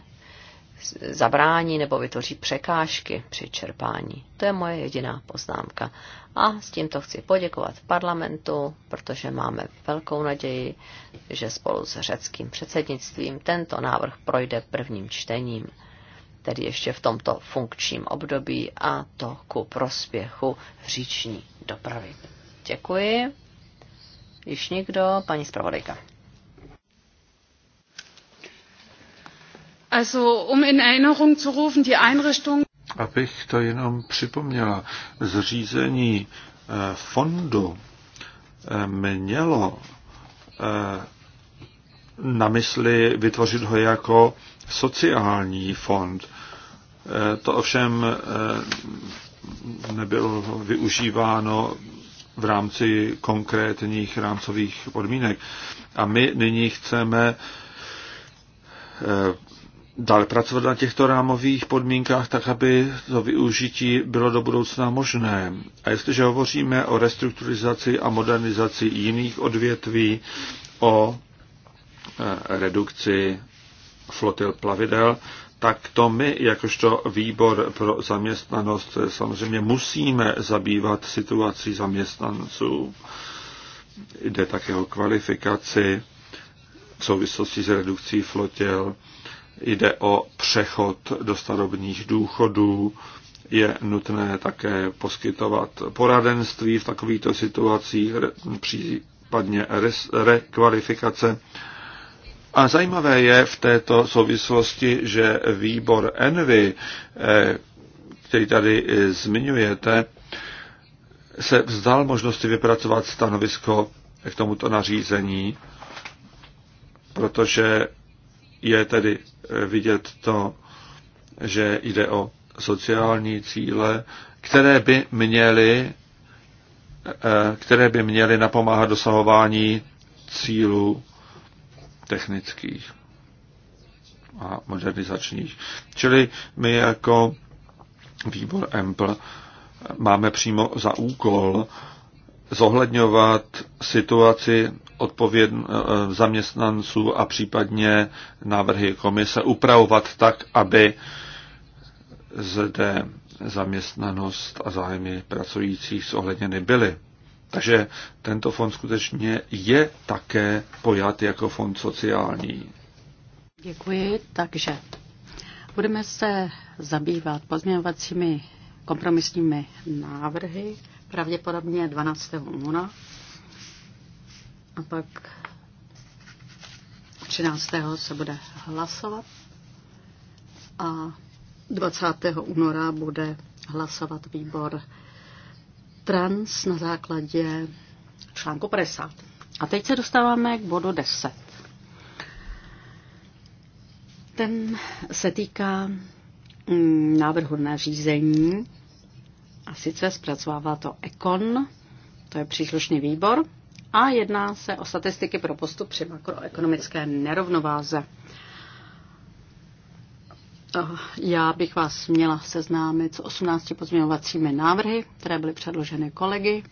zabrání nebo vytvoří překážky při čerpání. To je moje jediná poznámka. A s tímto chci poděkovat parlamentu, protože máme velkou naději, že spolu s řeckým předsednictvím tento návrh projde prvním čtením, tedy ještě v tomto funkčním období a to ku prospěchu říční dopravy. Děkuji. Již nikdo, paní zpravodajka. Also, um in Erinnerung zu rufen, die Einrichtung... Abych to jenom připomněla, zřízení eh, fondu eh, mělo eh, na mysli vytvořit ho jako sociální fond. To ovšem nebylo využíváno v rámci konkrétních rámcových podmínek. A my nyní chceme eh, dále pracovat na těchto rámových podmínkách, tak aby to využití bylo do budoucna možné. A jestliže hovoříme o restrukturizaci a modernizaci jiných odvětví, o eh, redukci flotil plavidel, tak to my, jakožto výbor pro zaměstnanost, samozřejmě musíme zabývat situací zaměstnanců. Jde také o kvalifikaci v souvislosti s redukcí flotil, jde o přechod do starobních důchodů, je nutné také poskytovat poradenství v takovýchto situacích, případně rekvalifikace. Re- a zajímavé je v této souvislosti, že výbor Envy, eh, který tady eh, zmiňujete, se vzdal možnosti vypracovat stanovisko k tomuto nařízení, protože je tedy eh, vidět to, že jde o sociální cíle, které by měly, které by měly napomáhat dosahování cílů technických a modernizačních. Čili my jako výbor EMPL máme přímo za úkol zohledňovat situaci odpověd eh, zaměstnanců a případně návrhy komise upravovat tak, aby zde zaměstnanost a zájmy pracujících zohledněny byly. Takže tento fond skutečně je také pojat jako fond sociální. Děkuji, takže budeme se zabývat pozměňovacími kompromisními návrhy, pravděpodobně 12. února a pak 13. se bude hlasovat a 20. února bude hlasovat výbor trans na základě článku 50. A teď se dostáváme k bodu 10. Ten se týká mm, návrhu řízení a sice zpracovává to ECON, to je příslušný výbor, a jedná se o statistiky pro postup při makroekonomické nerovnováze. Já bych vás měla seznámit s 18 pozměňovacími návrhy, které byly předloženy kolegy,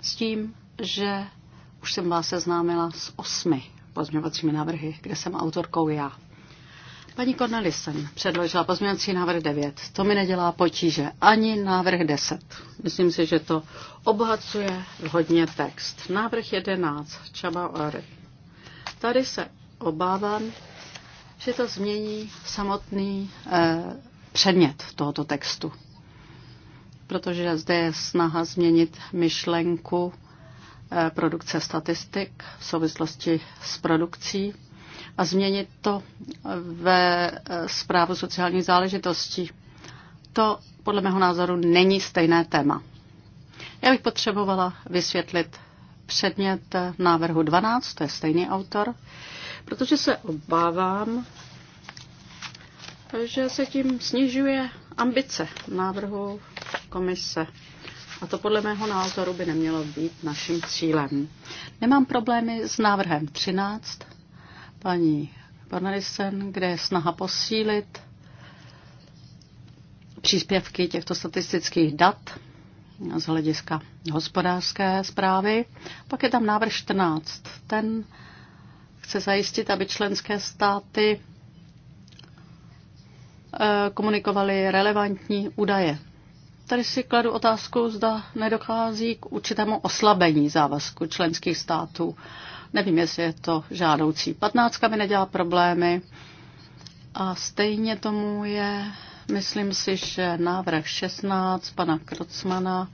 s tím, že už jsem vás seznámila s osmi pozměňovacími návrhy, kde jsem autorkou já. Paní Cornelisen předložila pozměňovací návrh 9. To mi nedělá potíže. Ani návrh 10. Myslím si, že to obohacuje hodně text. Návrh 11. Čaba Ory. Tady se obávám, že to změní samotný eh, předmět tohoto textu. Protože zde je snaha změnit myšlenku eh, produkce statistik v souvislosti s produkcí a změnit to eh, ve zprávu sociálních záležitostí. To podle mého názoru není stejné téma. Já bych potřebovala vysvětlit předmět návrhu 12, to je stejný autor, protože se obávám, že se tím snižuje ambice návrhu komise. A to podle mého názoru by nemělo být naším cílem. Nemám problémy s návrhem 13, paní Barnarisen, kde je snaha posílit příspěvky těchto statistických dat z hlediska hospodářské zprávy. Pak je tam návrh 14. Ten chce zajistit, aby členské státy eh, komunikovaly relevantní údaje. Tady si kladu otázku, zda nedochází k určitému oslabení závazku členských států. Nevím, jestli je to žádoucí. Patnáctka mi nedělá problémy a stejně tomu je, myslím si, že návrh 16 pana Krocmana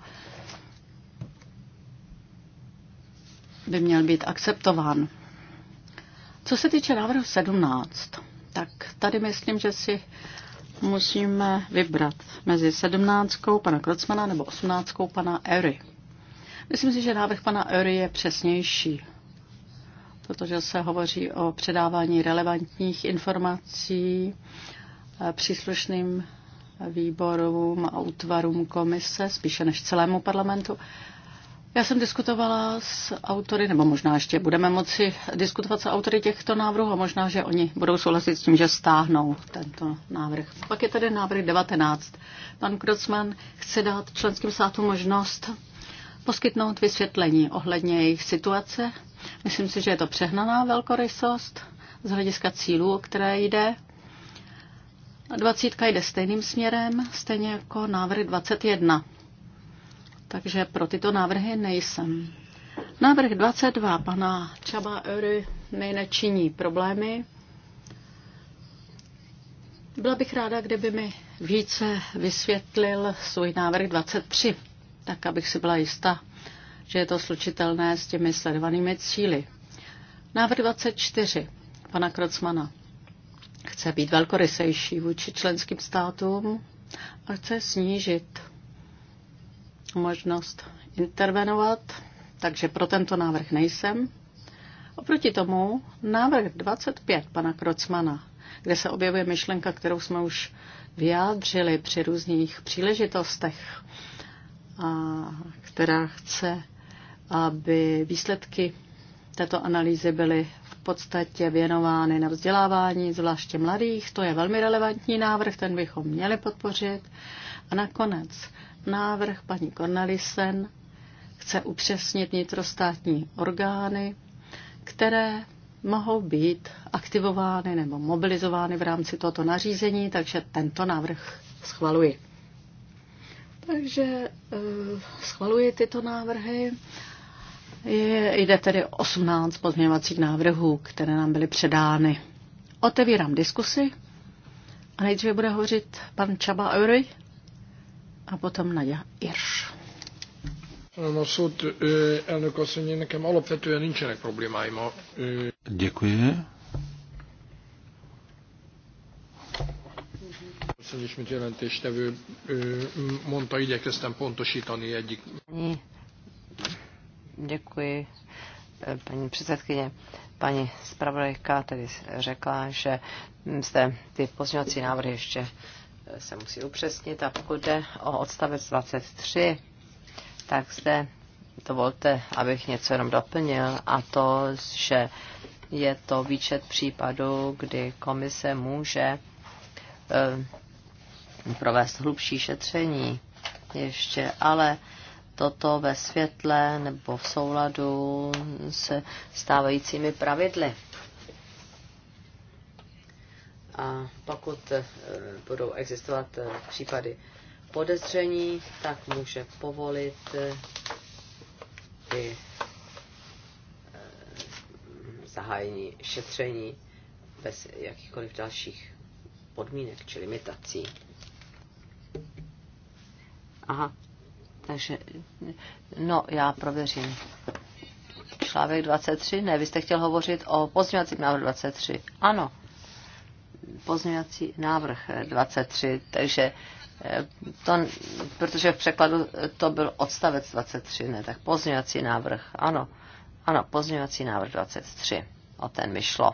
by měl být akceptován. Co se týče návrhu 17, tak tady myslím, že si musíme vybrat mezi 17. pana Krocmana nebo 18. pana Ery. Myslím si, že návrh pana Ery je přesnější, protože se hovoří o předávání relevantních informací eh, příslušným výborům a útvarům komise, spíše než celému parlamentu. Já jsem diskutovala s autory, nebo možná ještě budeme moci diskutovat s autory těchto návrhů a možná, že oni budou souhlasit s tím, že stáhnou tento návrh. Pak je tady návrh 19. Pan Krocman chce dát členským státům možnost poskytnout vysvětlení ohledně jejich situace. Myslím si, že je to přehnaná velkorysost z hlediska cílů, o které jde. Dvacítka jde stejným směrem, stejně jako návrh 21 takže pro tyto návrhy nejsem. Návrh 22 pana Čaba Öry mi nečiní problémy. Byla bych ráda, kdyby mi více vysvětlil svůj návrh 23, tak abych si byla jistá, že je to slučitelné s těmi sledovanými cíly. Návrh 24 pana Krocmana chce být velkorysejší vůči členským státům a chce snížit možnost intervenovat, takže pro tento návrh nejsem. Oproti tomu návrh 25 pana Krocmana, kde se objevuje myšlenka, kterou jsme už vyjádřili při různých příležitostech, a která chce, aby výsledky této analýzy byly v podstatě věnovány na vzdělávání, zvláště mladých. To je velmi relevantní návrh, ten bychom měli podpořit. A nakonec návrh paní Cornelisen chce upřesnit vnitrostátní orgány, které mohou být aktivovány nebo mobilizovány v rámci tohoto nařízení, takže tento návrh schvaluji. Takže eh, schvaluji tyto návrhy. Je, jde tedy 18 pozměňovacích návrhů, které nám byly předány. Otevírám diskusy a nejdříve bude hovořit pan Čaba Eury a potom Nadia Irš. E, e, děkuji. E, děkuji, paní předsedkyně. Paní zpravodajka tedy řekla, že jste ty pozměňovací návrhy ještě Eh, se musí upřesnit. A pokud jde o odstavec 23, tak zde dovolte, abych něco jenom doplnil, a to, že je to výčet případů, kdy komise může eh, provést hlubší šetření ještě, ale toto ve světle nebo v souladu se stávajícími pravidly a pokud eh, budou existovat eh, případy podezření, tak může povolit eh, i zahájení šetření bez jakýchkoliv dalších podmínek či limitací. Aha, takže, no, já prověřím. Článek 23, ne, vy jste chtěl hovořit o pozměňovacím návrhu 23. Ano, pozměňovací návrh 23, takže eh, to, protože v překladu to byl odstavec 23, ne, tak pozměňovací návrh, ano, ano, pozměňovací návrh 23, o ten mi šlo.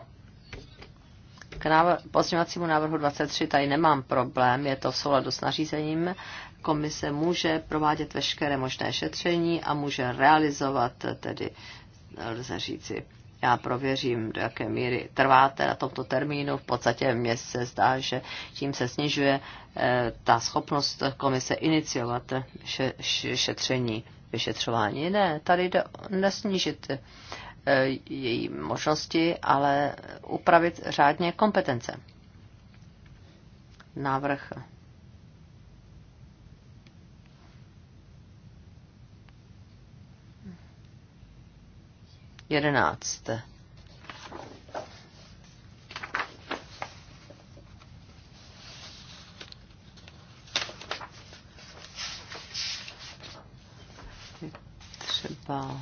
K návr- pozměňovacímu návrhu 23 tady nemám problém, je to v souladu s nařízením. Komise může provádět veškeré možné šetření a může realizovat tedy lze říci já prověřím, do jaké míry trváte na tomto termínu. V podstatě mně se zdá, že tím se snižuje eh, ta schopnost komise iniciovat šetření, vyšetřování. Ne, tady jde nesnížit eh, její možnosti, ale upravit řádně kompetence. Návrh 11. Třeba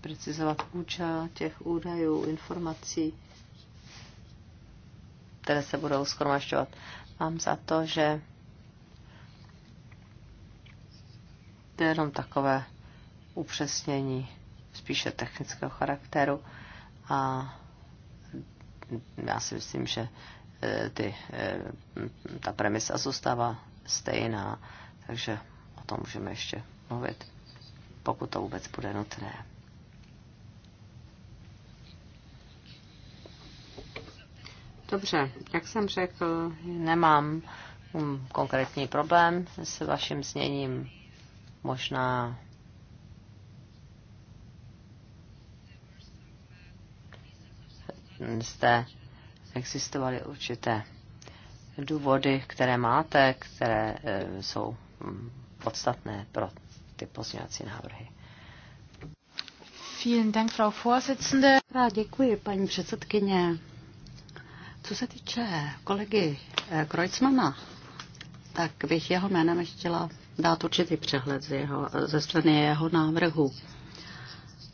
precizovat účel těch údajů, informací, které se budou schromažďovat. Mám za to, že to je jenom takové upřesnění spíše technického charakteru a já si myslím, že e, ty, e, ta premisa zůstává stejná, takže o tom můžeme ještě mluvit, pokud to vůbec bude nutné. Dobře, jak jsem řekl, nemám mm, konkrétní problém s vaším zněním. Možná zde existovaly určité důvody, které máte, které e, jsou mm, podstatné pro ty pozměňovací návrhy. Vielen Dank, Frau Vorsitzende. Děkuji, paní předsedkyně. Co se týče kolegy e, Kreutzmana, tak bych jeho jménem chtěla dát určitý přehled z jeho, ze strany jeho návrhu.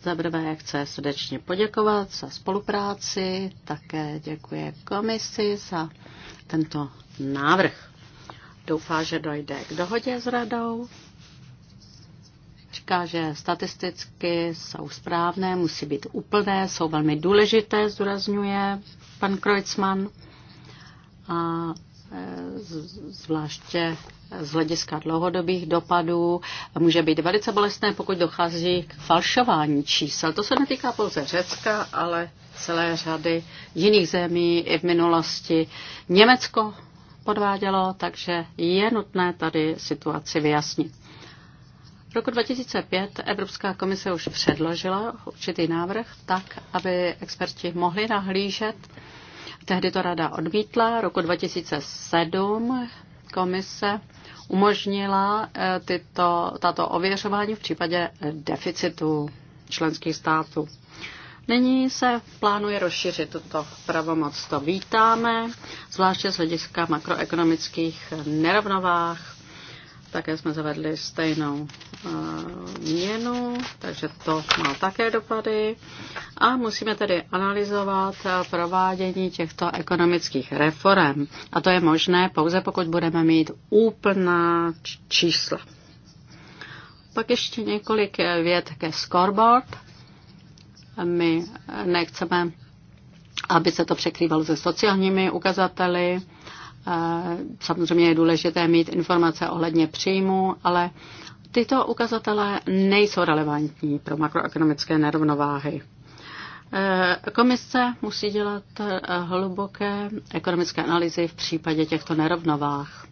Za prvé chce srdečně poděkovat za spolupráci, také děkuje komisi za tento návrh. Doufá, že dojde k dohodě s radou. Říká, že statisticky jsou správné, musí být úplné, jsou velmi důležité, zdůrazňuje pan Kreutzmann. A zvláště z hlediska dlouhodobých dopadů, může být velice bolestné, pokud dochází k falšování čísel. To se netýká pouze Řecka, ale celé řady jiných zemí i v minulosti. Německo podvádělo, takže je nutné tady situaci vyjasnit. V roku 2005 Evropská komise už předložila určitý návrh tak, aby experti mohli nahlížet Tehdy to rada odmítla. Roku 2007 komise umožnila eh, tyto, tato ověřování v případě deficitu členských států. Nyní se plánuje rozšířit tuto pravomoc. To vítáme, zvláště z hlediska makroekonomických nerovnovách také jsme zavedli stejnou eh, měnu, takže to má také dopady. A musíme tedy analyzovat eh, provádění těchto ekonomických reform. A to je možné pouze, pokud budeme mít úplná čísla. Pak ještě několik eh, vět ke scoreboard. My nechceme, aby se to překrývalo se sociálními ukazateli Samozřejmě je důležité mít informace ohledně příjmu, ale tyto ukazatele nejsou relevantní pro makroekonomické nerovnováhy. Eh, komise musí dělat eh, hluboké ekonomické analýzy v případě těchto nerovnovách.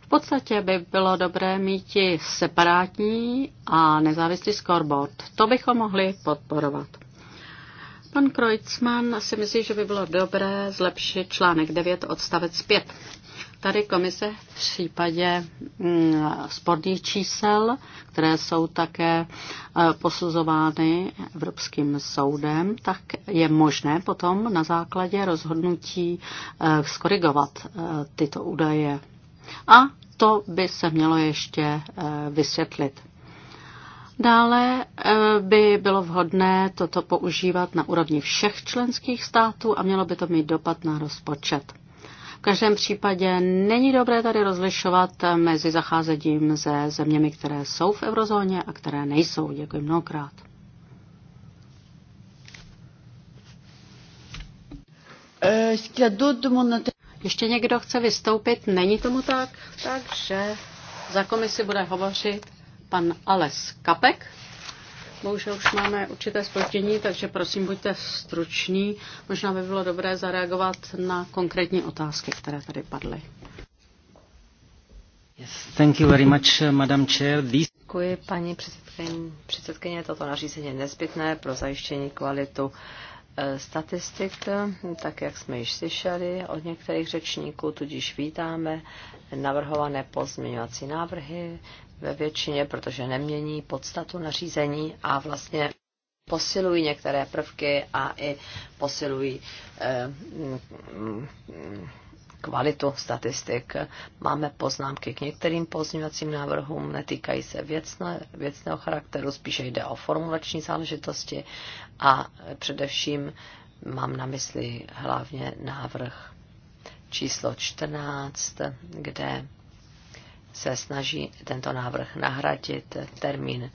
V podstatě by bylo dobré mít separátní a nezávislý scoreboard. To bychom mohli podporovat. Pan Kreutzmann si myslí, že by bylo dobré zlepšit článek 9 odstavec 5. Tady komise v případě mm, sporných čísel, které jsou také e, posuzovány Evropským soudem, tak je možné potom na základě rozhodnutí e, skorigovat e, tyto údaje. A to by se mělo ještě vysvětlit. Dále eh, by bylo vhodné toto používat na úrovni všech členských států a mělo by to mít dopad na rozpočet. V každém případě není dobré tady rozlišovat eh, mezi zacházením se zeměmi, které jsou v eurozóně a které nejsou. Děkuji mnohokrát. Euh, Ještě někdo chce vystoupit? Není tomu tak? Takže za komisi bude hovořit pan Ales Kapek. Bohužel už máme určité spoždění, takže prosím, buďte struční. Možná by bylo dobré zareagovat na konkrétní otázky, které tady padly. Yes, thank you very much, uh, Madam Chair. This... Děkuji, paní předsedkyně. předsedkyně. Toto nařízení je nezbytné pro zajištění kvalitu eh, statistik, tak jak jsme již slyšeli od některých řečníků, tudíž vítáme navrhované pozměňovací návrhy, ve většině, protože nemění podstatu nařízení a vlastně posilují některé prvky a i posilují eh, mm, kvalitu statistik. Máme poznámky k některým pozměňovacím návrhům, netýkají se věcné, věcného charakteru, spíše jde o formulační záležitosti a především mám na mysli hlavně návrh číslo 14, kde se snaží tento návrh nahradit termín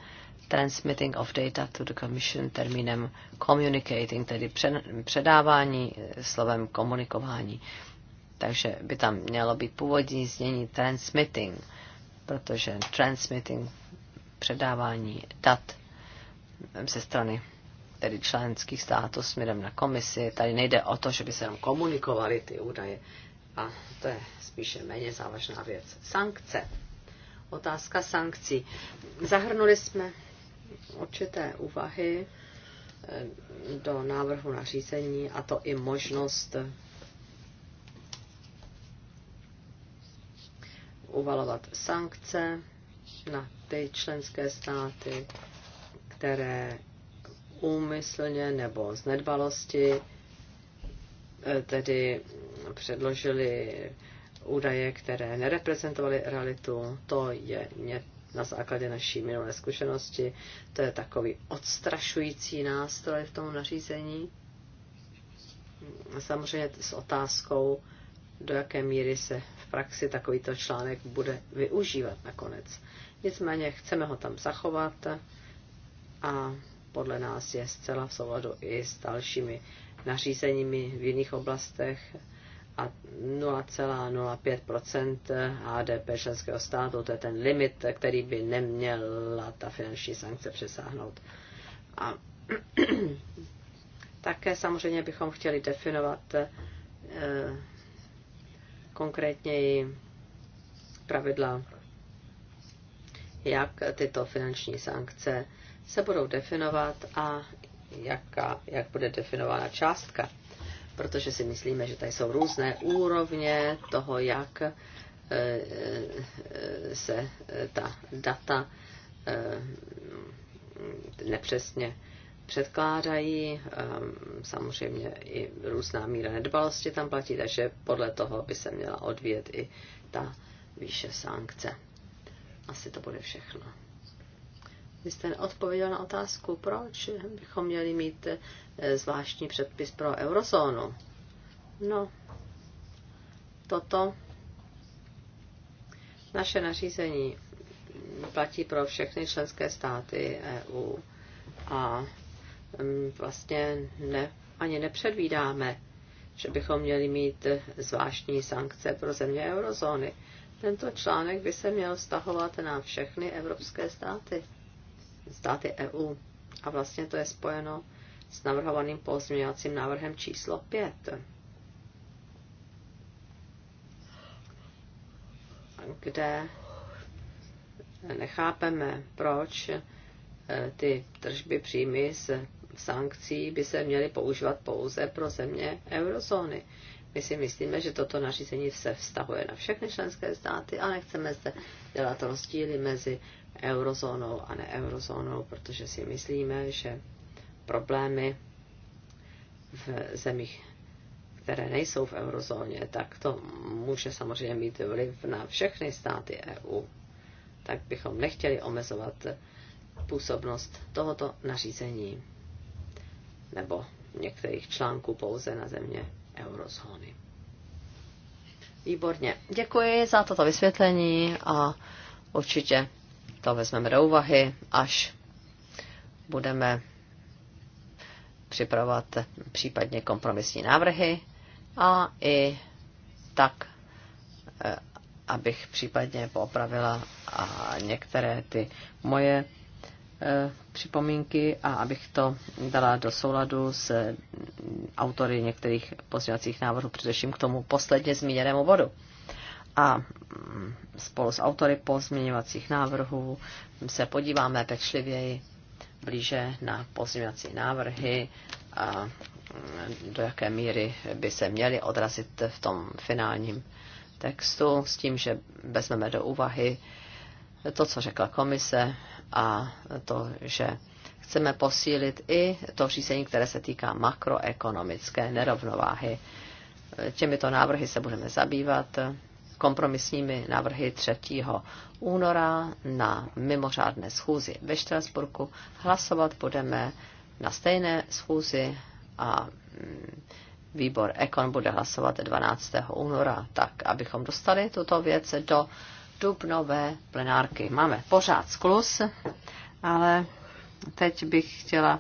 transmitting of data to the commission termínem communicating, tedy předávání eh, slovem komunikování. Takže by tam mělo být původní znění transmitting, protože transmitting předávání dat ze strany tedy členských států směrem na komisi. Tady nejde o to, že by se tam komunikovaly ty údaje a to je spíše méně závažná věc. Sankce. Otázka sankcí. Zahrnuli jsme určité úvahy eh, do návrhu nařízení a to i možnost uvalovat sankce na ty členské státy, které úmyslně nebo z nedbalosti eh, tedy předložili údaje, které nereprezentovaly realitu. To je na základě naší minulé zkušenosti. To je takový odstrašující nástroj v tom nařízení. Samozřejmě s otázkou, do jaké míry se v praxi takovýto článek bude využívat nakonec. Nicméně chceme ho tam zachovat a podle nás je zcela v souladu i s dalšími nařízeními v jiných oblastech, a 0,05 HDP členského státu, to je ten limit, který by neměla ta finanční sankce přesáhnout. A také samozřejmě bychom chtěli definovat eh, konkrétněji pravidla, jak tyto finanční sankce se budou definovat a jaká, jak bude definována částka protože si myslíme, že tady jsou různé úrovně toho, jak eh, eh, se eh, ta data nepřesně předkládají. Ehm, samozřejmě i různá míra nedbalosti tam platí, takže podle toho by se měla odvíjet i ta výše sankce. Asi to bude všechno. Vy jste odpověděl na otázku, proč bychom měli mít eh, zvláštní předpis pro eurozónu. No, toto naše nařízení platí pro všechny členské státy EU a mm, vlastně ne, ani nepředvídáme, že bychom měli mít eh, zvláštní sankce pro země eurozóny. Tento článek by se měl vztahovat na všechny evropské státy státy EU. A vlastně to je spojeno s navrhovaným pozměňovacím návrhem číslo 5. Kde nechápeme, proč eh, ty tržby příjmy z sankcí by se měly používat pouze pro země eurozóny. My si myslíme, že toto nařízení se vztahuje na všechny členské státy a nechceme zde dělat rozdíly mezi eurozónou a neeurozónou, protože si myslíme, že problémy v zemích, které nejsou v eurozóně, tak to může samozřejmě mít vliv na všechny státy EU. Tak bychom nechtěli omezovat působnost tohoto nařízení nebo některých článků pouze na země eurozóny. Výborně. Děkuji za toto vysvětlení a určitě to vezmeme do úvahy, až budeme připravovat případně kompromisní návrhy a i tak, eh, abych případně popravila a některé ty moje eh, připomínky a abych to dala do souladu s mm, autory některých pozměňovacích návrhů, především k tomu posledně zmíněnému bodu a mm, spolu s autory pozměňovacích návrhů se podíváme pečlivěji blíže na pozměňovací návrhy a mm, do jaké míry by se měly odrazit v tom finálním textu s tím, že vezmeme do úvahy to, co řekla komise a to, že chceme posílit i to řízení, které se týká makroekonomické nerovnováhy. Těmito návrhy se budeme zabývat kompromisními návrhy 3. února na mimořádné schůzi ve Štrasburku. Hlasovat budeme na stejné schůzi a mm, výbor Ekon bude hlasovat 12. února, tak abychom dostali tuto věc do dubnové plenárky. Máme pořád sklus, ale teď bych chtěla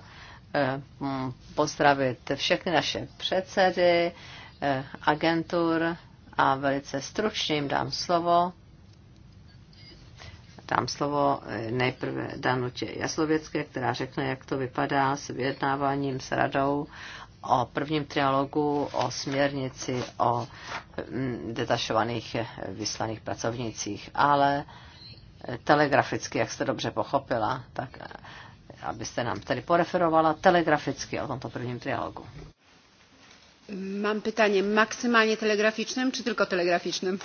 eh, mm, pozdravit všechny naše předsedy, eh, agentur, a velice jim dám slovo. Dám slovo eh, nejprve Danutě Jaslověcké, která řekne, jak to vypadá s vyjednáváním s radou o prvním trialogu o směrnici o mm, detašovaných eh, vyslaných pracovnicích, ale eh, telegraficky, jak jste dobře pochopila, tak abyste nám tedy poreferovala telegraficky o tomto prvním trialogu. Mám pytanie maximálně telegraficznym, czy tylko telegraficznym?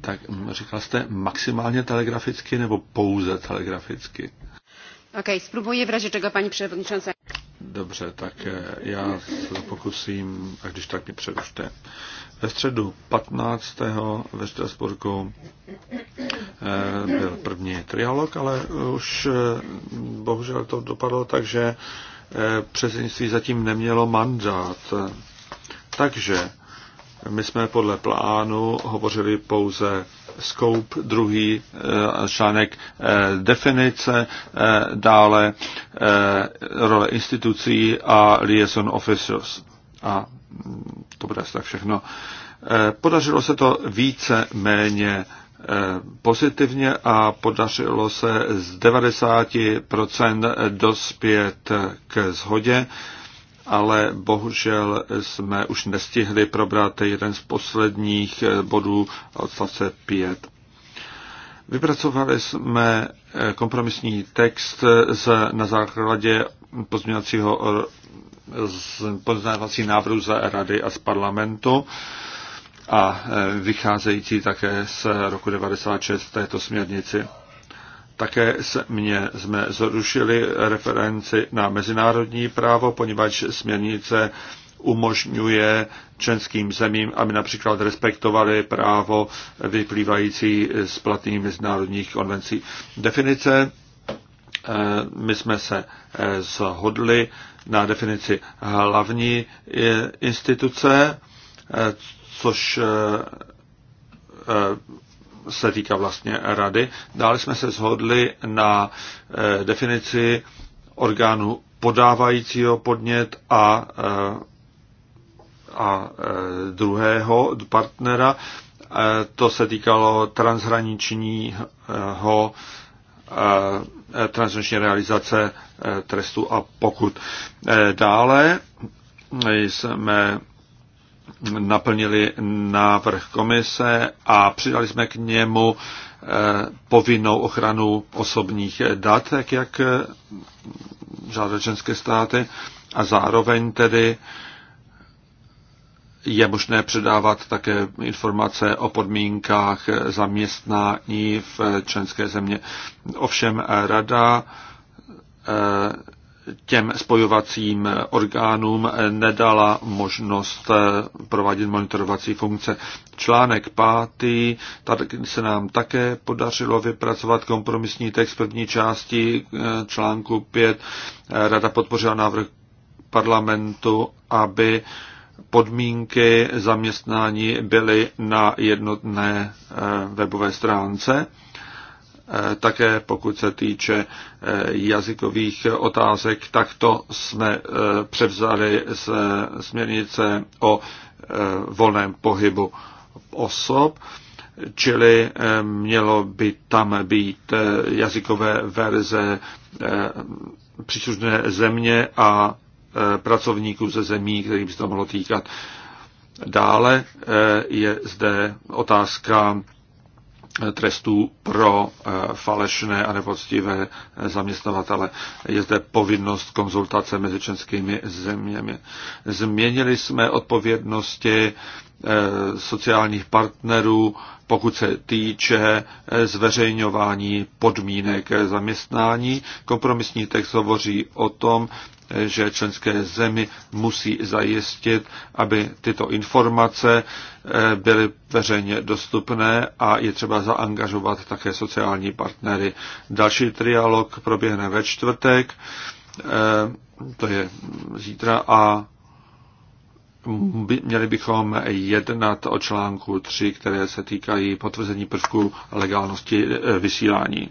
Tak, říkala jste maximálně telegraficky nebo pouze telegraficky? OK, spróbuję w razie czego pani przewodnicząca. Dobře, tak e, já se pokusím, a když tak mě přerušte. Ve středu 15. ve Štrasburku e, byl první trialog, ale už e, bohužel to dopadlo tak, že předsednictví zatím nemělo mandát takže my jsme podle plánu hovořili pouze scope, druhý eh, článek eh, definice, eh, dále role institucí a liaison officers. A mm, to bude asi tak všechno. Podařilo se to více méně pozitivně a podařilo se z 90% dospět k zhodě ale bohužel jsme už nestihli probrat jeden z posledních eh, bodů odstavce 5. Vypracovali jsme eh, kompromisní text eh, z, na základě pozměňovacího poznávací návrhu za rady a z parlamentu a vycházející také z roku 96 této směrnici. Také jsme, jsme zrušili referenci na mezinárodní právo, poněvadž směrnice umožňuje členským zemím, aby například respektovali právo vyplývající z platných mezinárodních konvencí. Definice eh, my jsme se eh, shodli na definici hlavní eh, instituce, což se týká vlastně rady. Dále jsme se shodli na eh, definici orgánu podávajícího podnět a, eh, a eh, druhého partnera. To se týkalo transhraničního transnační realizace trestu a pokud. Dále jsme naplnili návrh komise a přidali jsme k němu eh, povinnou ochranu osobních dat, tak jak eh, žádají členské státy, a zároveň tedy je možné předávat také informace o podmínkách zaměstnání v členské země. Ovšem rada eh, těm spojovacím orgánům nedala možnost eh, provádět monitorovací funkce. Článek pátý, tady se nám také podařilo vypracovat kompromisní text první části eh, článku 5. Rada podpořila návrh parlamentu, aby podmínky zaměstnání byly na jednotné eh, webové stránce Eh, také pokud se týče eh, jazykových otázek, tak to jsme eh, převzali z směrnice o volném pohybu osob, čili mělo by tam být jazykové verze příslušné země a pracovníků ze zemí, kterým se to mohlo týkat. Dále je zde otázka trestů pro eh, falešné a nepoctivé eh, zaměstnavatele. Je zde povinnost konzultace mezi českými zeměmi. Změnili jsme odpovědnosti eh, sociálních partnerů, pokud se týče zveřejňování podmínek zaměstnání. Kompromisní text hovoří o tom, že členské zemi musí zajistit, aby tyto informace eh, byly veřejně dostupné a je třeba zaangažovat také sociální partnery. Další trialog proběhne ve čtvrtek, eh, to je zítra a měli bychom jednat o článku 3, které se týkají potvrzení prvků legálnosti eh, vysílání.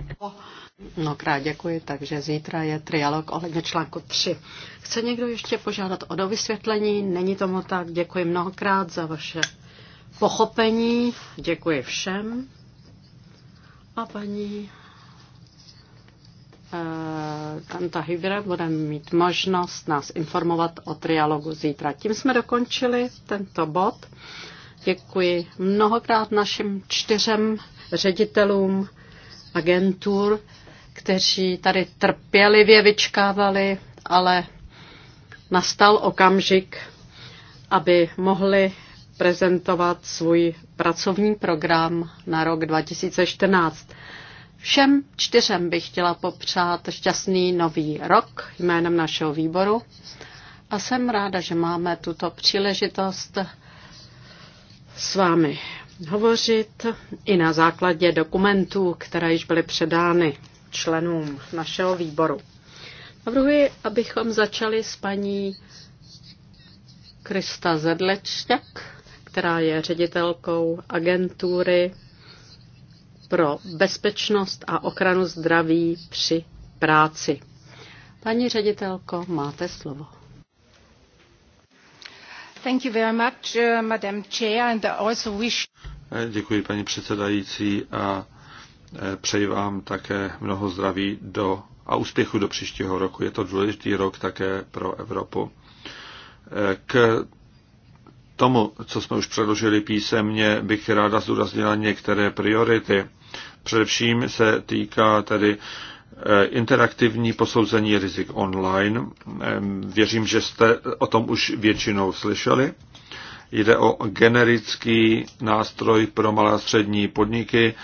Mnohokrát děkuji, takže zítra je trialog ohledně článku 3. Chce někdo ještě požádat o dovysvětlení? Není tomu tak. Děkuji mnohokrát za vaše pochopení. Děkuji všem. A paní eh, Tanta Hybra bude mít možnost nás informovat o trialogu zítra. Tím jsme dokončili tento bod. Děkuji mnohokrát našim čtyřem ředitelům agentur, kteří tady trpělivě vyčkávali, ale nastal okamžik, aby mohli prezentovat svůj pracovní program na rok 2014. Všem čtyřem bych chtěla popřát šťastný nový rok jménem našeho výboru a jsem ráda, že máme tuto příležitost s vámi hovořit i na základě dokumentů, které již byly předány členům našeho výboru. Navrhuji, abychom začali s paní Krista Zedlečťak, která je ředitelkou agentury pro bezpečnost a ochranu zdraví při práci. Paní ředitelko, máte slovo. Thank you very much, uh, Madam Chair, and also wish... Děkuji, paní předsedající, a Eh, přeji vám také mnoho zdraví do a úspěchu do příštího roku. Je to důležitý rok také pro Evropu. Eh, k tomu, co jsme už předložili písemně, bych ráda zdůraznila některé priority. Především se týká tedy eh, interaktivní posouzení rizik online. Věřím, že jste o tom už většinou slyšeli. Jde o generický nástroj pro malé a střední podniky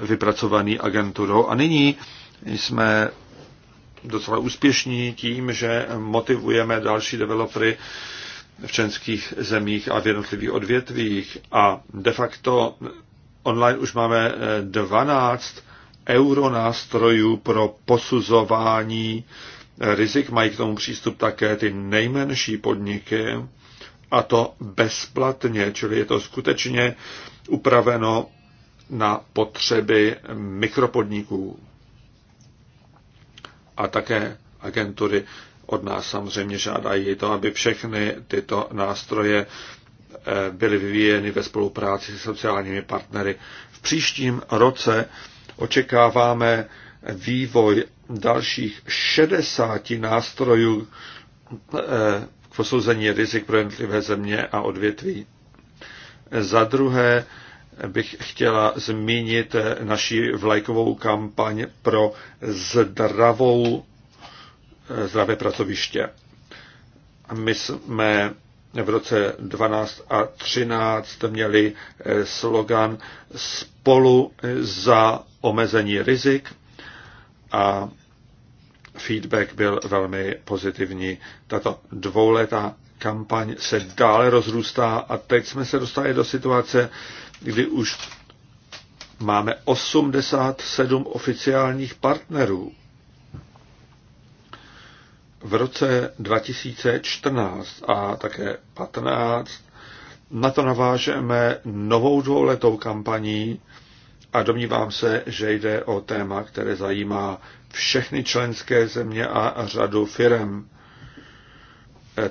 vypracovaný agenturou. A nyní jsme docela úspěšní tím, že motivujeme další developery v členských zemích a v jednotlivých odvětvích. A de facto online už máme 12 eh, euro nástrojů pro posuzování rizik. Mají k tomu přístup také ty nejmenší podniky a to bezplatně, čili je to skutečně upraveno na potřeby mikropodniků a také agentury od nás samozřejmě žádají to, aby všechny tyto nástroje eh, byly vyvíjeny ve spolupráci s sociálními partnery. V příštím roce očekáváme vývoj dalších 60 nástrojů eh, k posouzení rizik pro jednotlivé země a odvětví. Za druhé bych chtěla zmínit naši vlajkovou kampaň pro zdravou, eh, zdravé pracoviště. My jsme v roce 12 a 13 měli eh, slogan spolu za omezení rizik a feedback byl velmi pozitivní. Tato dvouletá kampaň se dále rozrůstá a teď jsme se dostali do situace, kdy už máme 87 oficiálních partnerů. V roce 2014 a také 15 na to navážeme novou dvouletou kampaní a domnívám se, že jde o téma, které zajímá všechny členské země a řadu firm.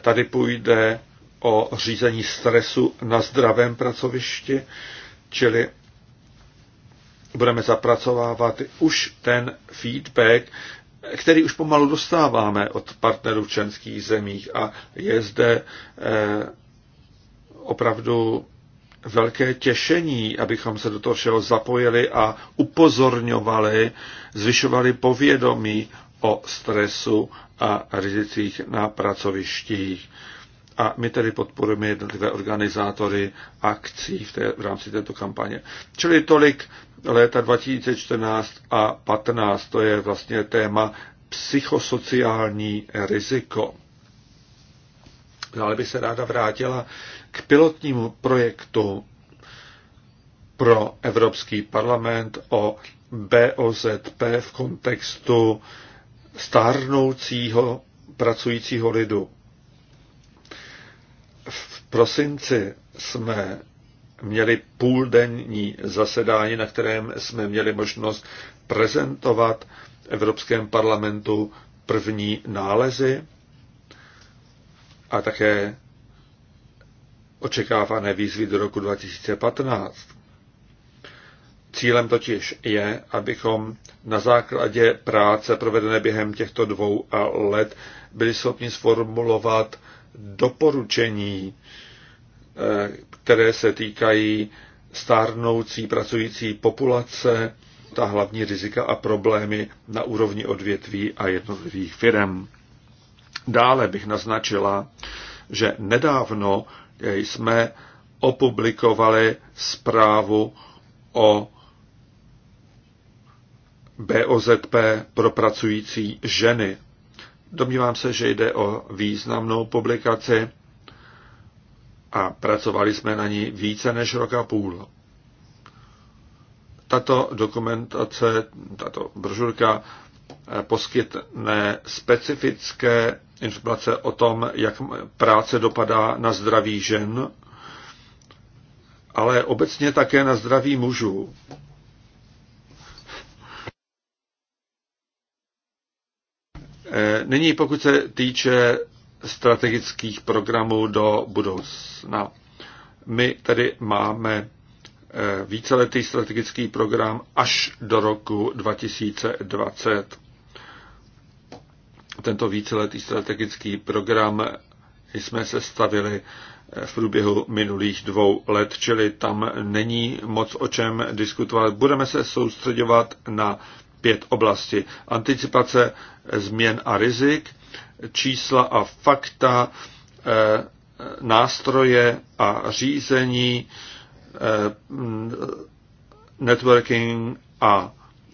Tady půjde o řízení stresu na zdravém pracovišti, Čili budeme zapracovávat už ten feedback, který už pomalu dostáváme od partnerů v členských zemích a je zde eh, opravdu velké těšení, abychom se do toho všeho zapojili a upozorňovali, zvyšovali povědomí o stresu a rizicích na pracovištích. A my tedy podporujeme jednotlivé organizátory akcí v, té, v rámci této kampaně. Čili tolik léta 2014 a 2015, to je vlastně téma psychosociální riziko. Dále bych se ráda vrátila k pilotnímu projektu pro Evropský parlament o BOZP v kontextu stárnoucího pracujícího lidu. V prosinci jsme měli půldenní zasedání, na kterém jsme měli možnost prezentovat Evropském parlamentu první nálezy a také očekávané výzvy do roku 2015. Cílem totiž je, abychom na základě práce provedené během těchto dvou let byli schopni sformulovat doporučení, eh, které se týkají stárnoucí pracující populace, ta hlavní rizika a problémy na úrovni odvětví a jednotlivých firm. Dále bych naznačila, že nedávno jsme opublikovali zprávu o BOZP pro pracující ženy. Domnívám se, že jde o významnou publikaci a pracovali jsme na ní více než rok a půl. Tato dokumentace, tato brožurka eh, poskytne specifické informace o tom, jak práce dopadá na zdraví žen, ale obecně také na zdraví mužů. Eh, nyní pokud se týče strategických programů do budoucna. My tady máme eh, víceletý strategický program až do roku 2020. Tento víceletý strategický program jsme se stavili eh, v průběhu minulých dvou let, čili tam není moc o čem diskutovat. Budeme se soustředovat na pět oblasti. Anticipace změn a rizik, čísla a fakta, eh, nástroje a řízení, eh, networking a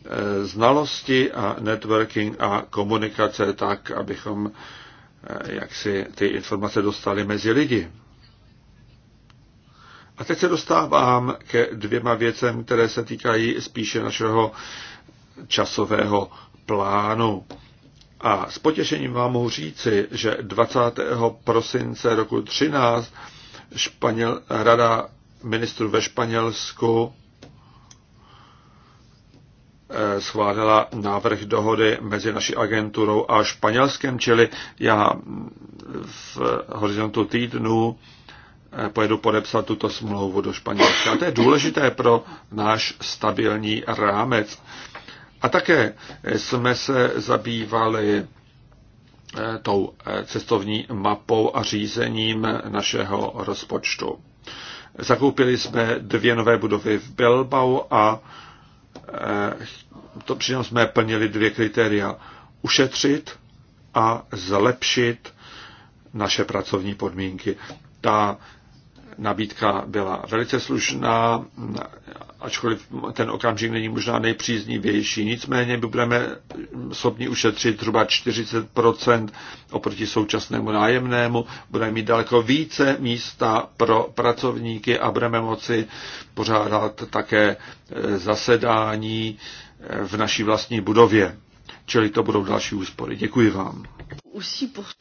eh, znalosti a networking a komunikace tak, abychom jak si ty informace dostali mezi lidi. A teď se dostávám ke dvěma věcem, které se týkají spíše našeho časového plánu. A s potěšením vám mohu říci, že 20. prosince roku 13 Španěl, Rada ministrů ve Španělsku eh, schválila návrh dohody mezi naší agenturou a Španělskem, čili já mm, v horizontu týdnu eh, pojedu podepsat tuto smlouvu do Španělska. A to je důležité pro náš stabilní rámec. A také jsme se zabývali eh, tou eh, cestovní mapou a řízením našeho rozpočtu. Zakoupili jsme dvě nové budovy v Bilbao a eh, to přitom jsme plnili dvě kritéria. Ušetřit a zlepšit naše pracovní podmínky. Ta Nabídka byla velice slušná, ačkoliv ten okamžik není možná nejpříznivější. Nicméně by budeme schopni ušetřit zhruba 40 oproti současnému nájemnému. Budeme mít daleko více místa pro pracovníky a budeme moci pořádat také e, zasedání e, v naší vlastní budově. Čili to budou další úspory. Děkuji vám.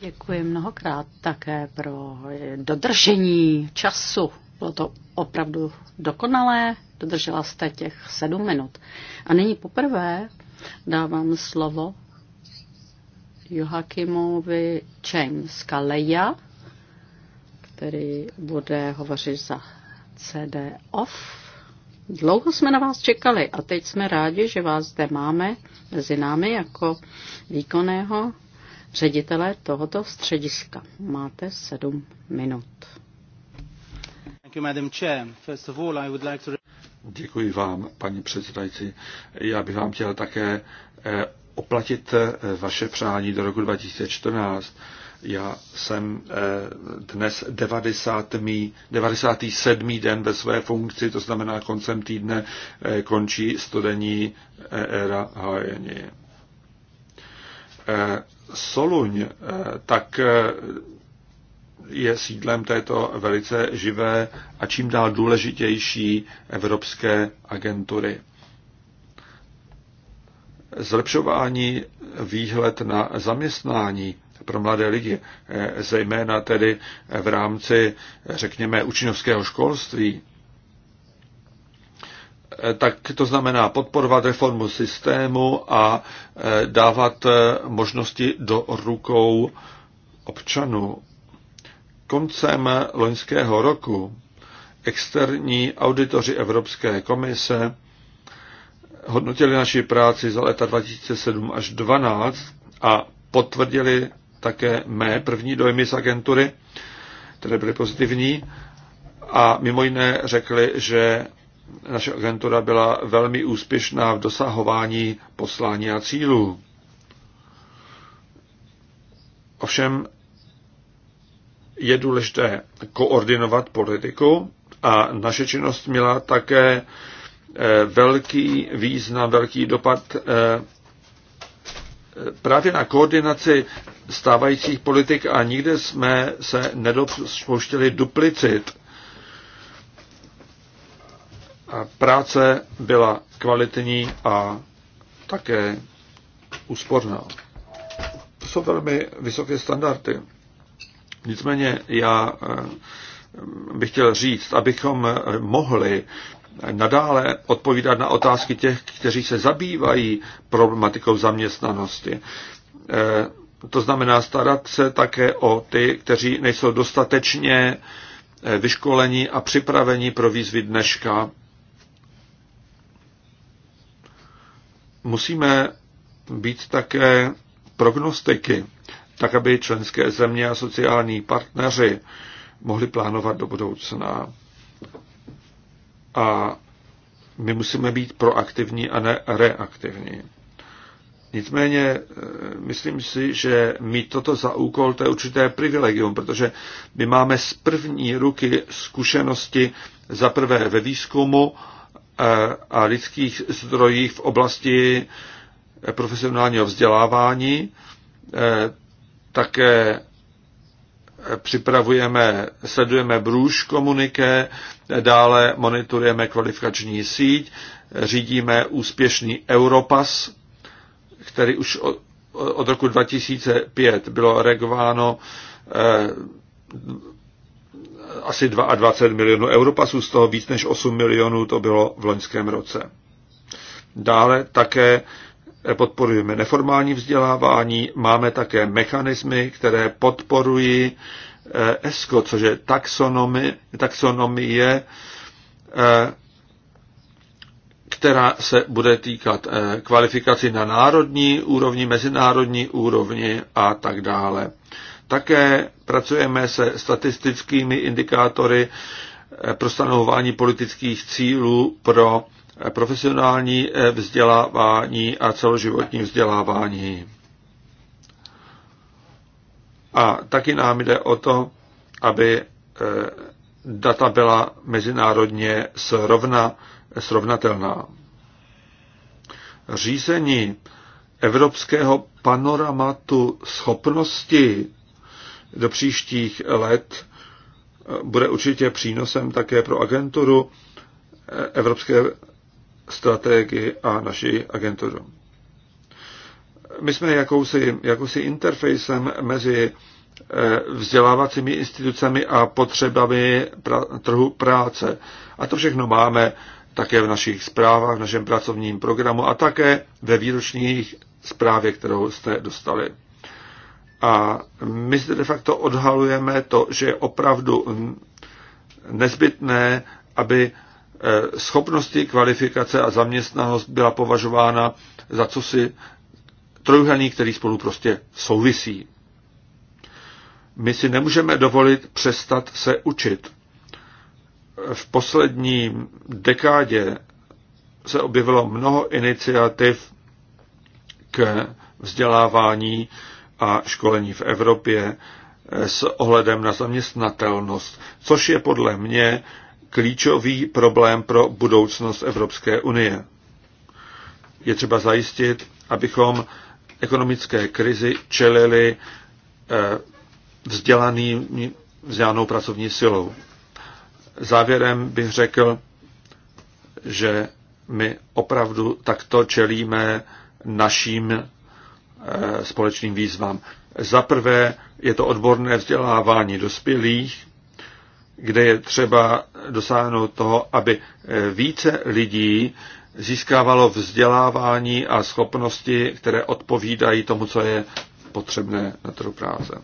Děkuji mnohokrát také pro dodržení času. Bylo to opravdu dokonalé. Dodržela jste těch sedm minut. A nyní poprvé dávám slovo Cheng z Kaleja, který bude hovořit za CD OFF. Dlouho jsme na vás čekali a teď jsme rádi, že vás zde máme mezi námi jako výkonného ředitele tohoto střediska. Máte sedm minut. Děkuji vám, paní předsedající. Já bych vám chtěl také eh, oplatit eh, vaše přání do roku 2014. Já jsem eh, dnes 90. 97. den ve své funkci, to znamená koncem týdne končí studení éra hájení. Soluň, eh, tak eh, je sídlem této velice živé a čím dál důležitější evropské agentury. Zlepšování výhled na zaměstnání pro mladé lidi, eh, zejména tedy v rámci, řekněme, učinovského školství, Eh, tak to znamená podporovat reformu systému a eh, dávat eh, možnosti do rukou občanů. Koncem loňského roku externí auditoři Evropské komise hodnotili naši práci za leta 2007 až 2012 a potvrdili také mé první dojmy z agentury, které byly pozitivní a mimo jiné řekli, že naše agentura byla velmi úspěšná v dosahování poslání a cílů. Ovšem je důležité koordinovat politiku a naše činnost měla také eh, velký význam, velký dopad eh, eh, právě na koordinaci stávajících politik a nikde jsme se nedopouštěli duplicit práce byla kvalitní a také úsporná. To jsou velmi vysoké standardy. Nicméně já eh, bych chtěl říct, abychom eh, mohli nadále odpovídat na otázky těch, kteří se zabývají problematikou zaměstnanosti. Eh, to znamená starat se také o ty, kteří nejsou dostatečně vyškolení a připravení pro výzvy dneška musíme být také prognostiky, tak aby členské země a sociální partneři mohli plánovat do budoucna. A my musíme být proaktivní a ne reaktivní. Nicméně eh, myslím si, že mít toto za úkol, to je určité privilegium, protože my máme z první ruky zkušenosti za prvé ve výzkumu a lidských zdrojích v oblasti profesionálního vzdělávání. E, také připravujeme, sledujeme brůž komuniké, dále monitorujeme kvalifikační síť, řídíme úspěšný Europas, který už od roku 2005 bylo regováno e, asi 22 milionů europasů, z toho víc než 8 milionů to bylo v loňském roce. Dále také podporujeme neformální vzdělávání, máme také mechanismy, které podporují eh, ESCO, což je taxonomie, taxonomie eh, která se bude týkat eh, kvalifikaci na národní úrovni, mezinárodní úrovni a tak dále. Také pracujeme se statistickými indikátory eh, pro stanovování politických cílů pro eh, profesionální eh, vzdělávání a celoživotní vzdělávání. A taky nám jde o to, aby data byla mezinárodně srovna, srovnatelná. Řízení evropského panoramatu schopnosti do příštích let eh, bude určitě přínosem také pro agenturu, eh, evropské strategii a naši agenturu. My jsme jakousi, jakousi interfejsem mezi eh, vzdělávacími institucemi a potřebami pra, trhu práce. A to všechno máme také v našich zprávách, v našem pracovním programu a také ve výročních zprávě, kterou jste dostali. A my zde de facto odhalujeme to, že je opravdu nezbytné, aby eh, schopnosti, kvalifikace a zaměstnanost byla považována za co si trojuhelník, který spolu prostě souvisí. My si nemůžeme dovolit přestat se učit. V poslední dekádě se objevilo mnoho iniciativ k vzdělávání a školení v Evropě eh, s ohledem na zaměstnatelnost, což je podle mě klíčový problém pro budoucnost Evropské unie. Je třeba zajistit, abychom ekonomické krizi čelili eh, vzdělaným, vzdělanou pracovní silou. Závěrem bych řekl, že my opravdu takto čelíme našim Eh, společným výzvám. Za prvé je to odborné vzdělávání dospělých, kde je třeba dosáhnout toho, aby eh, více lidí získávalo vzdělávání a schopnosti, které odpovídají tomu, co je potřebné na trhu práce.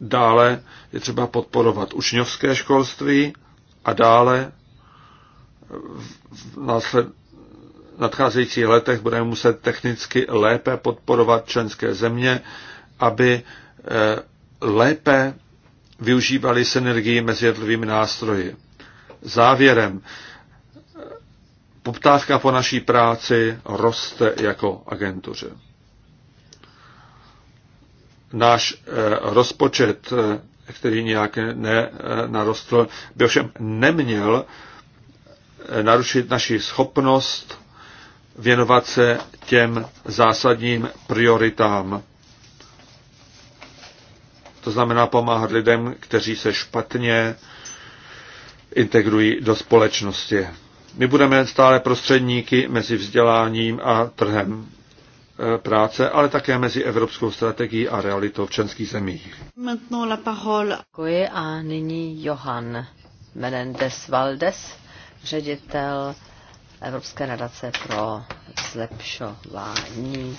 Dále je třeba podporovat učňovské školství a dále v, násled, nadcházejících letech budeme muset technicky lépe podporovat členské země, aby eh, lépe využívali synergii mezi jednotlivými nástroji. Závěrem, eh, poptávka po naší práci roste jako agentuře. Náš eh, rozpočet, který nějak nenarostl, by ovšem neměl narušit naši schopnost věnovat se těm zásadním prioritám. To znamená pomáhat lidem, kteří se špatně integrují do společnosti. My budeme stále prostředníky mezi vzděláním a trhem e, práce, ale také mezi evropskou strategií a realitou v členských zemích. Děkuji a nyní Johan Menendez Valdes, ředitel Evropské nadace pro zlepšování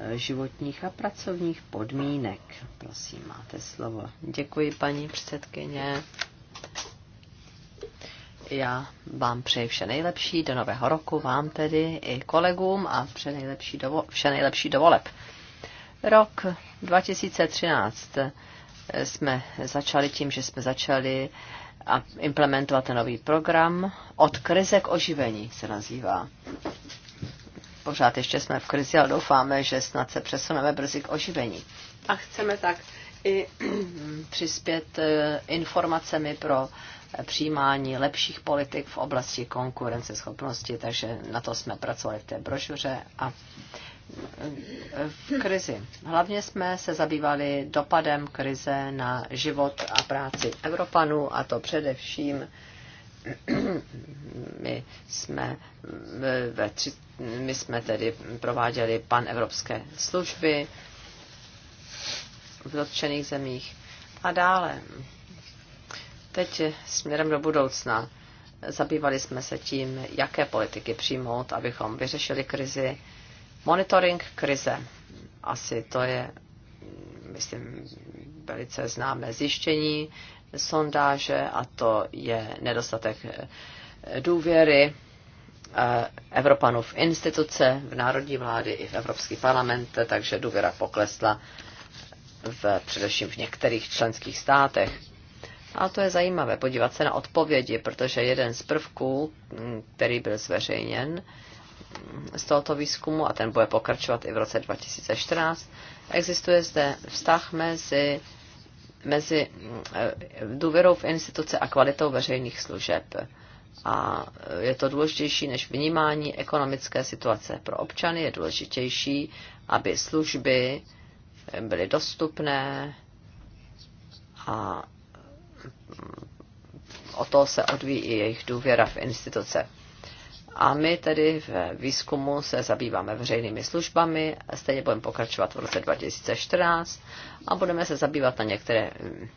eh, životních a pracovních podmínek. Prosím, máte slovo. Děkuji, paní předsedkyně. Já vám přeji vše nejlepší do nového roku, vám tedy i kolegům a vše nejlepší do, vše nejlepší do voleb. Rok 2013 eh, jsme začali tím, že jsme začali a implementovat ten nový program. Od krize k oživení se nazývá. Pořád ještě jsme v krizi, ale doufáme, že snad se přesuneme brzy k oživení. A chceme tak i přispět eh, informacemi pro přijímání lepších politik v oblasti konkurenceschopnosti, takže na to jsme pracovali v té brožuře a v krizi. Hlavně jsme se zabývali dopadem krize na život a práci Evropanů a to především my jsme, ve tři, my jsme tedy prováděli pan evropské služby v dotčených zemích a dále. Teď směrem do budoucna zabývali jsme se tím, jaké politiky přijmout, abychom vyřešili krizi Monitoring krize. Asi to je, myslím, velice známé zjištění sondáže a to je nedostatek eh, důvěry eh, Evropanů v instituce, v národní vlády i v Evropský parlament, takže důvěra poklesla v, především v některých členských státech. A to je zajímavé podívat se na odpovědi, protože jeden z prvků, mm, který byl zveřejněn, z tohoto výzkumu a ten bude pokračovat i v roce 2014. Existuje zde vztah mezi, mezi eh, důvěrou v instituce a kvalitou veřejných služeb. A je to důležitější než vnímání ekonomické situace pro občany. Je důležitější, aby služby byly dostupné a mm, o to se odvíjí jejich důvěra v instituce. A my tedy v výzkumu se zabýváme veřejnými službami, stejně budeme pokračovat v roce 2014 a budeme se zabývat na některé mm,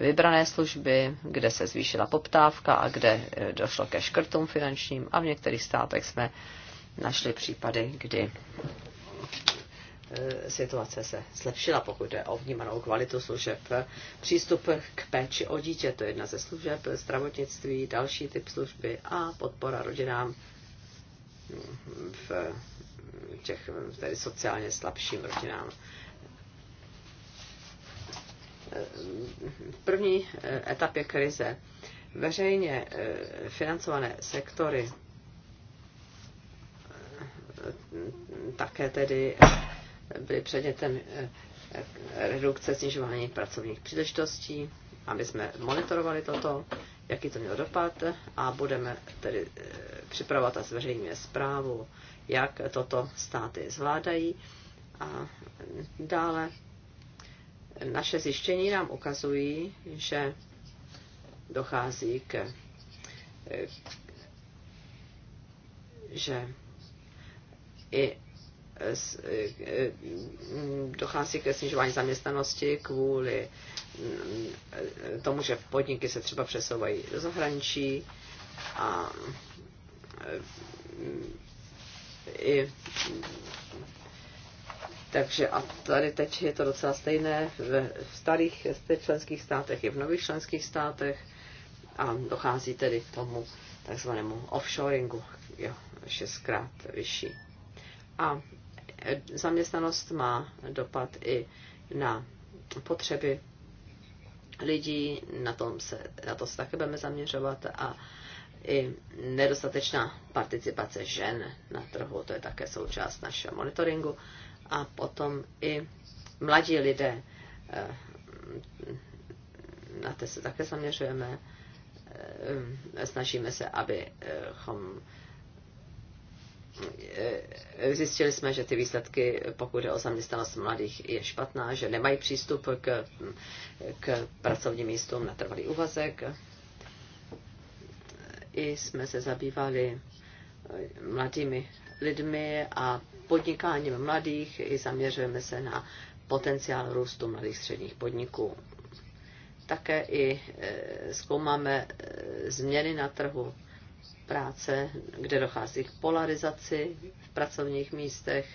vybrané služby, kde se zvýšila poptávka a kde eh, došlo ke škrtům finančním a v některých státech jsme našli případy, kdy eh, situace se zlepšila, pokud jde o vnímanou kvalitu služeb. Přístup k péči o dítě, to je jedna ze služeb, zdravotnictví, další typ služby a podpora rodinám v těch tedy sociálně slabším rodinám. První etapě krize. Veřejně eh, financované sektory eh, také tedy eh, byly předmětem redukce snižování pracovních příležitostí aby jsme monitorovali toto, jaký to měl dopad a budeme tedy eh, připravovat a zveřejňuje zprávu, jak toto státy zvládají. A dále naše zjištění nám ukazují, že dochází k, eh, že i eh, dochází ke snižování zaměstnanosti kvůli Eh, tomu, že podniky se třeba přesouvají do zahraničí a eh, i takže a tady teď je to docela stejné v starých členských státech i v nových členských státech a dochází tedy k tomu takzvanému offshoringu, jo, šestkrát vyšší. A eh, zaměstnanost má dopad i na potřeby lidí, na, tom se, na to se také budeme zaměřovat a i nedostatečná participace žen na trhu, to je také součást našeho monitoringu a potom i mladí lidé, eh, na to se také zaměřujeme, eh, snažíme se, abychom Eh, zjistili jsme, že ty výsledky, pokud je o zaměstnanost mladých, je špatná, že nemají přístup k, k pracovním místům na trvalý úvazek. I jsme se zabývali eh, mladými lidmi a podnikáním mladých i zaměřujeme se na potenciál růstu mladých středních podniků. Také i eh, zkoumáme změny na trhu práce, kde dochází k polarizaci v pracovních místech,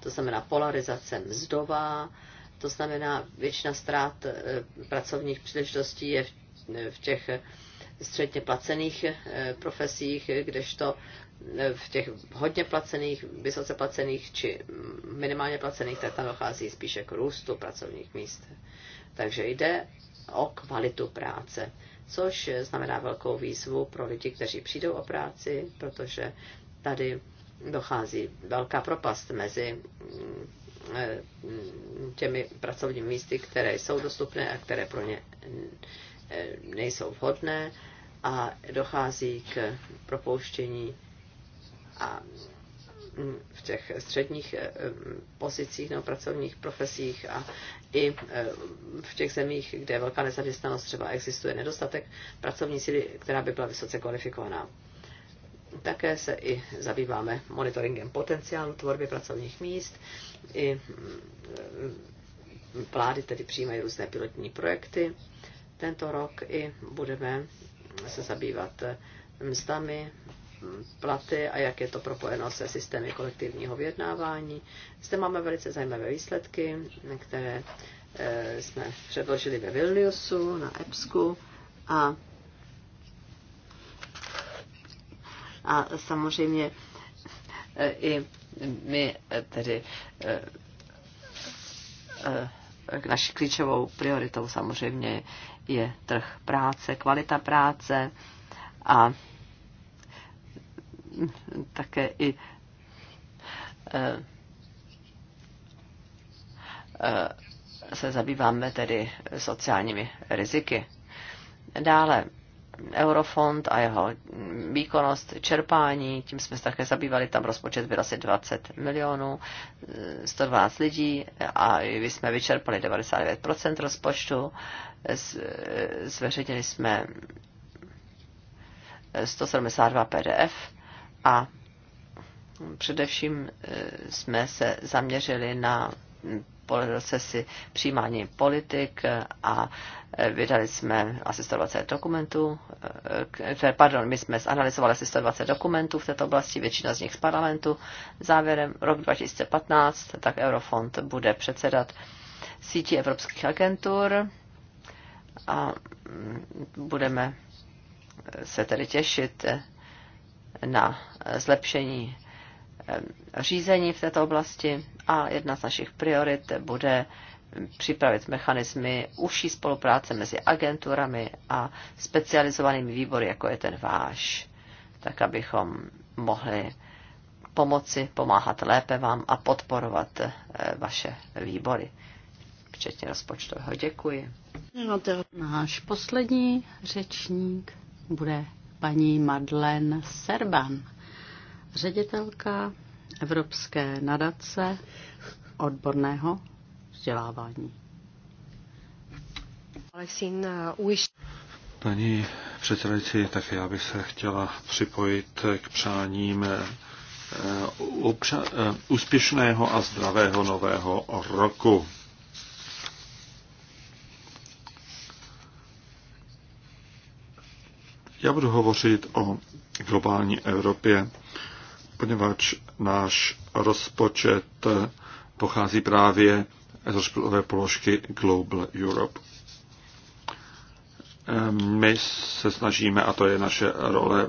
to znamená polarizace mzdová, to znamená většina ztrát eh, pracovních příležitostí je v eh, těch eh, středně placených profesích, kdežto v těch hodně placených, vysoce placených či minimálně placených, tak tam dochází spíše k jako růstu pracovních míst. Takže jde o kvalitu práce což znamená velkou výzvu pro lidi, kteří přijdou o práci, protože tady dochází velká propast mezi mm, e, těmi pracovními místy, které jsou dostupné a které pro ně e, nejsou vhodné a dochází k propouštění a mm, v těch středních e, pozicích nebo pracovních profesích a i e, v těch zemích, kde je velká nezaměstnanost, třeba existuje nedostatek pracovní síly, která by byla vysoce kvalifikovaná. Také se i zabýváme monitoringem potenciálu tvorby pracovních míst. I e, vlády tedy přijímají různé pilotní projekty. Tento rok i budeme se zabývat mzdami platy a jak je to propojeno se systémy kolektivního vyjednávání. Zde máme velice zajímavé výsledky, které eh, jsme předložili ve Vilniusu na EPSku a, a samozřejmě eh, i my eh, tedy naší klíčovou prioritou samozřejmě je trh práce, kvalita práce a také i eh, eh, se zabýváme tedy sociálními riziky. Dále Eurofond a jeho výkonnost čerpání, tím jsme se také zabývali, tam rozpočet byl asi 20 milionů, 112 eh, lidí a my jsme vyčerpali 99% rozpočtu, zveřejnili jsme 172 PDF a především e, jsme se zaměřili na procesy přijímání politik a e, vydali jsme asi 120 dokumentů, e, pardon, my jsme zanalizovali asi 120 dokumentů v této oblasti, většina z nich z parlamentu. Závěrem rok 2015, tak Eurofond bude předsedat síti evropských agentur a budeme se tedy těšit na zlepšení řízení v této oblasti a jedna z našich priorit bude připravit mechanismy užší spolupráce mezi agenturami a specializovanými výbory, jako je ten váš, tak abychom mohli pomoci, pomáhat lépe vám a podporovat eh, vaše výbory, včetně rozpočtového. Děkuji. Náš poslední řečník bude paní Madlen Serban, ředitelka Evropské nadace odborného vzdělávání. Uh, paní předsedající, tak já bych se chtěla připojit k přáním eh, eh, eh, úspěšného a zdravého nového roku. Já budu hovořit o globální Evropě, poněvadž náš rozpočet pochází právě z rozpočtové položky Global Europe. My se snažíme, a to je naše role,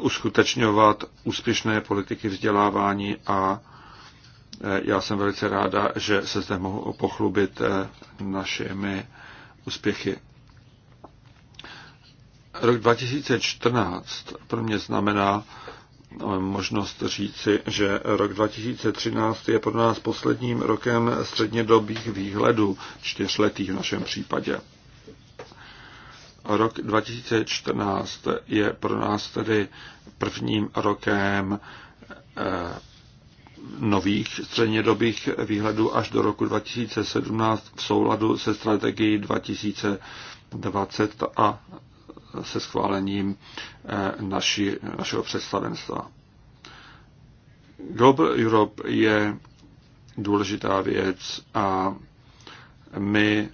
uskutečňovat úspěšné politiky vzdělávání a já jsem velice ráda, že se zde mohu pochlubit našimi úspěchy. Rok 2014 pro mě znamená eh, možnost říci, že rok 2013 je pro nás posledním rokem střednědobých výhledů, čtyřletých v našem případě. Rok 2014 je pro nás tedy prvním rokem eh, nových střednědobých výhledů až do roku 2017 v souladu se strategií 2020 a se schválením eh, naši, našeho představenstva. Global Europe je důležitá věc a my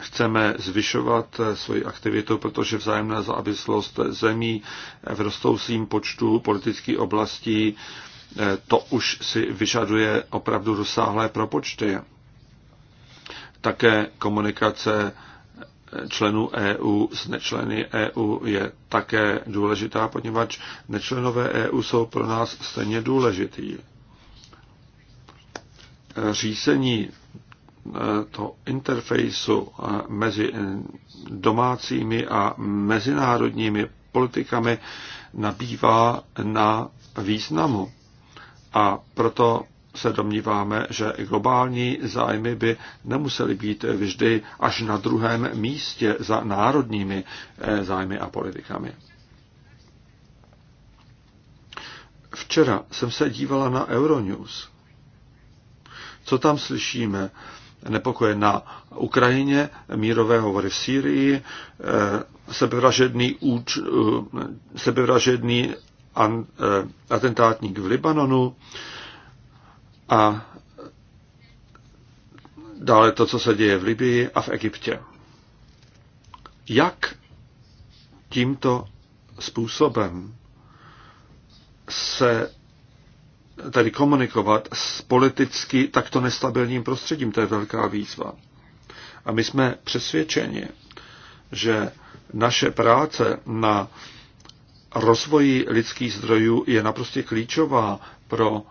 chceme zvyšovat eh, svoji aktivitu, protože vzájemná závislost zemí v rostoucím počtu politických oblastí, eh, to už si vyžaduje opravdu rozsáhlé propočty. Také komunikace členů EU s nečleny EU je také důležitá, poněvadž nečlenové EU jsou pro nás stejně důležitý. Řízení eh, to interfejsu eh, mezi domácími a mezinárodními politikami nabývá na významu. A proto se domníváme, že globální zájmy by nemusely být vždy až na druhém místě za národními eh, zájmy a politikami. Včera jsem se dívala na Euronews. Co tam slyšíme? Nepokoje na Ukrajině, mírové hovory v Sýrii, eh, sebevražedný, úč, eh, sebevražedný atentátník v Libanonu, a dále to, co se děje v Libii a v Egyptě. Jak tímto způsobem se tedy komunikovat s politicky takto nestabilním prostředím, to je velká výzva. A my jsme přesvědčeni, že naše práce na rozvoji lidských zdrojů je naprosto klíčová pro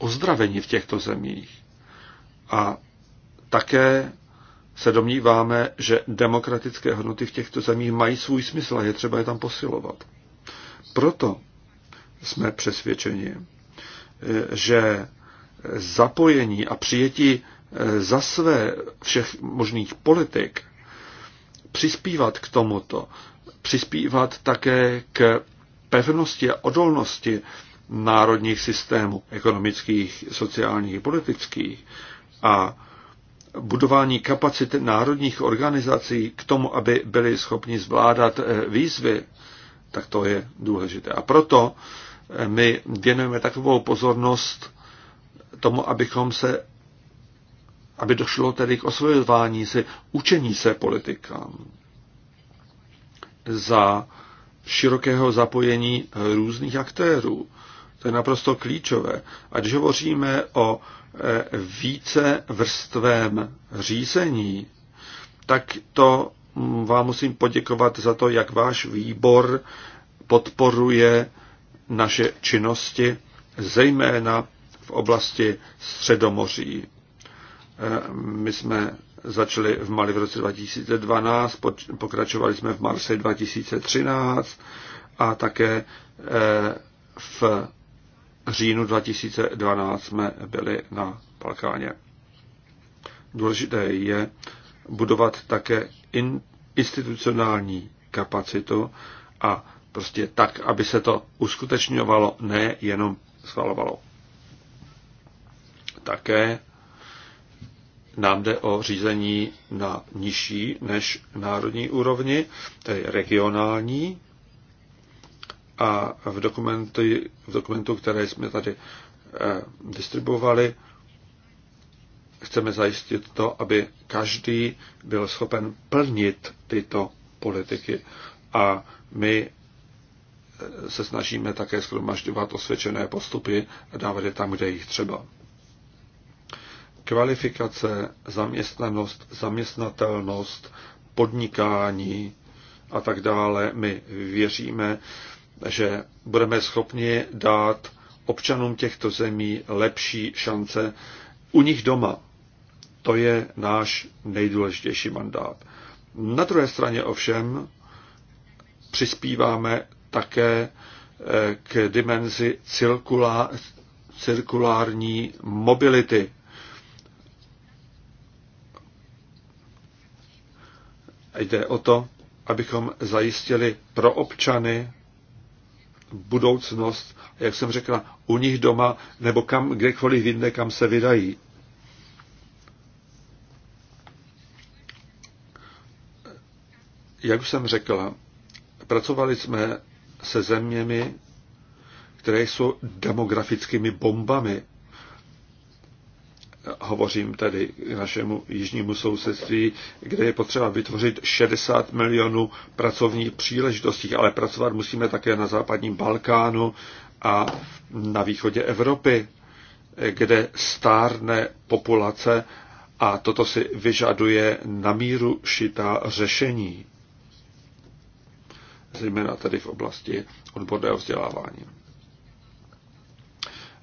ozdravení v těchto zemích. A také se domníváme, že demokratické hodnoty v těchto zemích mají svůj smysl a je třeba je tam posilovat. Proto jsme přesvědčeni, e, že zapojení a přijetí e, za své všech možných politik přispívat k tomuto, přispívat také k pevnosti a odolnosti národních systémů ekonomických, sociálních i politických a budování kapacity národních organizací k tomu, aby byli schopni zvládat eh, výzvy, tak to je důležité. A proto eh, my věnujeme takovou pozornost tomu, abychom se, aby došlo tedy k osvojování si, učení se politikám za širokého zapojení různých aktérů. To je naprosto klíčové. A když hovoříme o e, více vrstvém řízení, tak to mm, vám musím poděkovat za to, jak váš výbor podporuje naše činnosti, zejména v oblasti Středomoří. E, my jsme začali v Mali v roce 2012, pokračovali jsme v Marse 2013 a také e, v říjnu 2012 jsme byli na Balkáně. Důležité je budovat také in, institucionální kapacitu a prostě tak, aby se to uskutečňovalo, ne jenom schvalovalo. Také nám jde o řízení na nižší než národní úrovni, tedy regionální, a v, dokumentu, v dokumentu, které jsme tady eh, distribuovali, chceme zajistit to, aby každý byl schopen plnit tyto politiky. A my eh, se snažíme také schromažďovat osvědčené postupy a dávat je tam, kde jich třeba. Kvalifikace, zaměstnanost, zaměstnatelnost, podnikání a tak dále. My věříme, že budeme schopni dát občanům těchto zemí lepší šance u nich doma. To je náš nejdůležitější mandát. Na druhé straně ovšem přispíváme také eh, k dimenzi cirkulární mobility. Jde o to, abychom zajistili pro občany budoucnost, jak jsem řekla, u nich doma nebo kam, kdekoliv jinde, kam se vydají. Jak už jsem řekla, pracovali jsme se zeměmi, které jsou demografickými bombami hovořím tedy k našemu jižnímu sousedství, kde je potřeba vytvořit 60 milionů pracovních příležitostí, ale pracovat musíme také na západním Balkánu a na východě Evropy, kde stárne populace a toto si vyžaduje na míru šitá řešení, zejména tedy v oblasti odborného vzdělávání.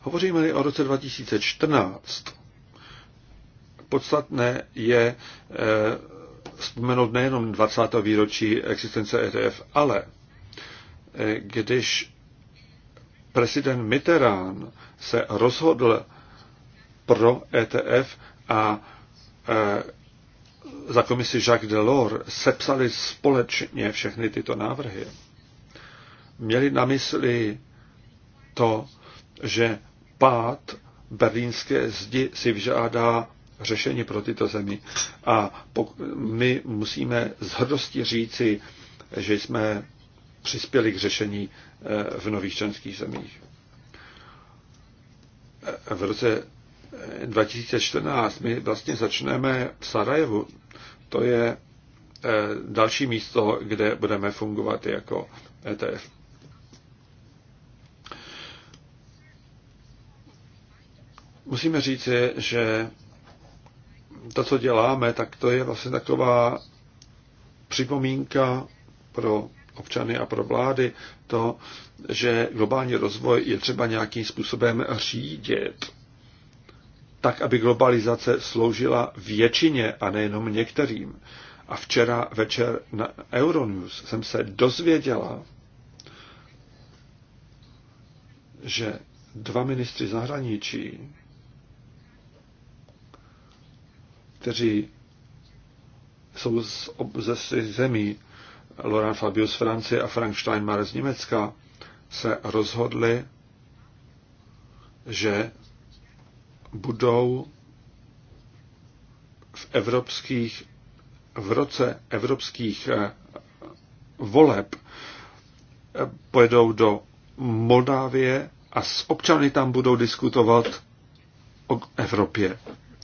Hovoříme-li o roce 2014, Podstatné je eh, vzpomenout nejenom 20. výročí existence ETF, ale eh, když prezident Mitterrand se rozhodl pro ETF a eh, za komisi Jacques Delors sepsali společně všechny tyto návrhy, měli na mysli to, že pád berlínské zdi si vyžádá řešení pro tyto zemi. A my musíme z hrdosti říci, že jsme přispěli k řešení eh, v nových členských zemích. Eh, v roce 2014 eh, my vlastně začneme v Sarajevu. To je další místo, kde budeme fungovat jako ETF. Musíme říci, že to, co děláme, tak to je vlastně taková připomínka pro občany a pro vlády to, že globální rozvoj je třeba nějakým způsobem řídit, tak, aby globalizace sloužila většině a nejenom některým. A včera večer na Euronews jsem se dozvěděla, že dva ministři zahraničí kteří jsou z, ze zemí, Laurent Fabius z Francie a Frank Steinmar z Německa, se rozhodli, že budou v evropských v roce evropských eh, voleb eh, pojedou do Moldávie a s občany tam budou diskutovat o Evropě.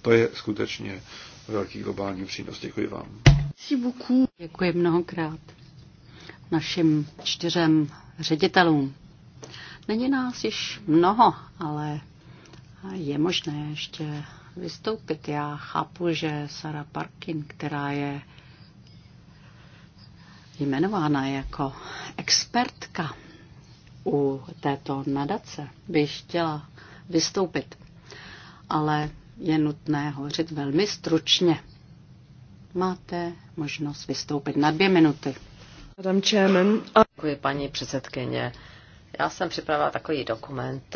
To je skutečně velký globální přínos. Děkuji vám. Děkuji mnohokrát našim čtyřem ředitelům. Není nás již mnoho, ale je možné ještě vystoupit. Já chápu, že Sara Parkin, která je jmenována jako expertka u této nadace, by chtěla vystoupit. Ale je nutné hovořit velmi stručně. Máte možnost vystoupit na dvě minuty. Adam Čemen. Děkuji, paní předsedkyně. Já jsem připravila takový dokument,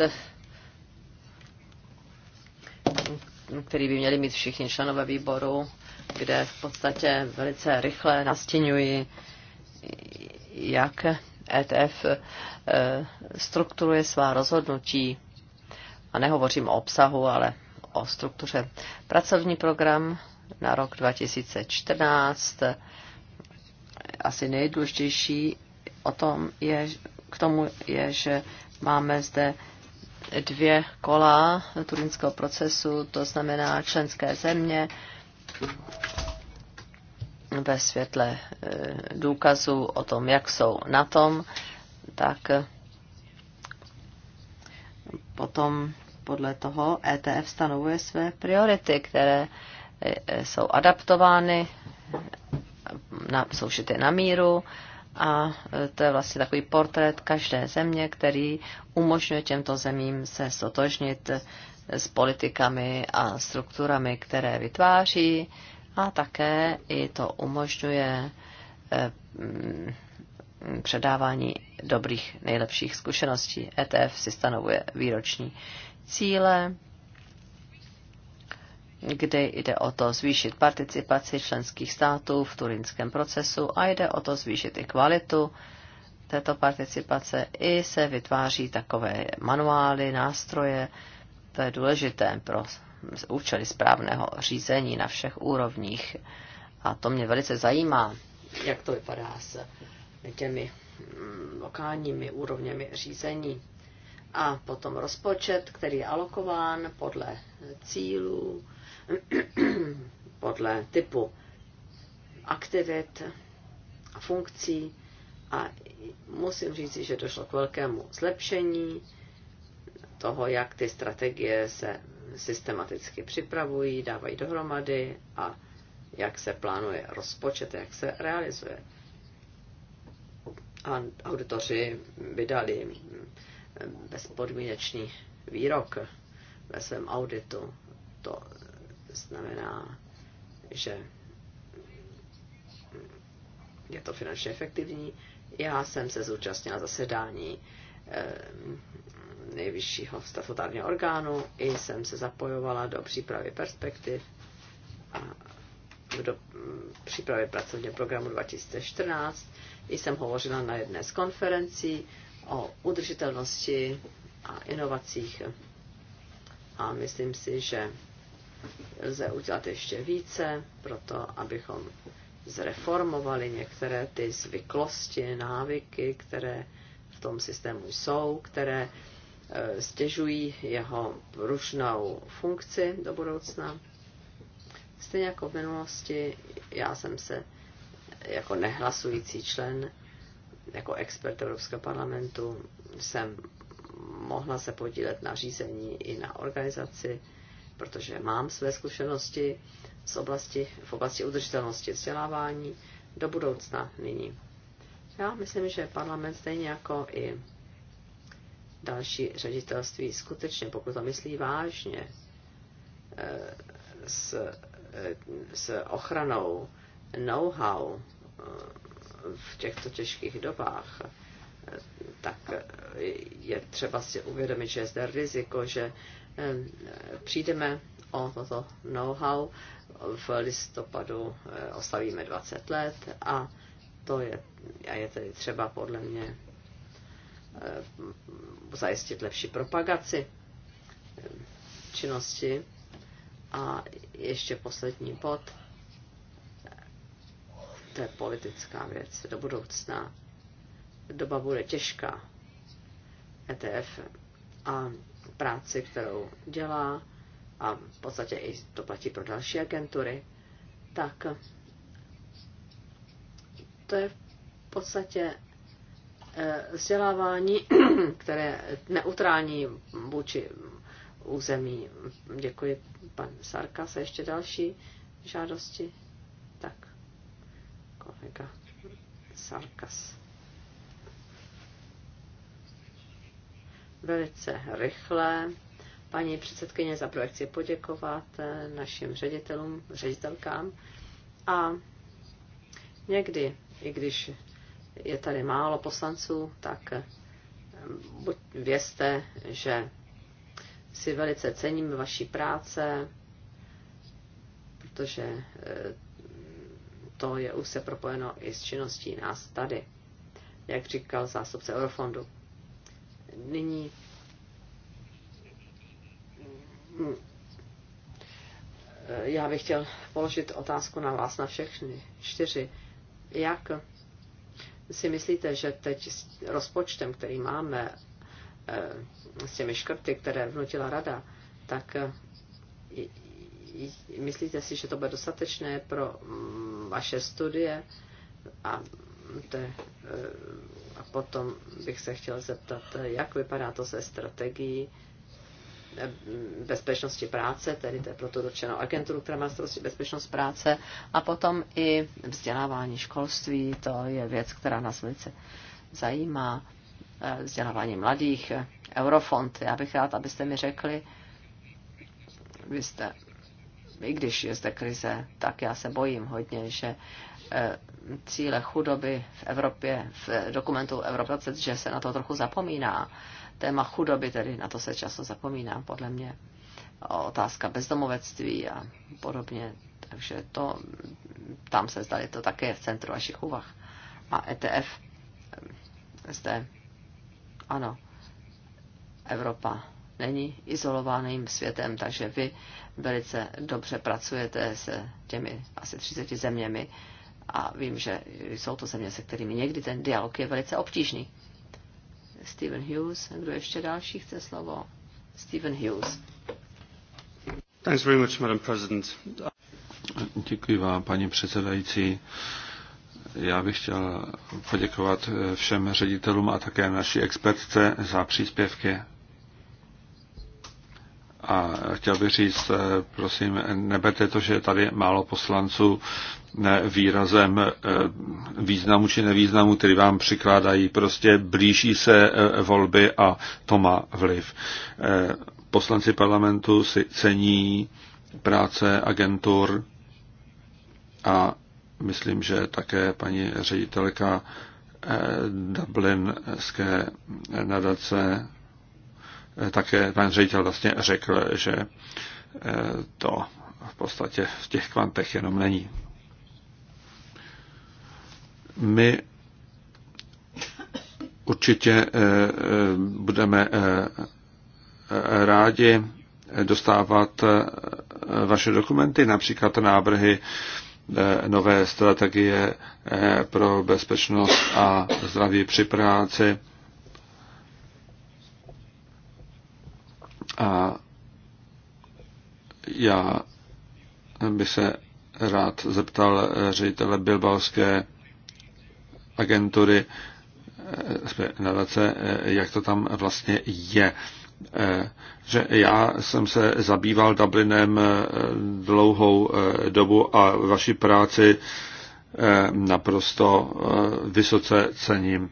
který by měli mít všichni členové výboru, kde v podstatě velice rychle nastěňuji, jak ETF eh, strukturuje svá rozhodnutí. A nehovořím o obsahu, ale o struktuře. Pracovní program na rok 2014 asi nejdůležitější o tom je, k tomu je, že máme zde dvě kola turinského procesu, to znamená členské země ve světle e, důkazů o tom, jak jsou na tom, tak potom podle toho ETF stanovuje své priority, které e, jsou adaptovány, na, jsou šity na míru a e, to je vlastně takový portrét každé země, který umožňuje těmto zemím se stotožnit s politikami a strukturami, které vytváří a také i to umožňuje e, předávání dobrých, nejlepších zkušeností. ETF si stanovuje výroční cíle, kde jde o to zvýšit participaci členských států v turinském procesu a jde o to zvýšit i kvalitu této participace. I se vytváří takové manuály, nástroje. To je důležité pro účely správného řízení na všech úrovních. A to mě velice zajímá, jak to vypadá s těmi lokálními úrovněmi řízení a potom rozpočet, který je alokován podle cílů, podle typu aktivit a funkcí. A musím říct, že došlo k velkému zlepšení toho, jak ty strategie se systematicky připravují, dávají dohromady a jak se plánuje rozpočet, jak se realizuje. A auditoři vydali bezpodmínečný výrok ve svém auditu. To znamená, že je to finančně efektivní. Já jsem se zúčastnila zasedání eh, nejvyššího statutárního orgánu i jsem se zapojovala do přípravy perspektiv a do mm, přípravy pracovního programu 2014. I jsem hovořila na jedné z konferencí o udržitelnosti a inovacích. A myslím si, že lze udělat ještě více pro to, abychom zreformovali některé ty zvyklosti, návyky, které v tom systému jsou, které e, stěžují jeho rušnou funkci do budoucna. Stejně jako v minulosti, já jsem se jako nehlasující člen jako expert Evropského parlamentu jsem mohla se podílet na řízení i na organizaci, protože mám své zkušenosti z oblasti, v oblasti udržitelnosti vzdělávání do budoucna nyní. Já myslím, že parlament stejně jako i další ředitelství skutečně, pokud to myslí vážně, eh, s, eh, s ochranou know-how eh, v těchto těžkých dobách, tak je třeba si uvědomit, že je zde riziko, že přijdeme o toto know-how. V listopadu eh, oslavíme 20 let a to je, a je tedy třeba podle mě eh, zajistit lepší propagaci eh, činnosti. A ještě poslední bod to je politická věc do budoucna. Doba bude těžká. ETF a práci, kterou dělá, a v podstatě i to platí pro další agentury, tak to je v podstatě e, vzdělávání, které neutrální vůči území. Děkuji, pan Sarka, se ještě další žádosti. Tak kolega Sarkas. Velice rychle. Paní předsedkyně, za projekt chci poděkovat našim ředitelům, ředitelkám. A někdy, i když je tady málo poslanců, tak eh, buď vězte, že si velice cením vaší práce, protože eh, to je už se propojeno i s činností nás tady, jak říkal zástupce Eurofondu. Nyní já bych chtěl položit otázku na vás, na všechny čtyři. Jak si myslíte, že teď s rozpočtem, který máme, eh, s těmi škrty, které vnutila rada, tak eh, myslíte si, že to bude dostatečné pro mm, vaše studie a, te, eh, a potom bych se chtěl zeptat, eh, jak vypadá to se strategií eh, bezpečnosti práce, tedy to je proto dočenou agenturu, která má starosti bezpečnost práce a potom i vzdělávání školství, to je věc, která nás velice zajímá, vzdělávání mladých, Eurofond. Já bych rád, abyste mi řekli, vy jste i když je zde krize, tak já se bojím hodně, že eh, cíle chudoby v Evropě, v dokumentu Evropa že se na to trochu zapomíná. Téma chudoby tedy, na to se často zapomíná, podle mě. Otázka bezdomovectví a podobně. Takže to, tam se zdali to také v centru vašich úvah. A ETF eh, zde, ano, Evropa není izolovaným světem, takže vy velice dobře pracujete s těmi asi 30 zeměmi a vím, že jsou to země, se kterými někdy ten dialog je velice obtížný. Stephen Hughes, kdo ještě další chce slovo? Stephen Hughes. Thanks very much, Madam President. Děkuji vám, paní předsedající. Já bych chtěl poděkovat všem ředitelům a také naší expertce za příspěvky. A chtěl bych říct, eh, prosím, neberte to, že je tady málo poslanců výrazem eh, významu či nevýznamu, který vám přikládají. Prostě blíží se eh, volby a to má vliv. Poslanci parlamentu si cení práce agentur a myslím, že také paní ředitelka Dublinské nadace Eh, také eh, pan ředitel vlastně řekl, že eh, to v podstatě v těch kvantech jenom není. My určitě budeme rádi dostávat vaše dokumenty, například návrhy nové strategie pro bezpečnost a zdraví při práci A já bych se rád zeptal ředitele Bilbaovské agentury eh, nadace, eh, jak to tam vlastně je. Eh, že já jsem se zabýval Dublinem dlouhou dobu a vaši práci naprosto vysoce cením.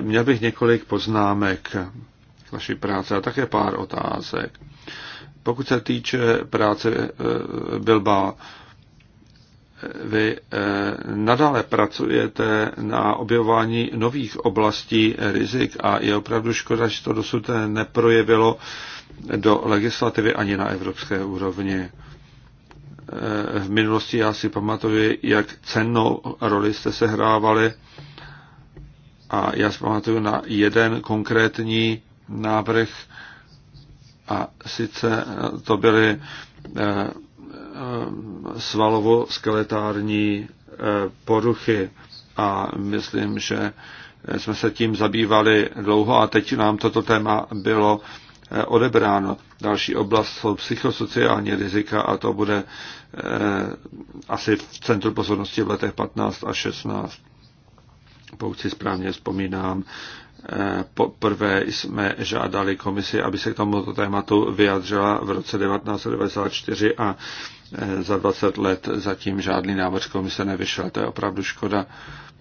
Měl bych několik poznámek vaší práce a také pár otázek. Pokud se týče práce eh, Bilba, vy eh, nadále pracujete na objevování nových oblastí rizik a je opravdu škoda, že to dosud neprojevilo do legislativy ani na evropské úrovni. Eh, v minulosti já si pamatuju, jak cennou roli jste sehrávali a já si pamatuju na jeden konkrétní návrh a sice to byly eh, eh, svalovo-skeletární eh, poruchy a myslím, že jsme se tím zabývali dlouho a teď nám toto téma bylo odebráno. Další oblast jsou psychosociální rizika a to bude asi v centru pozornosti v letech 15 a 16 pokud si správně vzpomínám, Eh, poprvé jsme žádali komisi, aby se k tomuto tématu vyjadřila v roce 1994 a eh, za 20 let zatím žádný návrh komise nevyšel. To je opravdu škoda.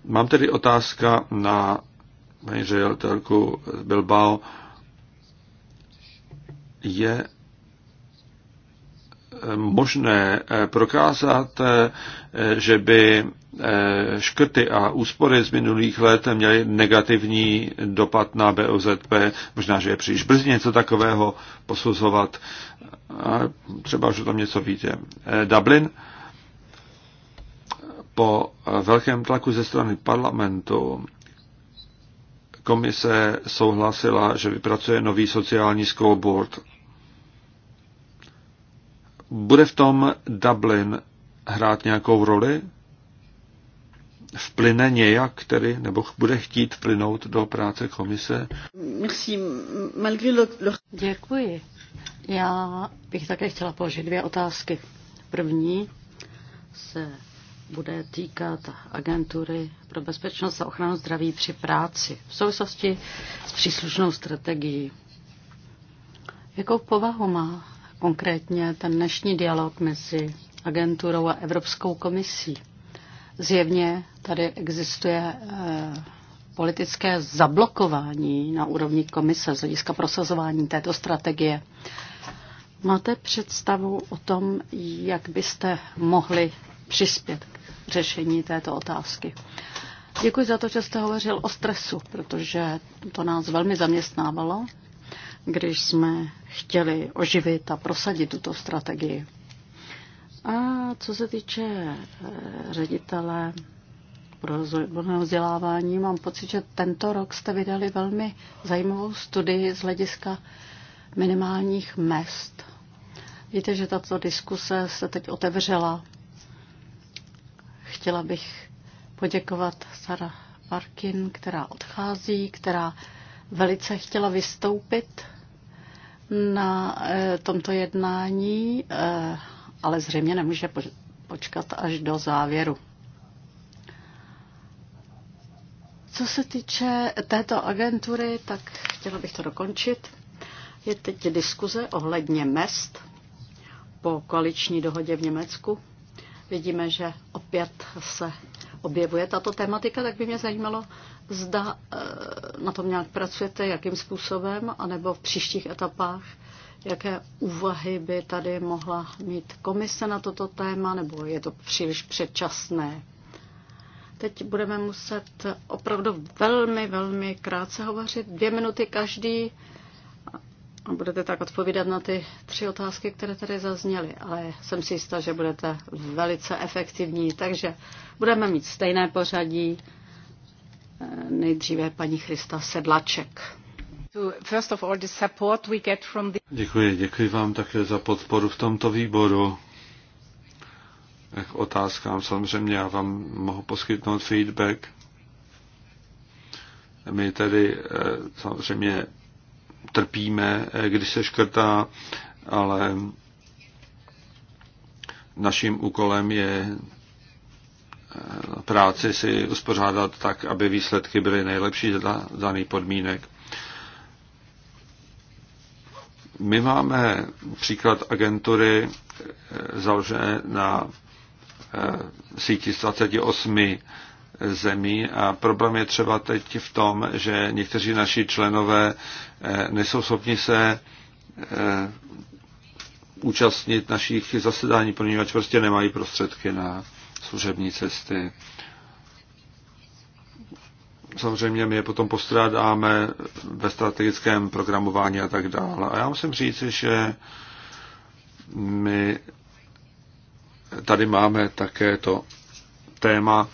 Mám tedy otázka na paní ředitelku Bilbao. Je eh, možné prokázat, že by Eh, škrty a úspory z minulých let měly negativní dopad na BOZP. Možná, že je příliš brzy něco takového posuzovat. A třeba, že tam něco víte. Eh, Dublin po velkém tlaku ze strany parlamentu komise souhlasila, že vypracuje nový sociální scoreboard. Bude v tom Dublin hrát nějakou roli? vplyne nějak, tedy, nebo bude chtít vplynout do práce komise? Děkuji. Já bych také chtěla položit dvě otázky. První se bude týkat agentury pro bezpečnost a ochranu zdraví při práci v souvislosti s příslušnou strategií. Jakou povahu má konkrétně ten dnešní dialog mezi agenturou a Evropskou komisí? Zjevně tady existuje eh, politické zablokování na úrovni komise z hlediska prosazování této strategie. Máte představu o tom, jak byste mohli přispět k řešení této otázky? Děkuji za to, že jste hovořil o stresu, protože to nás velmi zaměstnávalo, když jsme chtěli oživit a prosadit tuto strategii. A co se týče eh, ředitele pro rozvojové vzdělávání, mám pocit, že tento rok jste vydali velmi zajímavou studii z hlediska minimálních mest. Víte, že tato diskuse se teď otevřela. Chtěla bych poděkovat Sara Parkin, která odchází, která velice chtěla vystoupit na eh, tomto jednání eh, ale zřejmě nemůže počkat až do závěru. Co se týče této agentury, tak chtěla bych to dokončit. Je teď diskuze ohledně mest po koaliční dohodě v Německu. Vidíme, že opět se objevuje tato tematika, tak by mě zajímalo, zda eh, na tom nějak pracujete, jakým způsobem, anebo v příštích etapách Jaké úvahy by tady mohla mít komise na toto téma, nebo je to příliš předčasné? Teď budeme muset opravdu velmi, velmi krátce hovořit. Dvě minuty každý a budete tak odpovídat na ty tři otázky, které tady zazněly, ale jsem si jistá, že budete velice efektivní, takže budeme mít stejné pořadí. Nejdříve paní Christa Sedlaček. Děkuji, děkuji vám také za podporu v tomto výboru. K otázkám samozřejmě já vám mohu poskytnout feedback. My tedy eh, samozřejmě trpíme, eh, když se škrtá, ale naším úkolem je eh, práci si uspořádat tak, aby výsledky byly nejlepší za daný podmínek. My máme příklad agentury eh, založené na eh, síti 28 zemí a problém je třeba teď v tom, že někteří naši členové eh, nejsou schopni se účastnit našich zasedání, poněvadž prostě nemají prostředky na služební cesty samozřejmě my je potom postrádáme ve strategickém programování a tak dále. A já musím říct, že my tady máme také to téma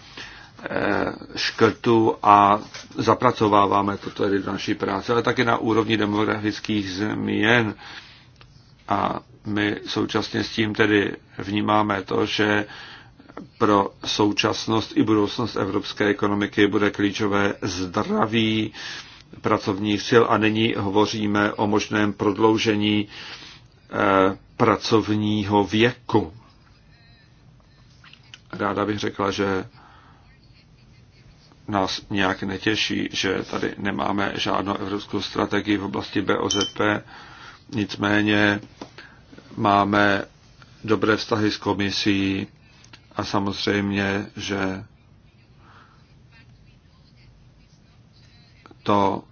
eh, škrtu a zapracováváme to tedy do naší práce, ale také na úrovni demografických změn. A my současně s tím tedy vnímáme to, že pro současnost i budoucnost evropské ekonomiky bude klíčové zdraví pracovních sil a nyní hovoříme o možném prodloužení eh, pracovního věku. Ráda bych řekla, že nás nějak netěší, že tady nemáme žádnou evropskou strategii v oblasti BOZP, nicméně máme dobré vztahy s komisí, a samozřejmě, že to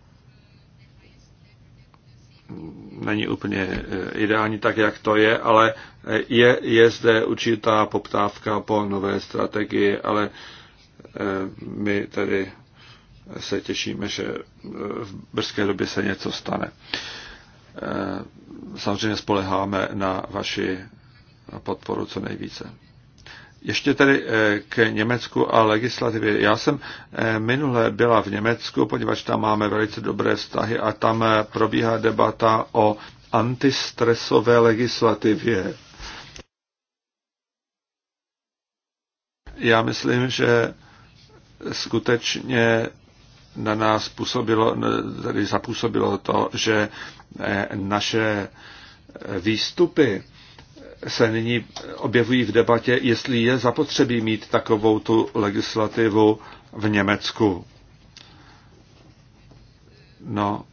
není úplně eh, ideální tak, jak to je, ale eh, je, je zde určitá poptávka po nové strategii, ale eh, my tedy se těšíme, že v brzké době se něco stane. Samozřejmě spoleháme na vaši podporu co nejvíce. Ještě tedy eh, k Německu a legislativě. Já jsem eh, minule byla v Německu, poněvadž tam máme velice dobré vztahy a tam eh, probíhá debata o antistresové legislativě. Já myslím, že skutečně na nás působilo, tedy zapůsobilo to, že naše výstupy se nyní objevují v debatě, jestli je zapotřebí mít takovou tu legislativu v Německu. No,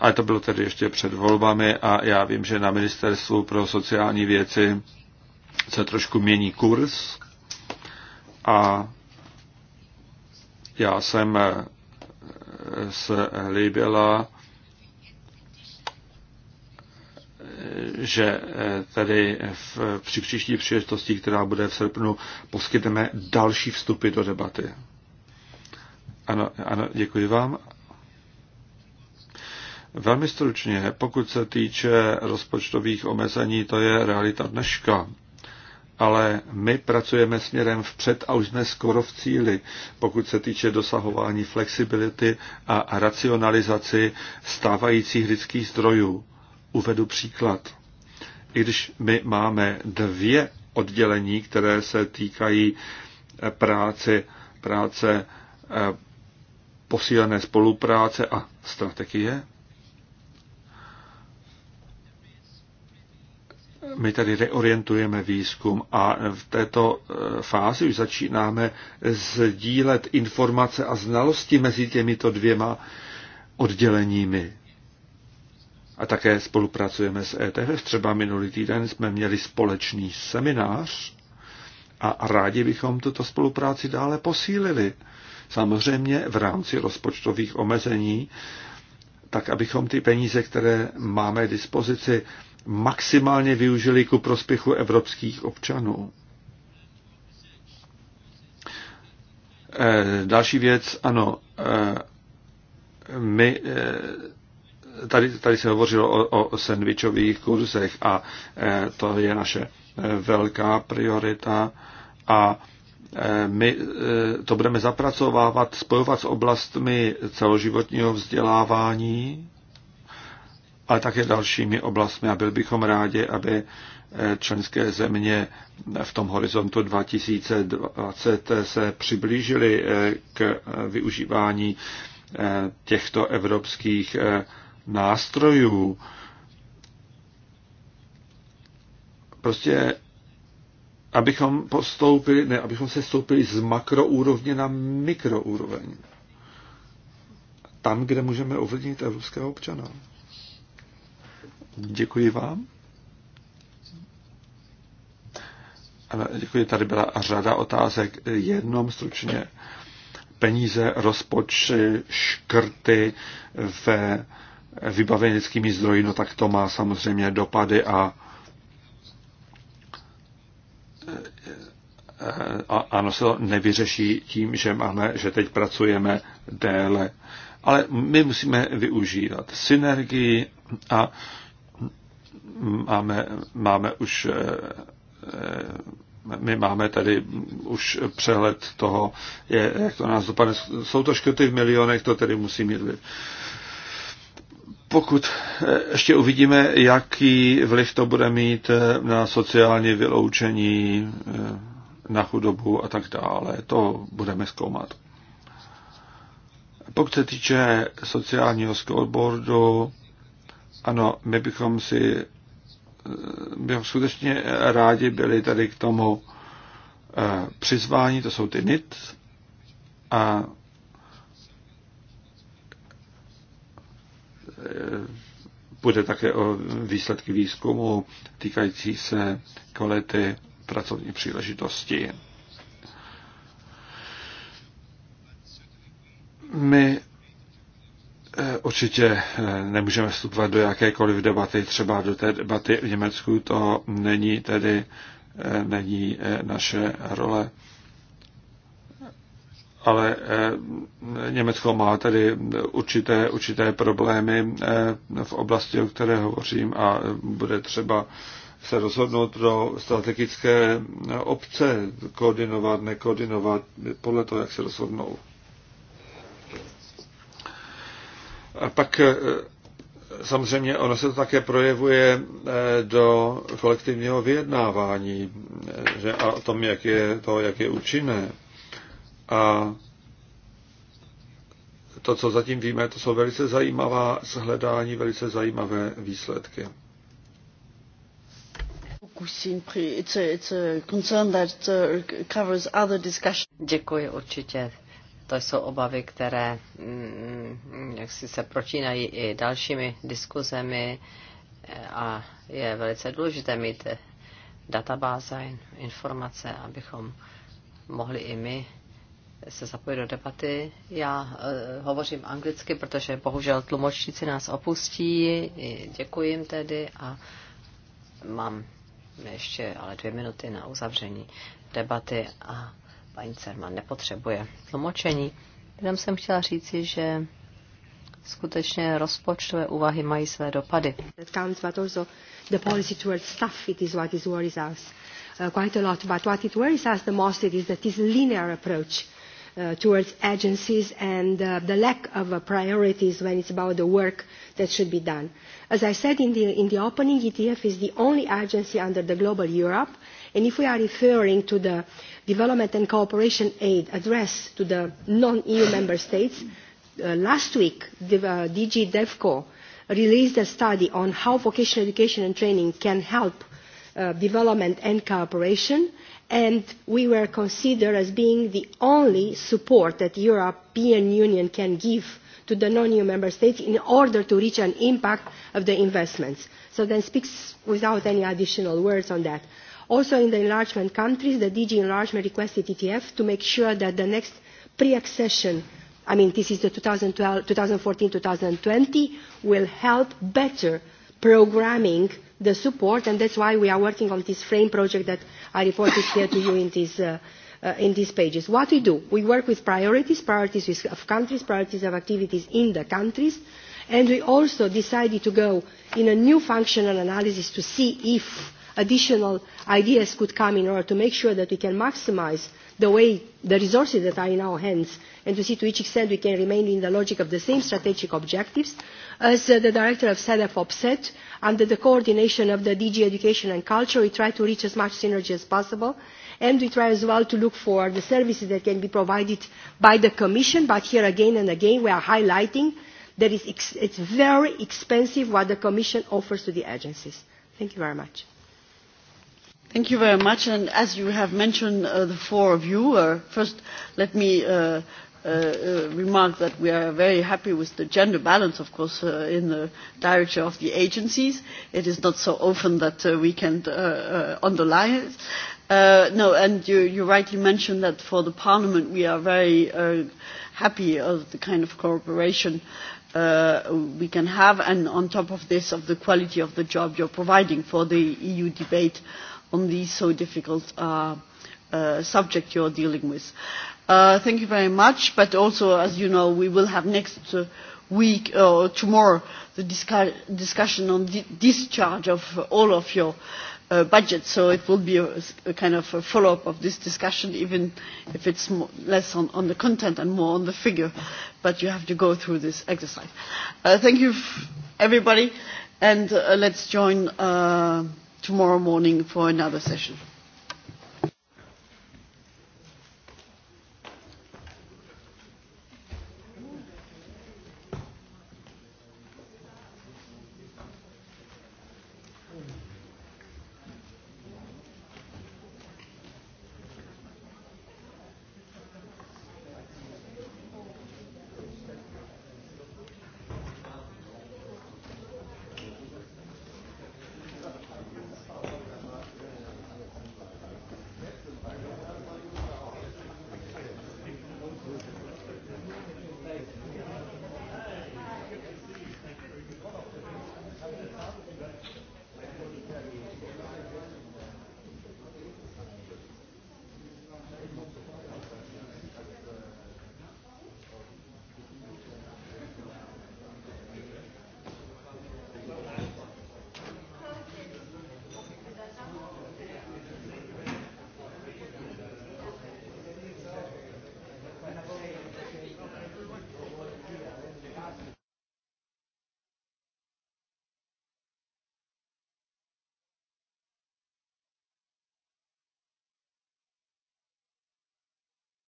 ale to bylo tedy ještě před volbami a já vím, že na Ministerstvu pro sociální věci se trošku mění kurz a já jsem se líbila že eh, tady v, při příští příležitosti, která bude v srpnu, poskytneme další vstupy do debaty. Ano, ano děkuji vám. Velmi stručně, pokud se týče rozpočtových omezení, to je realita dneška. Ale my pracujeme směrem vpřed a už jsme skoro v cíli, pokud se týče dosahování flexibility a racionalizaci stávajících lidských zdrojů. Uvedu příklad. I když my máme dvě oddělení, které se týkají eh, práce, práce eh, posílené spolupráce a strategie. My tady reorientujeme výzkum a v této eh, fázi už začínáme sdílet informace a znalosti mezi těmito dvěma odděleními a také spolupracujeme s ETF. Třeba minulý týden jsme měli společný seminář a rádi bychom tuto spolupráci dále posílili. Samozřejmě v rámci rozpočtových omezení, tak abychom ty peníze, které máme k dispozici, maximálně využili ku prospěchu evropských občanů. E, další věc, ano, e, my e, tady, tady se hovořilo o, o sandvičových kurzech a eh, to je naše eh, velká priorita a eh, my to budeme zapracovávat, spojovat s oblastmi celoživotního vzdělávání, ale také dalšími oblastmi a byl bychom rádi, aby členské země v tom horizontu 2020 se přiblížily k využívání těchto evropských nástrojů. Prostě abychom postoupili, ne, abychom se stoupili z makroúrovně na mikroúroveň. Tam, kde můžeme ovlivnit evropského občana. Děkuji vám. děkuji, tady byla řada otázek. Jednom stručně peníze, rozpočty, škrty ve vybavenickými zdroji, no tak to má samozřejmě dopady a, a ano, se to nevyřeší tím, že máme, že teď pracujeme déle. Ale my musíme využívat synergii a máme, máme už my máme tady už přehled toho, jak to nás dopadne. Jsou to škrty v milionech, to tedy musí mít pokud eh, ještě uvidíme, jaký vliv to bude mít eh, na sociální vyloučení, eh, na chudobu a tak dále, to budeme zkoumat. Pokud se týče sociálního scoreboardu, ano, my bychom si bychom skutečně rádi byli tady k tomu přizvání, to jsou ty NIT, a bude také o výsledky výzkumu týkající se kvality pracovní příležitosti. My eh, určitě eh, nemůžeme vstupovat do jakékoliv debaty, třeba do té debaty v Německu, to není tedy eh, není naše role ale eh, Německo má tedy určité, určité problémy eh, v oblasti, o které hovořím a eh, bude třeba se rozhodnout pro strategické obce, koordinovat, nekoordinovat, podle toho, jak se rozhodnou. A pak samozřejmě ono se to také projevuje do kolektivního vyjednávání že a o tom, jak je to, jak je účinné. A to, co zatím víme, to jsou velice zajímavá shledání, velice zajímavé výsledky. Uh, Děkuji určitě. To jsou obavy, které mm, jak si se protínají i dalšími diskuzemi a je velice důležité mít databáze informace, abychom mohli i my se zapojit do debaty. Já uh, hovořím anglicky, protože bohužel tlumočníci nás opustí. Děkuji jim tedy a mám ještě ale dvě minuty na uzavření debaty a paní Cerman nepotřebuje tlumočení. Jenom jsem chtěla říci, že skutečně rozpočtové úvahy mají své dopady. The policy towards staff, it is what is worries us uh, quite a lot. But what it worries us the most it is that this linear approach uh, towards agencies and uh, the lack of uh, priorities when it's about the work that should be done. As I said in the, in the opening, ETF is the only agency under the Global Europe, and if we are referring to the Development and Cooperation Aid address to the non-EU member states, uh, last week the, uh, DG DevCo released a study on how vocational education and training can help uh, development and cooperation and we were considered as being the only support that the European Union can give to the non-EU member states in order to reach an impact of the investments. So that speaks without any additional words on that. Also in the enlargement countries, the DG enlargement requested ETF to make sure that the next pre-accession, I mean this is the two two thousand thousand and fourteen and twenty will help better programming the support, and that's why we are working on this frame project that I reported here to you in this uh, Uh, in these pages. What we do, we work with priorities, priorities of countries, priorities of activities in the countries, and we also decided to go in a new functional analysis to see if additional ideas could come in order to make sure that we can maximize the way the resources that are in our hands and to see to which extent we can remain in the logic of the same strategic objectives as uh, the director of cedefop said, under the coordination of the dg education and culture we try to reach as much synergy as possible and we try as well to look for the services that can be provided by the commission but here again and again we are highlighting that it's very expensive what the commission offers to the agencies. thank you very much. Thank you very much. And as you have mentioned, uh, the four of you, uh, first let me uh, uh, uh, remark that we are very happy with the gender balance, of course, uh, in the director of the agencies. It is not so often that uh, we can uh, uh, underline it. Uh, no, and you, you rightly mentioned that for the Parliament we are very uh, happy of the kind of cooperation uh, we can have, and on top of this, of the quality of the job you're providing for the EU debate on these so difficult uh, uh, subject are dealing with. Uh, thank you very much, but also, as you know, we will have next uh, week uh, or uh, tomorrow the discu- discussion on di- discharge of all of your uh, budget, so it will be a, a kind of a follow-up of this discussion, even if it's more, less on, on the content and more on the figure, but you have to go through this exercise. Uh, thank you, everybody, and uh, let's join uh, tomorrow morning for another session.